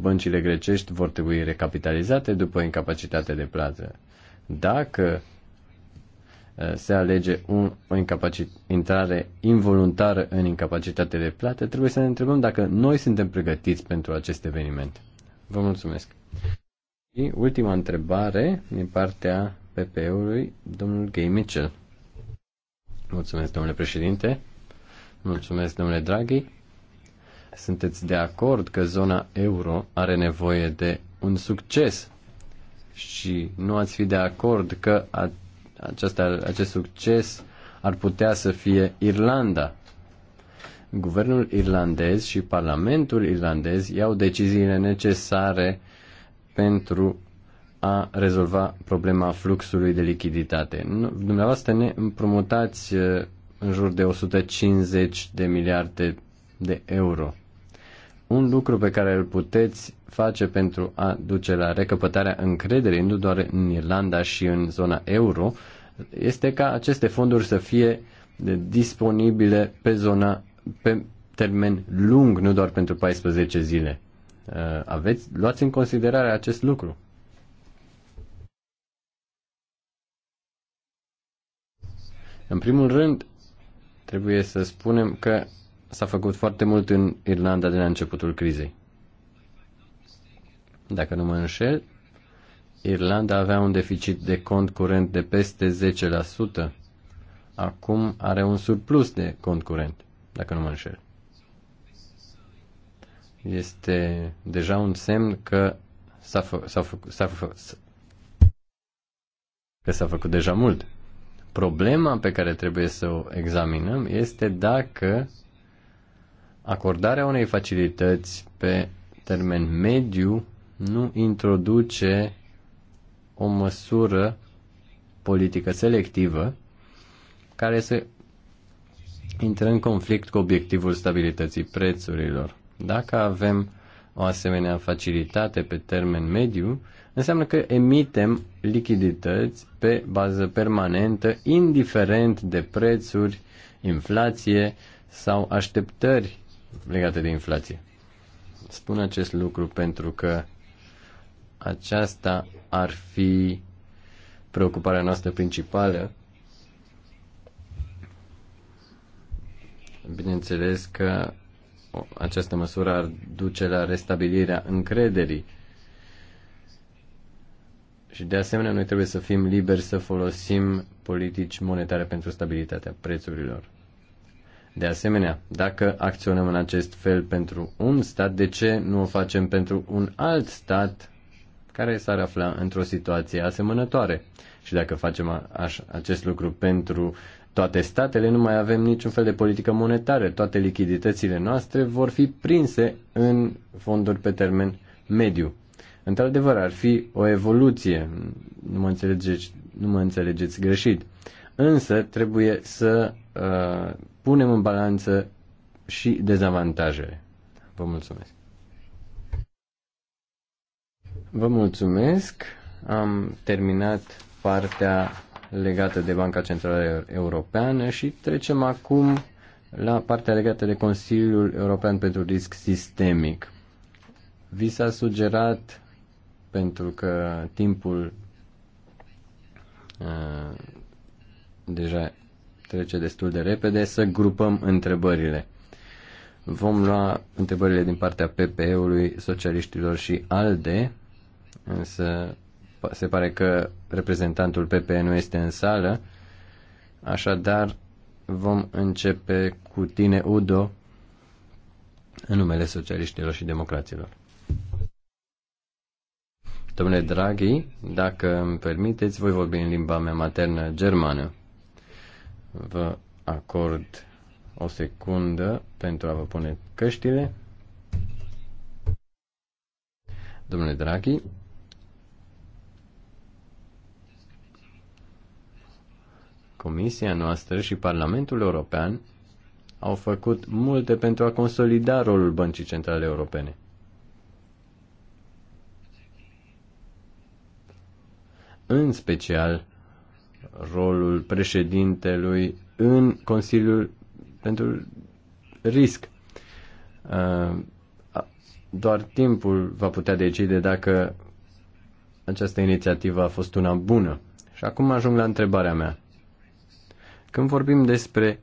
Băncile grecești vor trebui recapitalizate după incapacitate de plată. Dacă uh, se alege un, o intrare involuntară în incapacitate de plată, trebuie să ne întrebăm dacă noi suntem pregătiți pentru acest eveniment. Vă mulțumesc. Și ultima întrebare din partea PP-ului, domnul Gay Mitchell. Mulțumesc, domnule președinte. Mulțumesc, domnule Draghi. Sunteți de acord că zona euro are nevoie de un succes și nu ați fi de acord că a, aceasta, acest succes ar putea să fie Irlanda. Guvernul irlandez și Parlamentul irlandez iau deciziile necesare pentru a rezolva problema fluxului de lichiditate. Dumneavoastră ne împrumutați în jur de 150 de miliarde de euro. Un lucru pe care îl puteți face pentru a duce la recăpătarea încrederii, nu doar în Irlanda și în zona euro, este ca aceste fonduri să fie disponibile pe zona, pe termen lung, nu doar pentru 14 zile. Aveți, luați în considerare acest lucru. În primul rând, trebuie să spunem că s-a făcut foarte mult în Irlanda de la începutul crizei. Dacă nu mă înșel, Irlanda avea un deficit de cont curent de peste 10%. Acum are un surplus de cont curent, dacă nu mă înșel. Este deja un semn că s-a, fă, s-a, fă, s-a, fă, că s-a făcut deja mult. Problema pe care trebuie să o examinăm este dacă acordarea unei facilități pe termen mediu nu introduce o măsură politică selectivă care să intră în conflict cu obiectivul stabilității prețurilor. Dacă avem o asemenea facilitate pe termen mediu, înseamnă că emitem lichidități pe bază permanentă, indiferent de prețuri, inflație sau așteptări legate de inflație. Spun acest lucru pentru că aceasta ar fi preocuparea noastră principală. Bineînțeles că această măsură ar duce la restabilirea încrederii. Și de asemenea, noi trebuie să fim liberi să folosim politici monetare pentru stabilitatea prețurilor. De asemenea, dacă acționăm în acest fel pentru un stat, de ce nu o facem pentru un alt stat care s-ar afla într-o situație asemănătoare? Și dacă facem a- acest lucru pentru toate statele, nu mai avem niciun fel de politică monetară. Toate lichiditățile noastre vor fi prinse în fonduri pe termen mediu. Într-adevăr, ar fi o evoluție, nu mă înțelegeți, nu mă înțelegeți greșit. Însă trebuie să uh, punem în balanță și dezavantajele. Vă mulțumesc. Vă mulțumesc. Am terminat partea legată de Banca Centrală Europeană și trecem acum la partea legată de Consiliul European pentru Risc Sistemic. Vi s-a sugerat, pentru că timpul uh, deja trece destul de repede, să grupăm întrebările. Vom lua întrebările din partea PPE-ului, socialiștilor și ALDE, însă se pare că reprezentantul PP nu este în sală, așadar vom începe cu tine, Udo, în numele socialiștilor și democraților. Domnule Draghi, dacă îmi permiteți, voi vorbi în limba mea maternă germană. Vă acord o secundă pentru a vă pune căștile. Domnule Draghi, Comisia noastră și Parlamentul European au făcut multe pentru a consolida rolul Băncii Centrale Europene. În special rolul președintelui în Consiliul pentru risc. Uh, doar timpul va putea decide dacă această inițiativă a fost una bună. Și acum ajung la întrebarea mea. Când vorbim despre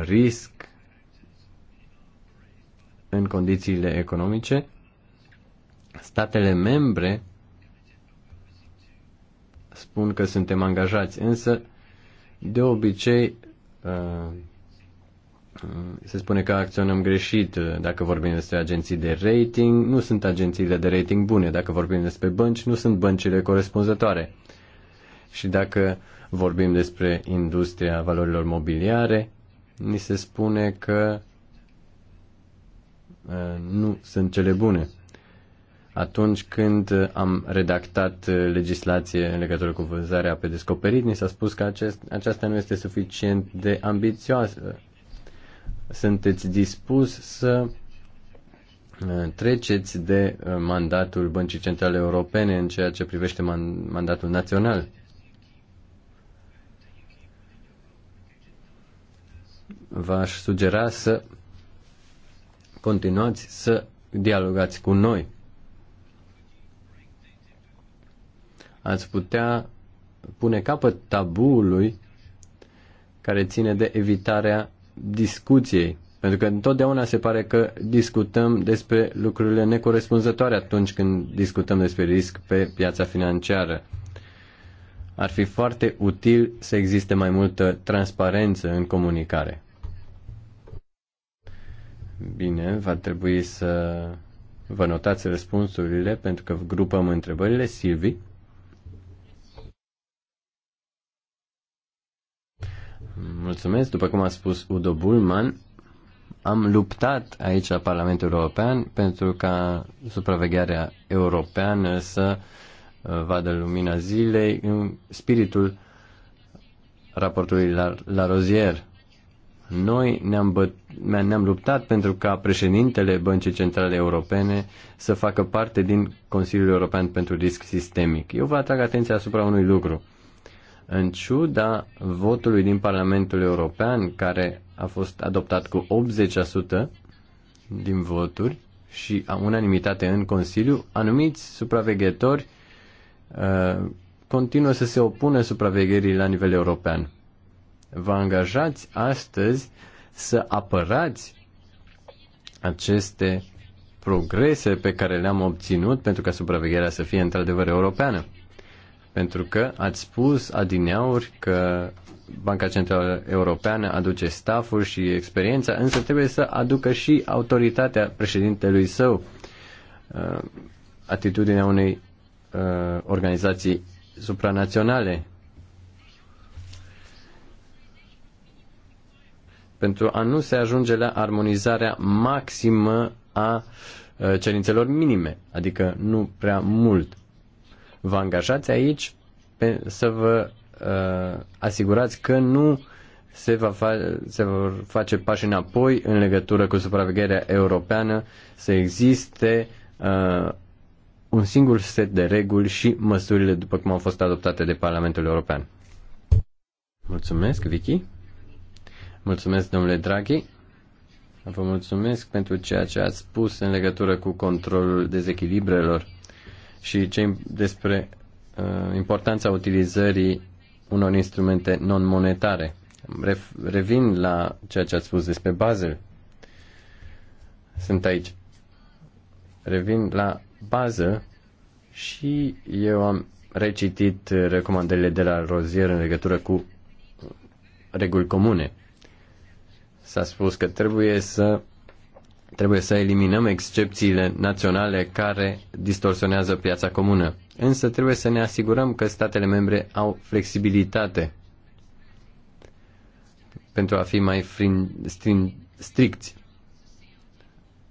risc în condițiile economice, statele membre spun că suntem angajați, însă de obicei uh, se spune că acționăm greșit dacă vorbim despre agenții de rating, nu sunt agențiile de rating bune, dacă vorbim despre bănci, nu sunt băncile corespunzătoare. Și dacă uh, vorbim despre industria valorilor mobiliare, ni se spune că uh, nu sunt cele bune. Atunci când am redactat uh, legislație în legătură cu vânzarea pe descoperit, ni s-a spus că acest, aceasta nu este suficient de ambițioasă. Sunteți dispus să uh, treceți de mandatul Băncii Centrale Europene în ceea ce privește mandatul național? v-aș sugera să continuați să dialogați cu noi. Ați putea pune capăt tabului care ține de evitarea discuției. Pentru că întotdeauna se pare că discutăm despre lucrurile necorespunzătoare atunci când discutăm despre risc pe piața financiară. Ar fi foarte util să existe mai multă transparență în comunicare. Bine, va trebui să vă notați răspunsurile pentru că grupăm întrebările. Silvi? Mulțumesc. După cum a spus Udo Bullman, am luptat aici la Parlamentul European pentru ca supravegherea europeană să uh, vadă lumina zilei în spiritul raportului la, la rozier. Noi ne-am, băt- ne-am luptat pentru ca președintele Băncii Centrale Europene să facă parte din Consiliul European pentru Risc Sistemic. Eu vă atrag atenția asupra unui lucru. În ciuda votului din Parlamentul European, care a fost adoptat cu 80% din voturi și a unanimitate în Consiliu, anumiți supraveghetori uh, continuă să se opună supravegherii la nivel european vă angajați astăzi să apărați aceste progrese pe care le-am obținut pentru ca supravegherea să fie într-adevăr europeană. Pentru că ați spus adineauri că Banca Centrală Europeană aduce staful și experiența, însă trebuie să aducă și autoritatea președintelui său, uh, atitudinea unei uh, organizații supranaționale. pentru a nu se ajunge la armonizarea maximă a cerințelor minime, adică nu prea mult. Vă angajați aici să vă asigurați că nu se, va fa- se vor face pași înapoi în legătură cu supravegherea europeană, să existe uh, un singur set de reguli și măsurile după cum au fost adoptate de Parlamentul European. Mulțumesc, Vicky. Mulțumesc, domnule Draghi. Vă mulțumesc pentru ceea ce ați spus în legătură cu controlul dezechilibrelor și ce, despre uh, importanța utilizării unor instrumente non-monetare. revin la ceea ce ați spus despre Basel. Sunt aici. Revin la bază și eu am recitit recomandările de la Rozier în legătură cu reguli comune. S-a spus că trebuie să trebuie să eliminăm excepțiile naționale care distorsionează piața comună. Însă trebuie să ne asigurăm că statele membre au flexibilitate pentru a fi mai frin, strin, stricți.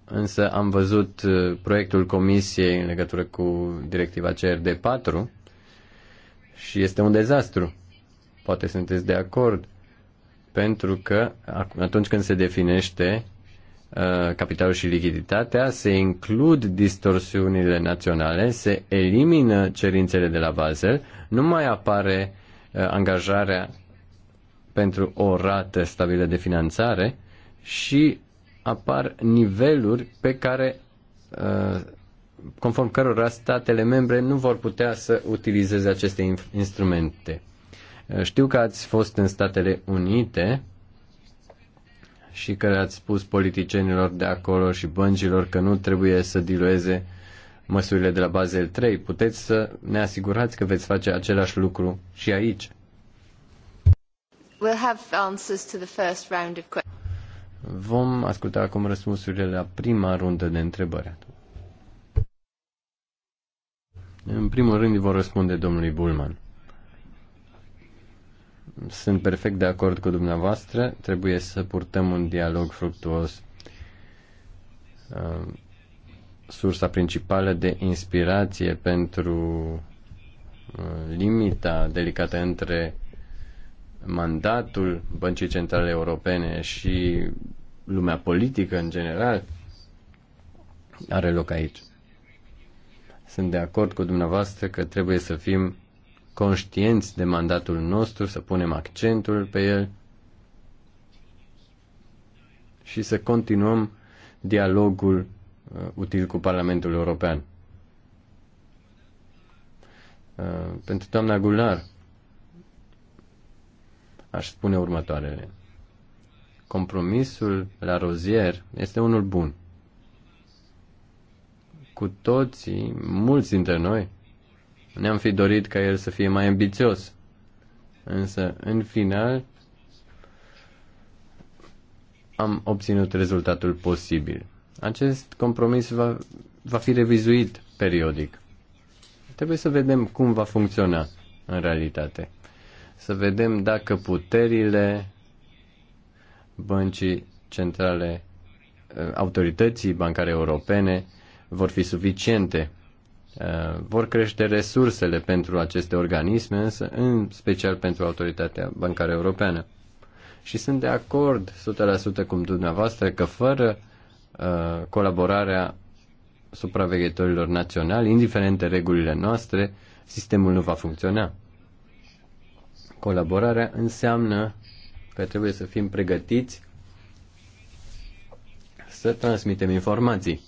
Însă am văzut uh, proiectul Comisiei în legătură cu directiva CRD 4 și este un dezastru. Poate sunteți de acord pentru că atunci când se definește uh, capitalul și lichiditatea, se includ distorsiunile naționale, se elimină cerințele de la Basel, nu mai apare uh, angajarea pentru o rată stabilă de finanțare și apar niveluri pe care uh, conform cărora statele membre nu vor putea să utilizeze aceste instrumente. Știu că ați fost în Statele Unite și că ați spus politicienilor de acolo și băncilor că nu trebuie să dilueze măsurile de la Basel 3. Puteți să ne asigurați că veți face același lucru și aici. We'll have answers to the first round of questions. Vom asculta acum răspunsurile la prima rundă de întrebări. În primul rând, vor răspunde domnului Bulman sunt perfect de acord cu dumneavoastră, trebuie să purtăm un dialog fructuos. Uh, sursa principală de inspirație pentru uh, limita delicată între mandatul Băncii Centrale Europene și lumea politică în general are loc aici. Sunt de acord cu dumneavoastră că trebuie să fim conștienți de mandatul nostru, să punem accentul pe el și să continuăm dialogul uh, util cu Parlamentul European. Uh, pentru doamna Gular, aș spune următoarele. Compromisul la rozier este unul bun. Cu toții, mulți dintre noi, ne-am fi dorit ca el să fie mai ambițios. Însă, în final, am obținut rezultatul posibil. Acest compromis va, va fi revizuit periodic. Trebuie să vedem cum va funcționa în realitate. Să vedem dacă puterile băncii centrale, eh, autorității bancare europene vor fi suficiente Uh, vor crește resursele pentru aceste organisme, însă în special pentru Autoritatea Bancară Europeană. Și sunt de acord 100% cum dumneavoastră că fără uh, colaborarea supraveghetorilor naționali, indiferent de regulile noastre, sistemul nu va funcționa. Colaborarea înseamnă că trebuie să fim pregătiți să transmitem informații,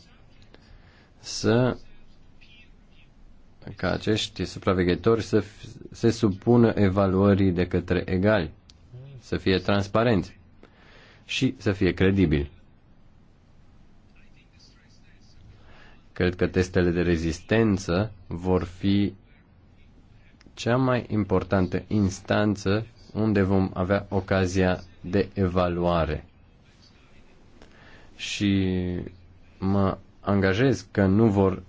să ca acești supraveghetori să se supună evaluării de către egali, să fie transparenți și să fie credibili. Cred că testele de rezistență vor fi cea mai importantă instanță unde vom avea ocazia de evaluare. Și mă angajez că nu vor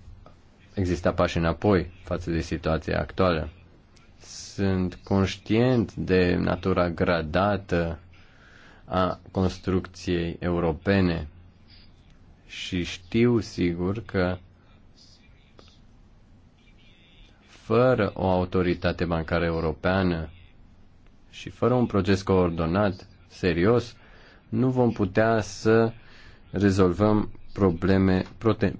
exista pași înapoi față de situația actuală. Sunt conștient de natura gradată a construcției europene și știu sigur că fără o autoritate bancară europeană și fără un proces coordonat serios, nu vom putea să rezolvăm probleme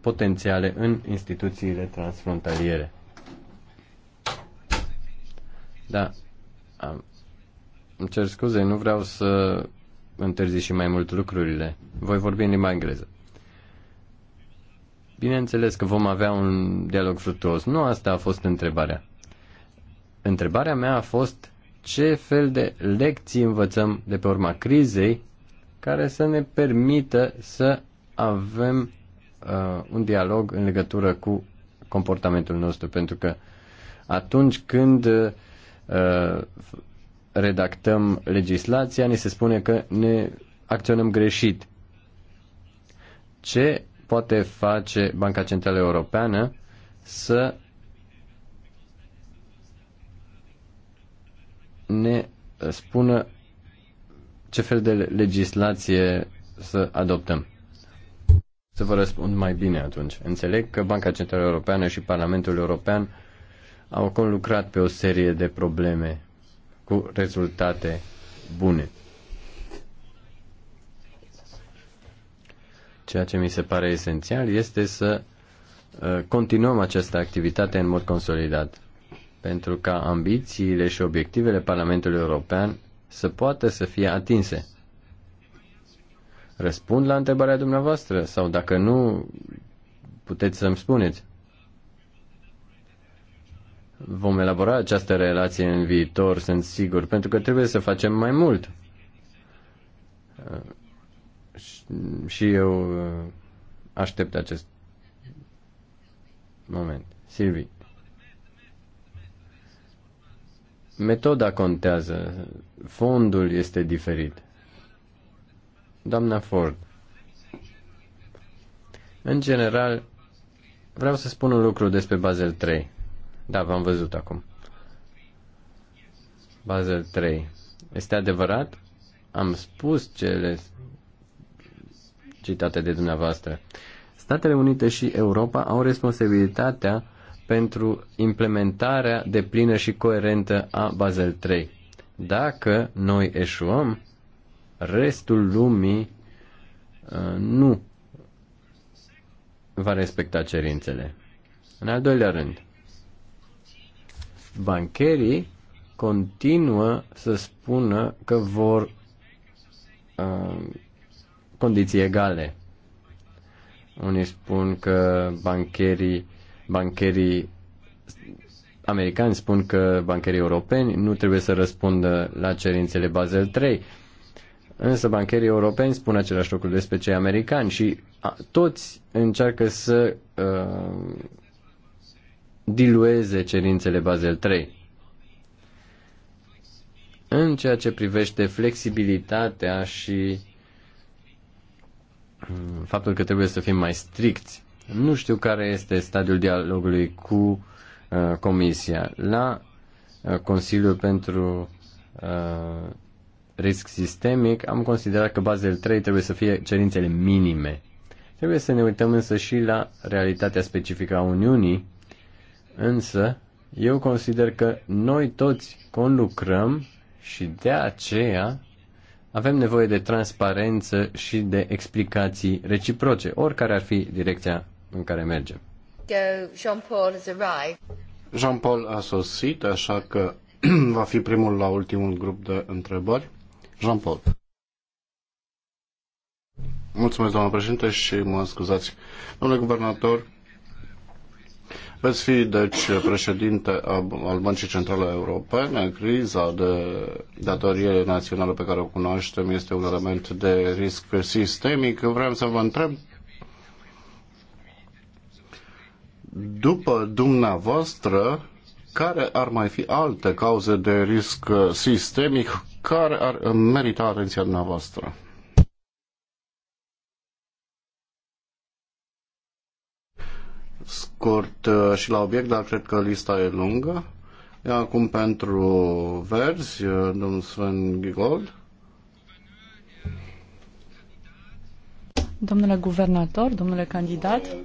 potențiale în instituțiile transfrontaliere. Da, am, îmi cer scuze, nu vreau să întârzi și mai mult lucrurile. Voi vorbi în limba engleză. Bineînțeles că vom avea un dialog fructuos. Nu asta a fost întrebarea. Întrebarea mea a fost ce fel de lecții învățăm de pe urma crizei care să ne permită să avem uh, un dialog în legătură cu comportamentul nostru, pentru că atunci când uh, redactăm legislația, ne se spune că ne acționăm greșit. Ce poate face Banca Centrală Europeană să ne spună ce fel de legislație să adoptăm. Să vă răspund mai bine atunci. Înțeleg că Banca Centrală Europeană și Parlamentul European au lucrat pe o serie de probleme cu rezultate bune. Ceea ce mi se pare esențial este să uh, continuăm această activitate în mod consolidat, pentru ca ambițiile și obiectivele Parlamentului European să poată să fie atinse răspund la întrebarea dumneavoastră sau dacă nu, puteți să-mi spuneți. Vom elabora această relație în viitor, sunt sigur, pentru că trebuie să facem mai mult. Și eu uh, aștept acest moment. Silvi. Metoda contează, fondul este diferit. Doamna Ford, în general, vreau să spun un lucru despre Basel 3. Da, v-am văzut acum. Basel 3. Este adevărat? Am spus cele citate de dumneavoastră. Statele Unite și Europa au responsabilitatea pentru implementarea deplină și coerentă a Basel 3. Dacă noi eșuăm, restul lumii uh, nu va respecta cerințele. În al doilea rând, bancherii continuă să spună că vor uh, condiții egale. Unii spun că bancherii, bancherii americani spun că bancherii europeni nu trebuie să răspundă la cerințele Basel 3. Însă bancherii europeni spun același lucru despre cei americani și toți încearcă să uh, dilueze cerințele Basel 3. În ceea ce privește flexibilitatea și mm, faptul că trebuie să fim mai stricți, nu știu care este stadiul dialogului cu uh, Comisia. La uh, Consiliul pentru uh, risc sistemic, am considerat că bazele 3 trebuie să fie cerințele minime. Trebuie să ne uităm însă și la realitatea specifică a Uniunii, însă eu consider că noi toți conlucrăm și de aceea avem nevoie de transparență și de explicații reciproce, oricare ar fi direcția în care mergem. Jean-Paul Jean-Paul a sosit, așa că va fi primul la ultimul grup de întrebări. Jean-Paul. Mulțumesc, doamnă președinte, și mă scuzați. Domnule guvernator, veți fi, deci, președinte al Băncii Centrale Europene. Criza de datorie națională pe care o cunoaștem este un element de risc sistemic. Vreau să vă întreb după dumneavoastră, care ar mai fi alte cauze de risc sistemic care ar merita atenția dumneavoastră. Scurt uh, și la obiect, dar cred că lista e lungă. E acum pentru verzi, uh, domnul Sven Gigold. Domnule guvernator, domnule candidat,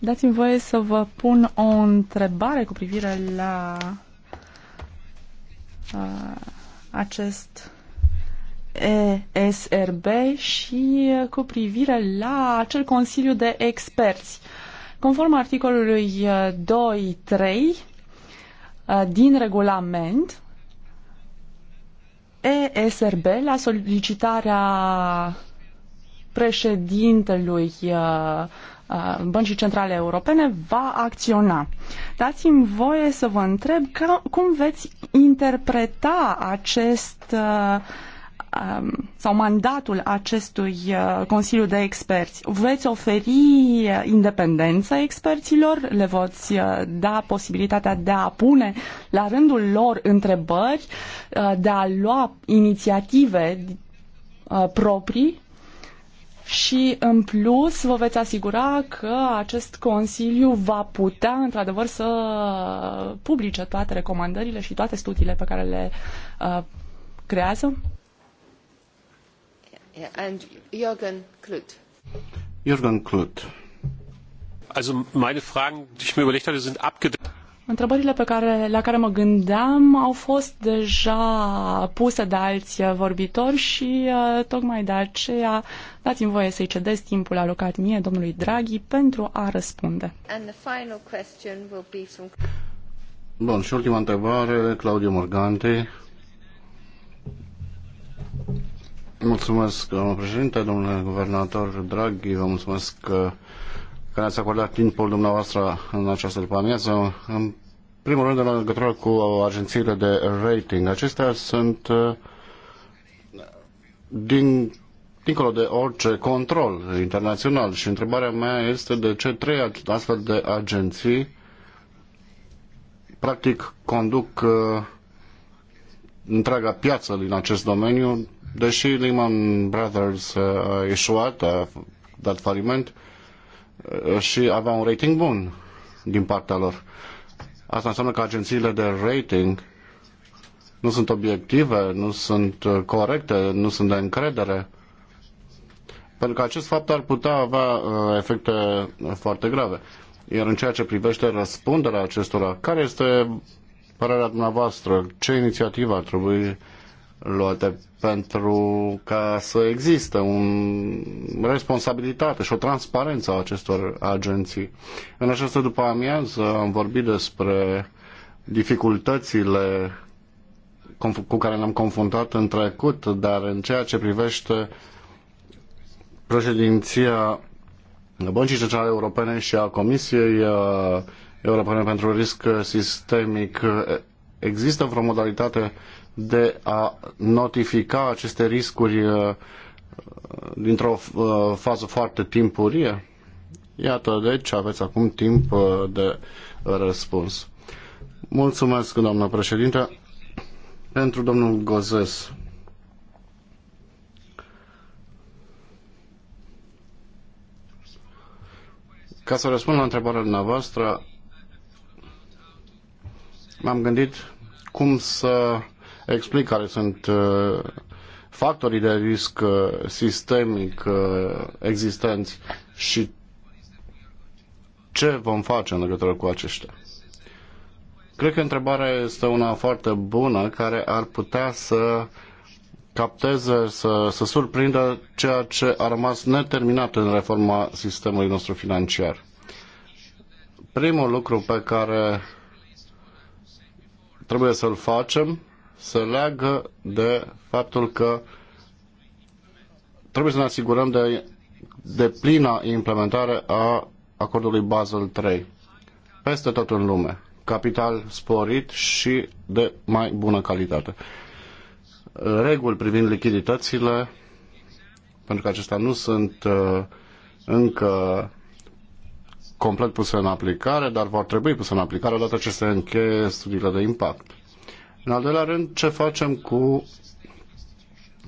dați-mi voie să vă pun o întrebare cu privire la Uh, acest ESRB și uh, cu privire la acel Consiliu de Experți. Conform articolului 2.3 uh, din regulament, ESRB, la solicitarea președintelui Uh, băncii Centrale Europene va acționa. Dați-mi voie să vă întreb cum veți interpreta acest uh, um, sau mandatul acestui uh, Consiliu de Experți? Veți oferi independență experților? Le voți da posibilitatea de a pune la rândul lor întrebări, de a lua inițiative proprii? și, în plus, vă veți asigura că acest Consiliu va putea, într-adevăr, să publice toate recomandările și toate studiile pe care le uh, creează? And Jürgen Klut. Jürgen Klut. Also meine Fragen, die ich mir überlegt hatte, sind abgedeckt. Întrebările pe care, la care mă gândeam au fost deja puse de alți vorbitori și uh, tocmai de aceea dați-mi voie să-i cedez timpul alocat mie, domnului Draghi, pentru a răspunde. From... Bun, și ultima întrebare, Claudiu Morgante. Mulțumesc, domnule președinte, domnule guvernator Draghi, vă mulțumesc că ne ați acordat timpul dumneavoastră în această după-amiază primul rând, în legătură cu agențiile de rating. Acestea sunt uh, din, dincolo de orice control internațional și întrebarea mea este de ce trei astfel de agenții practic conduc uh, întreaga piață din acest domeniu, deși Lehman Brothers uh, a ieșuat, a dat faliment uh, și avea un rating bun din partea lor. Uh, Asta înseamnă că agențiile de rating nu sunt obiective, nu sunt uh, corecte, nu sunt de încredere. Pentru că acest fapt ar putea avea uh, efecte uh, foarte grave. Iar în ceea ce privește răspunderea acestora, care este părerea dumneavoastră? Ce inițiativă ar trebui luate pentru ca să existe un responsabilitate și o transparență a acestor agenții. În această după amiază am vorbit despre dificultățile cu care ne-am confruntat în trecut, dar în ceea ce privește președinția Băncii Centrale Europene și a Comisiei uh, Europene pentru Risc Sistemic, există vreo modalitate de a notifica aceste riscuri uh, dintr-o uh, fază foarte timpurie? Iată, deci aveți acum timp uh, de răspuns. Mulțumesc, doamnă președinte. Pentru domnul Gozes. Ca să răspund la întrebarea dumneavoastră, m-am gândit cum să explic care sunt uh, factorii de risc uh, sistemic uh, existenți și ce vom face în legătură cu aceștia. Cred că întrebarea este una foarte bună care ar putea să capteze, să, să surprindă ceea ce a rămas neterminat în reforma sistemului nostru financiar. Primul lucru pe care trebuie să-l facem se leagă de faptul că trebuie să ne asigurăm de, de plina implementare a acordului Basel III peste tot în lume, capital sporit și de mai bună calitate. Reguli privind lichiditățile, pentru că acestea nu sunt uh, încă complet puse în aplicare, dar vor trebui puse în aplicare odată ce se încheie studiile de impact. În al doilea rând, ce facem cu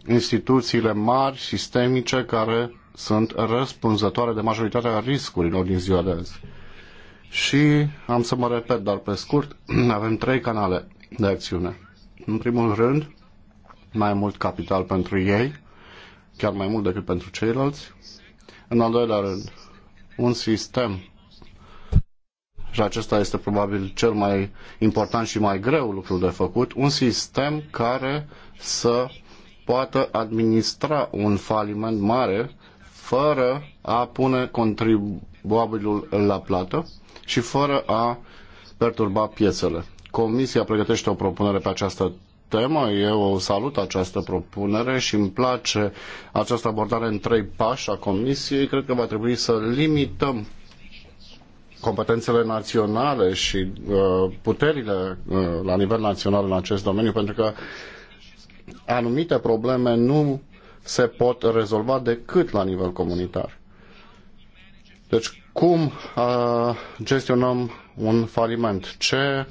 instituțiile mari, sistemice, care sunt răspunzătoare de majoritatea riscurilor din ziua de azi. Și am să mă repet, dar pe scurt, avem trei canale de acțiune. În primul rând, mai mult capital pentru ei, chiar mai mult decât pentru ceilalți. În al doilea rând, un sistem și acesta este probabil cel mai important și mai greu lucru de făcut, un sistem care să poată administra un faliment mare fără a pune contribuabilul la plată și fără a perturba piețele. Comisia pregătește o propunere pe această temă. Eu salut această propunere și îmi place această abordare în trei pași a Comisiei. Cred că va trebui să limităm competențele naționale și uh, puterile uh, la nivel național în acest domeniu, pentru că anumite probleme nu se pot rezolva decât la nivel comunitar. Deci, cum uh, gestionăm un faliment? Ce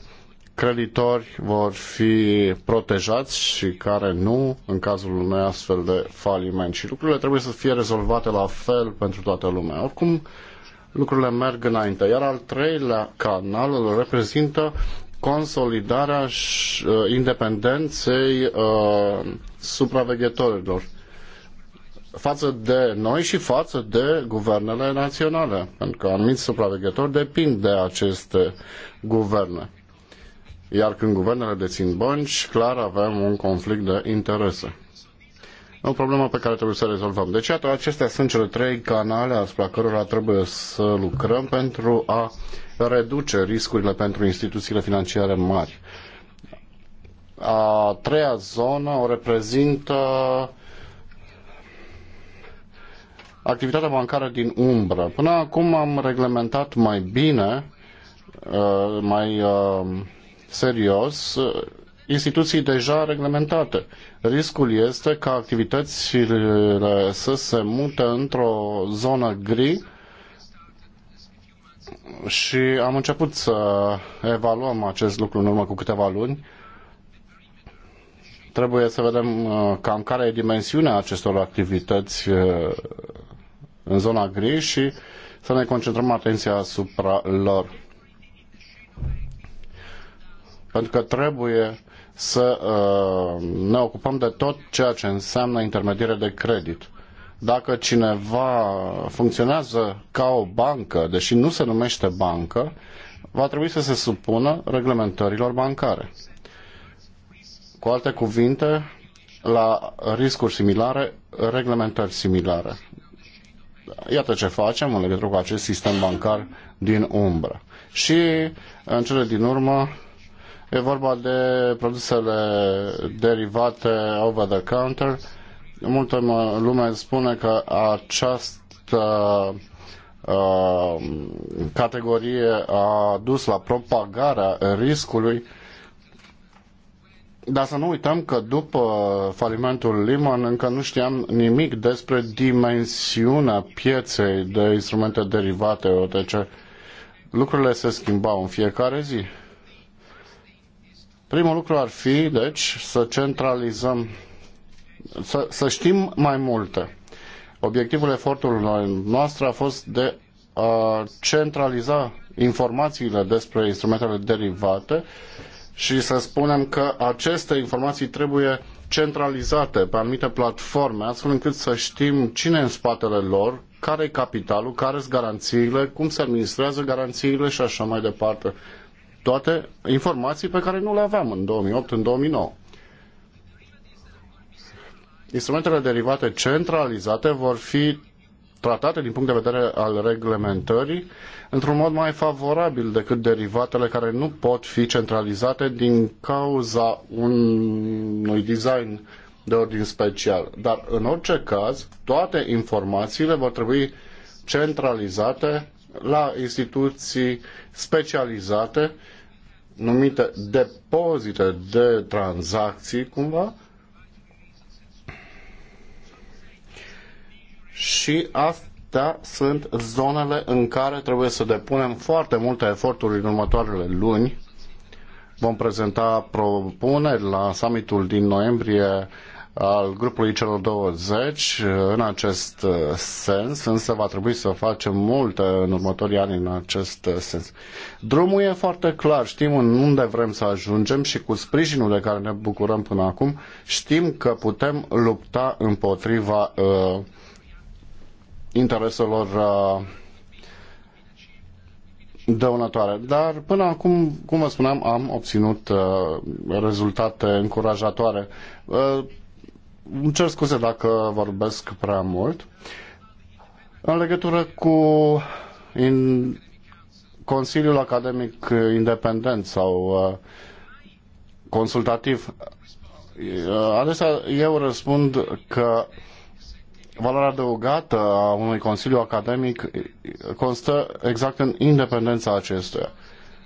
creditori vor fi protejați și care nu în cazul unui astfel de faliment. Și lucrurile trebuie să fie rezolvate la fel pentru toată lumea. Oricum, lucrurile merg înainte. Iar al treilea canal îl reprezintă consolidarea uh, independenței uh, supraveghetorilor față de noi și față de guvernele naționale, pentru că anumiți supraveghetori depind de aceste guverne. Iar când guvernele dețin bănci, clar avem un conflict de interese o problemă pe care trebuie să rezolvăm. Deci, iată, acestea sunt cele trei canale asupra cărora trebuie să lucrăm pentru a reduce riscurile pentru instituțiile financiare mari. A treia zonă o reprezintă activitatea bancară din umbră. Până acum am reglementat mai bine, uh, mai uh, serios instituții deja reglementate. Riscul este ca activitățile să se mute într-o zonă gri și am început să evaluăm acest lucru în urmă cu câteva luni. Trebuie să vedem uh, cam care e dimensiunea acestor activități uh, în zona gri și să ne concentrăm atenția asupra lor pentru că trebuie să uh, ne ocupăm de tot ceea ce înseamnă intermediere de credit. Dacă cineva funcționează ca o bancă, deși nu se numește bancă, va trebui să se supună reglementărilor bancare. Cu alte cuvinte, la riscuri similare, reglementări similare. Iată ce facem în legătură cu acest sistem bancar din umbră. Și, în cele din urmă, E vorba de produsele derivate over the counter. Multă lume spune că această uh, categorie a dus la propagarea riscului dar să nu uităm că după falimentul Lehman încă nu știam nimic despre dimensiunea pieței de instrumente derivate OTC. Lucrurile se schimbau în fiecare zi. Primul lucru ar fi, deci, să centralizăm, să, să știm mai multe. Obiectivul efortului noastră a fost de a centraliza informațiile despre instrumentele derivate și să spunem că aceste informații trebuie centralizate pe anumite platforme, astfel încât să știm cine e în spatele lor, care e capitalul, care sunt garanțiile, cum se administrează garanțiile și așa mai departe toate informații pe care nu le aveam în 2008, în 2009. Instrumentele derivate centralizate vor fi tratate din punct de vedere al reglementării într-un mod mai favorabil decât derivatele care nu pot fi centralizate din cauza unui design de ordin special. Dar în orice caz, toate informațiile vor trebui centralizate la instituții specializate numite depozite de tranzacții cumva și astea sunt zonele în care trebuie să depunem foarte multe eforturi în următoarele luni. Vom prezenta propuneri la summitul din noiembrie al grupului celor 20 în acest uh, sens, însă va trebui să facem multe în următorii ani în acest uh, sens. Drumul e foarte clar, știm unde vrem să ajungem și cu sprijinul de care ne bucurăm până acum, știm că putem lupta împotriva uh, intereselor uh, dăunătoare. Dar până acum, cum vă spuneam, am obținut uh, rezultate încurajatoare. Uh, îmi cer scuze dacă vorbesc prea mult. În legătură cu in Consiliul Academic Independent sau uh, consultativ, uh, adesea eu răspund că valoarea adăugată a unui Consiliu Academic constă exact în independența acestuia.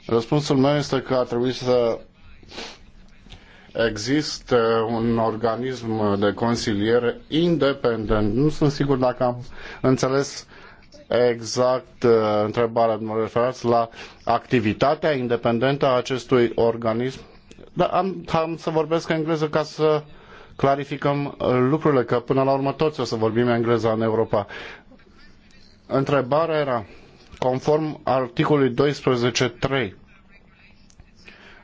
Răspunsul meu este că ar trebui să există un organism de consiliere independent. Nu sunt sigur dacă am înțeles exact uh, întrebarea referați la activitatea independentă a acestui organism. Dar am, am să vorbesc engleză ca să clarificăm uh, lucrurile, că până la urmă toți o să vorbim engleză în Europa. Întrebarea era, conform articolului 12.3,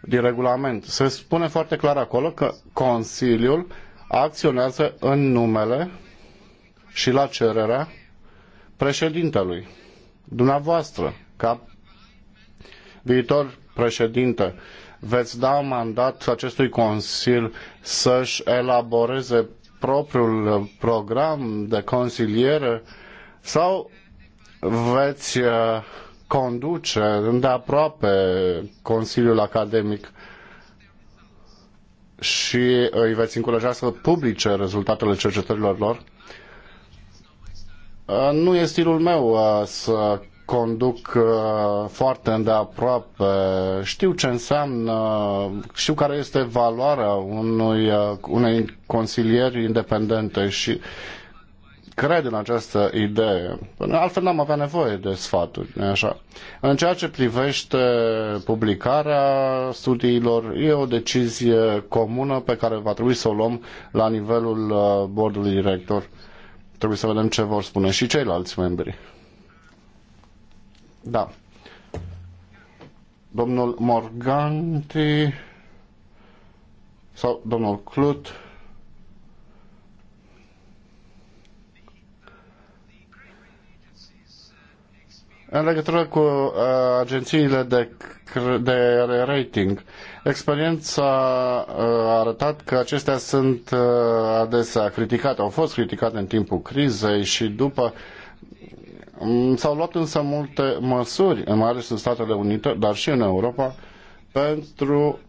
din regulament. Se spune foarte clar acolo că Consiliul acționează în numele și la cererea președintelui. Dumneavoastră, ca viitor președinte, veți da mandat acestui Consiliu să-și elaboreze propriul program de consiliere sau veți uh, conduce îndeaproape Consiliul Academic și îi veți încuraja să publice rezultatele cercetărilor lor. Uh, nu e stilul meu uh, să conduc uh, foarte îndeaproape. Știu ce înseamnă, știu care este valoarea unui, unei consilieri independente și cred în această idee. Altfel n-am avea nevoie de sfaturi, nu așa? În ceea ce privește publicarea studiilor, e o decizie comună pe care va trebui să o luăm la nivelul uh, bordului director. Trebuie să vedem ce vor spune și ceilalți membri. Da. Domnul Morganti sau domnul Clut În legătură cu uh, agențiile de, de rating, experiența uh, a arătat că acestea sunt uh, adesea criticate, au fost criticate în timpul crizei și după mm, s-au luat însă multe măsuri, mai ales în Statele Unite, dar și în Europa, pentru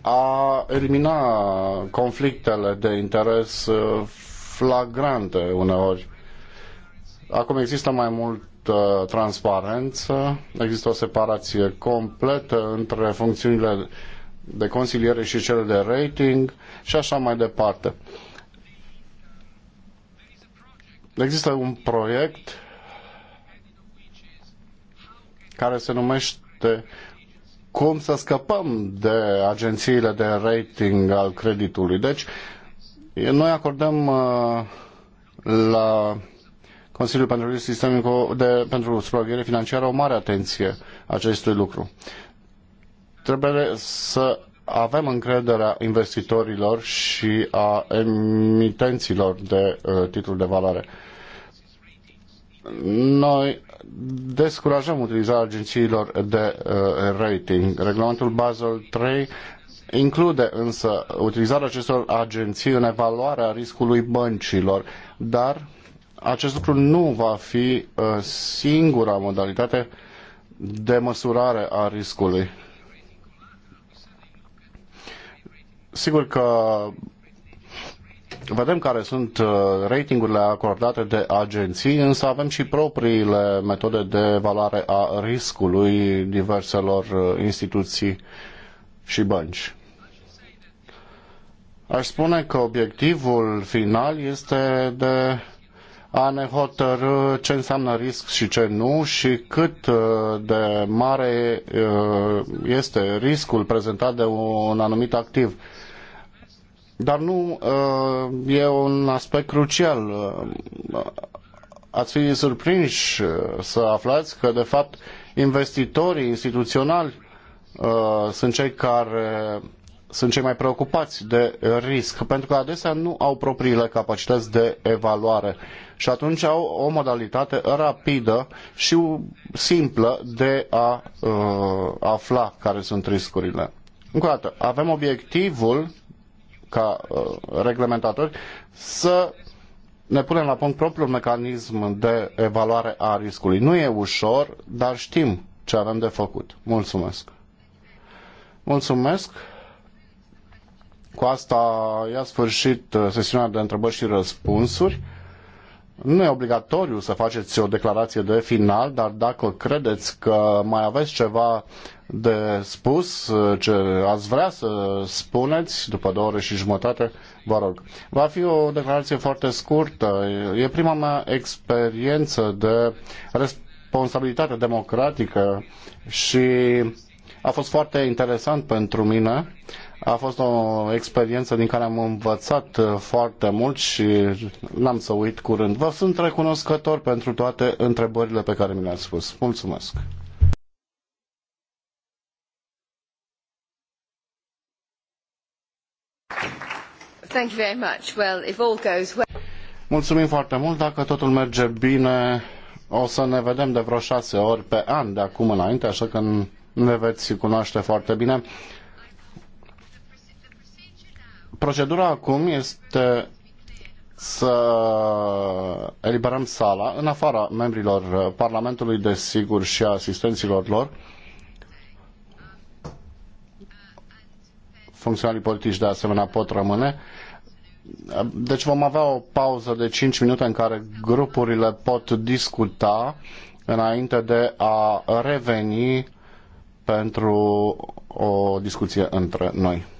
a elimina conflictele de interes uh, flagrante uneori. Acum există mai mult Uh, transparență, există o separație completă între funcțiunile de consiliere și cele de rating și așa mai departe. Există un proiect care se numește cum să scăpăm de agențiile de rating al creditului. Deci, noi acordăm uh, la Consiliul pentru Risc Sistemic de, pentru Supraveghere Financiară o mare atenție acestui lucru. Trebuie să avem încrederea investitorilor și a emitenților de uh, titluri de valoare. Noi descurajăm utilizarea agențiilor de uh, rating. Regulamentul Basel 3 include însă utilizarea acestor agenții în evaluarea riscului băncilor, dar acest lucru nu va fi uh, singura modalitate de măsurare a riscului. Sigur că vedem care sunt uh, ratingurile acordate de agenții, însă avem și propriile metode de evaluare a riscului diverselor uh, instituții și bănci. Aș spune că obiectivul final este de a ne hotărâ ce înseamnă risc și ce nu și cât uh, de mare uh, este riscul prezentat de un anumit activ. Dar nu uh, e un aspect crucial. Ați fi surprinși să aflați că, de fapt, investitorii instituționali sunt cei care sunt cei mai preocupați de risc, pentru că adesea nu au propriile capacități de evaluare și atunci au o modalitate rapidă și simplă de a uh, afla care sunt riscurile. Încă o dată, avem obiectivul ca uh, reglementatori să ne punem la punct propriul mecanism de evaluare a riscului. Nu e ușor, dar știm ce avem de făcut. Mulțumesc! Mulțumesc! Cu asta i-a sfârșit uh, sesiunea de întrebări și răspunsuri. Nu e obligatoriu să faceți o declarație de final, dar dacă credeți că mai aveți ceva de spus, ce ați vrea să spuneți după două ore și jumătate, vă rog. Va fi o declarație foarte scurtă. E prima mea experiență de responsabilitate democratică și a fost foarte interesant pentru mine a fost o experiență din care am învățat uh, foarte mult și n-am să uit curând. Vă sunt recunoscător pentru toate întrebările pe care mi le-ați spus. Mulțumesc! Thank you very much. Well, if all goes well... Mulțumim foarte mult. Dacă totul merge bine, o să ne vedem de vreo șase ori pe an de acum înainte, așa că ne veți cunoaște foarte bine. Procedura acum este să eliberăm sala, în afara membrilor Parlamentului, desigur, și a asistenților lor, funcționarii politici de asemenea pot rămâne. Deci vom avea o pauză de 5 minute în care grupurile pot discuta înainte de a reveni pentru o discuție între noi.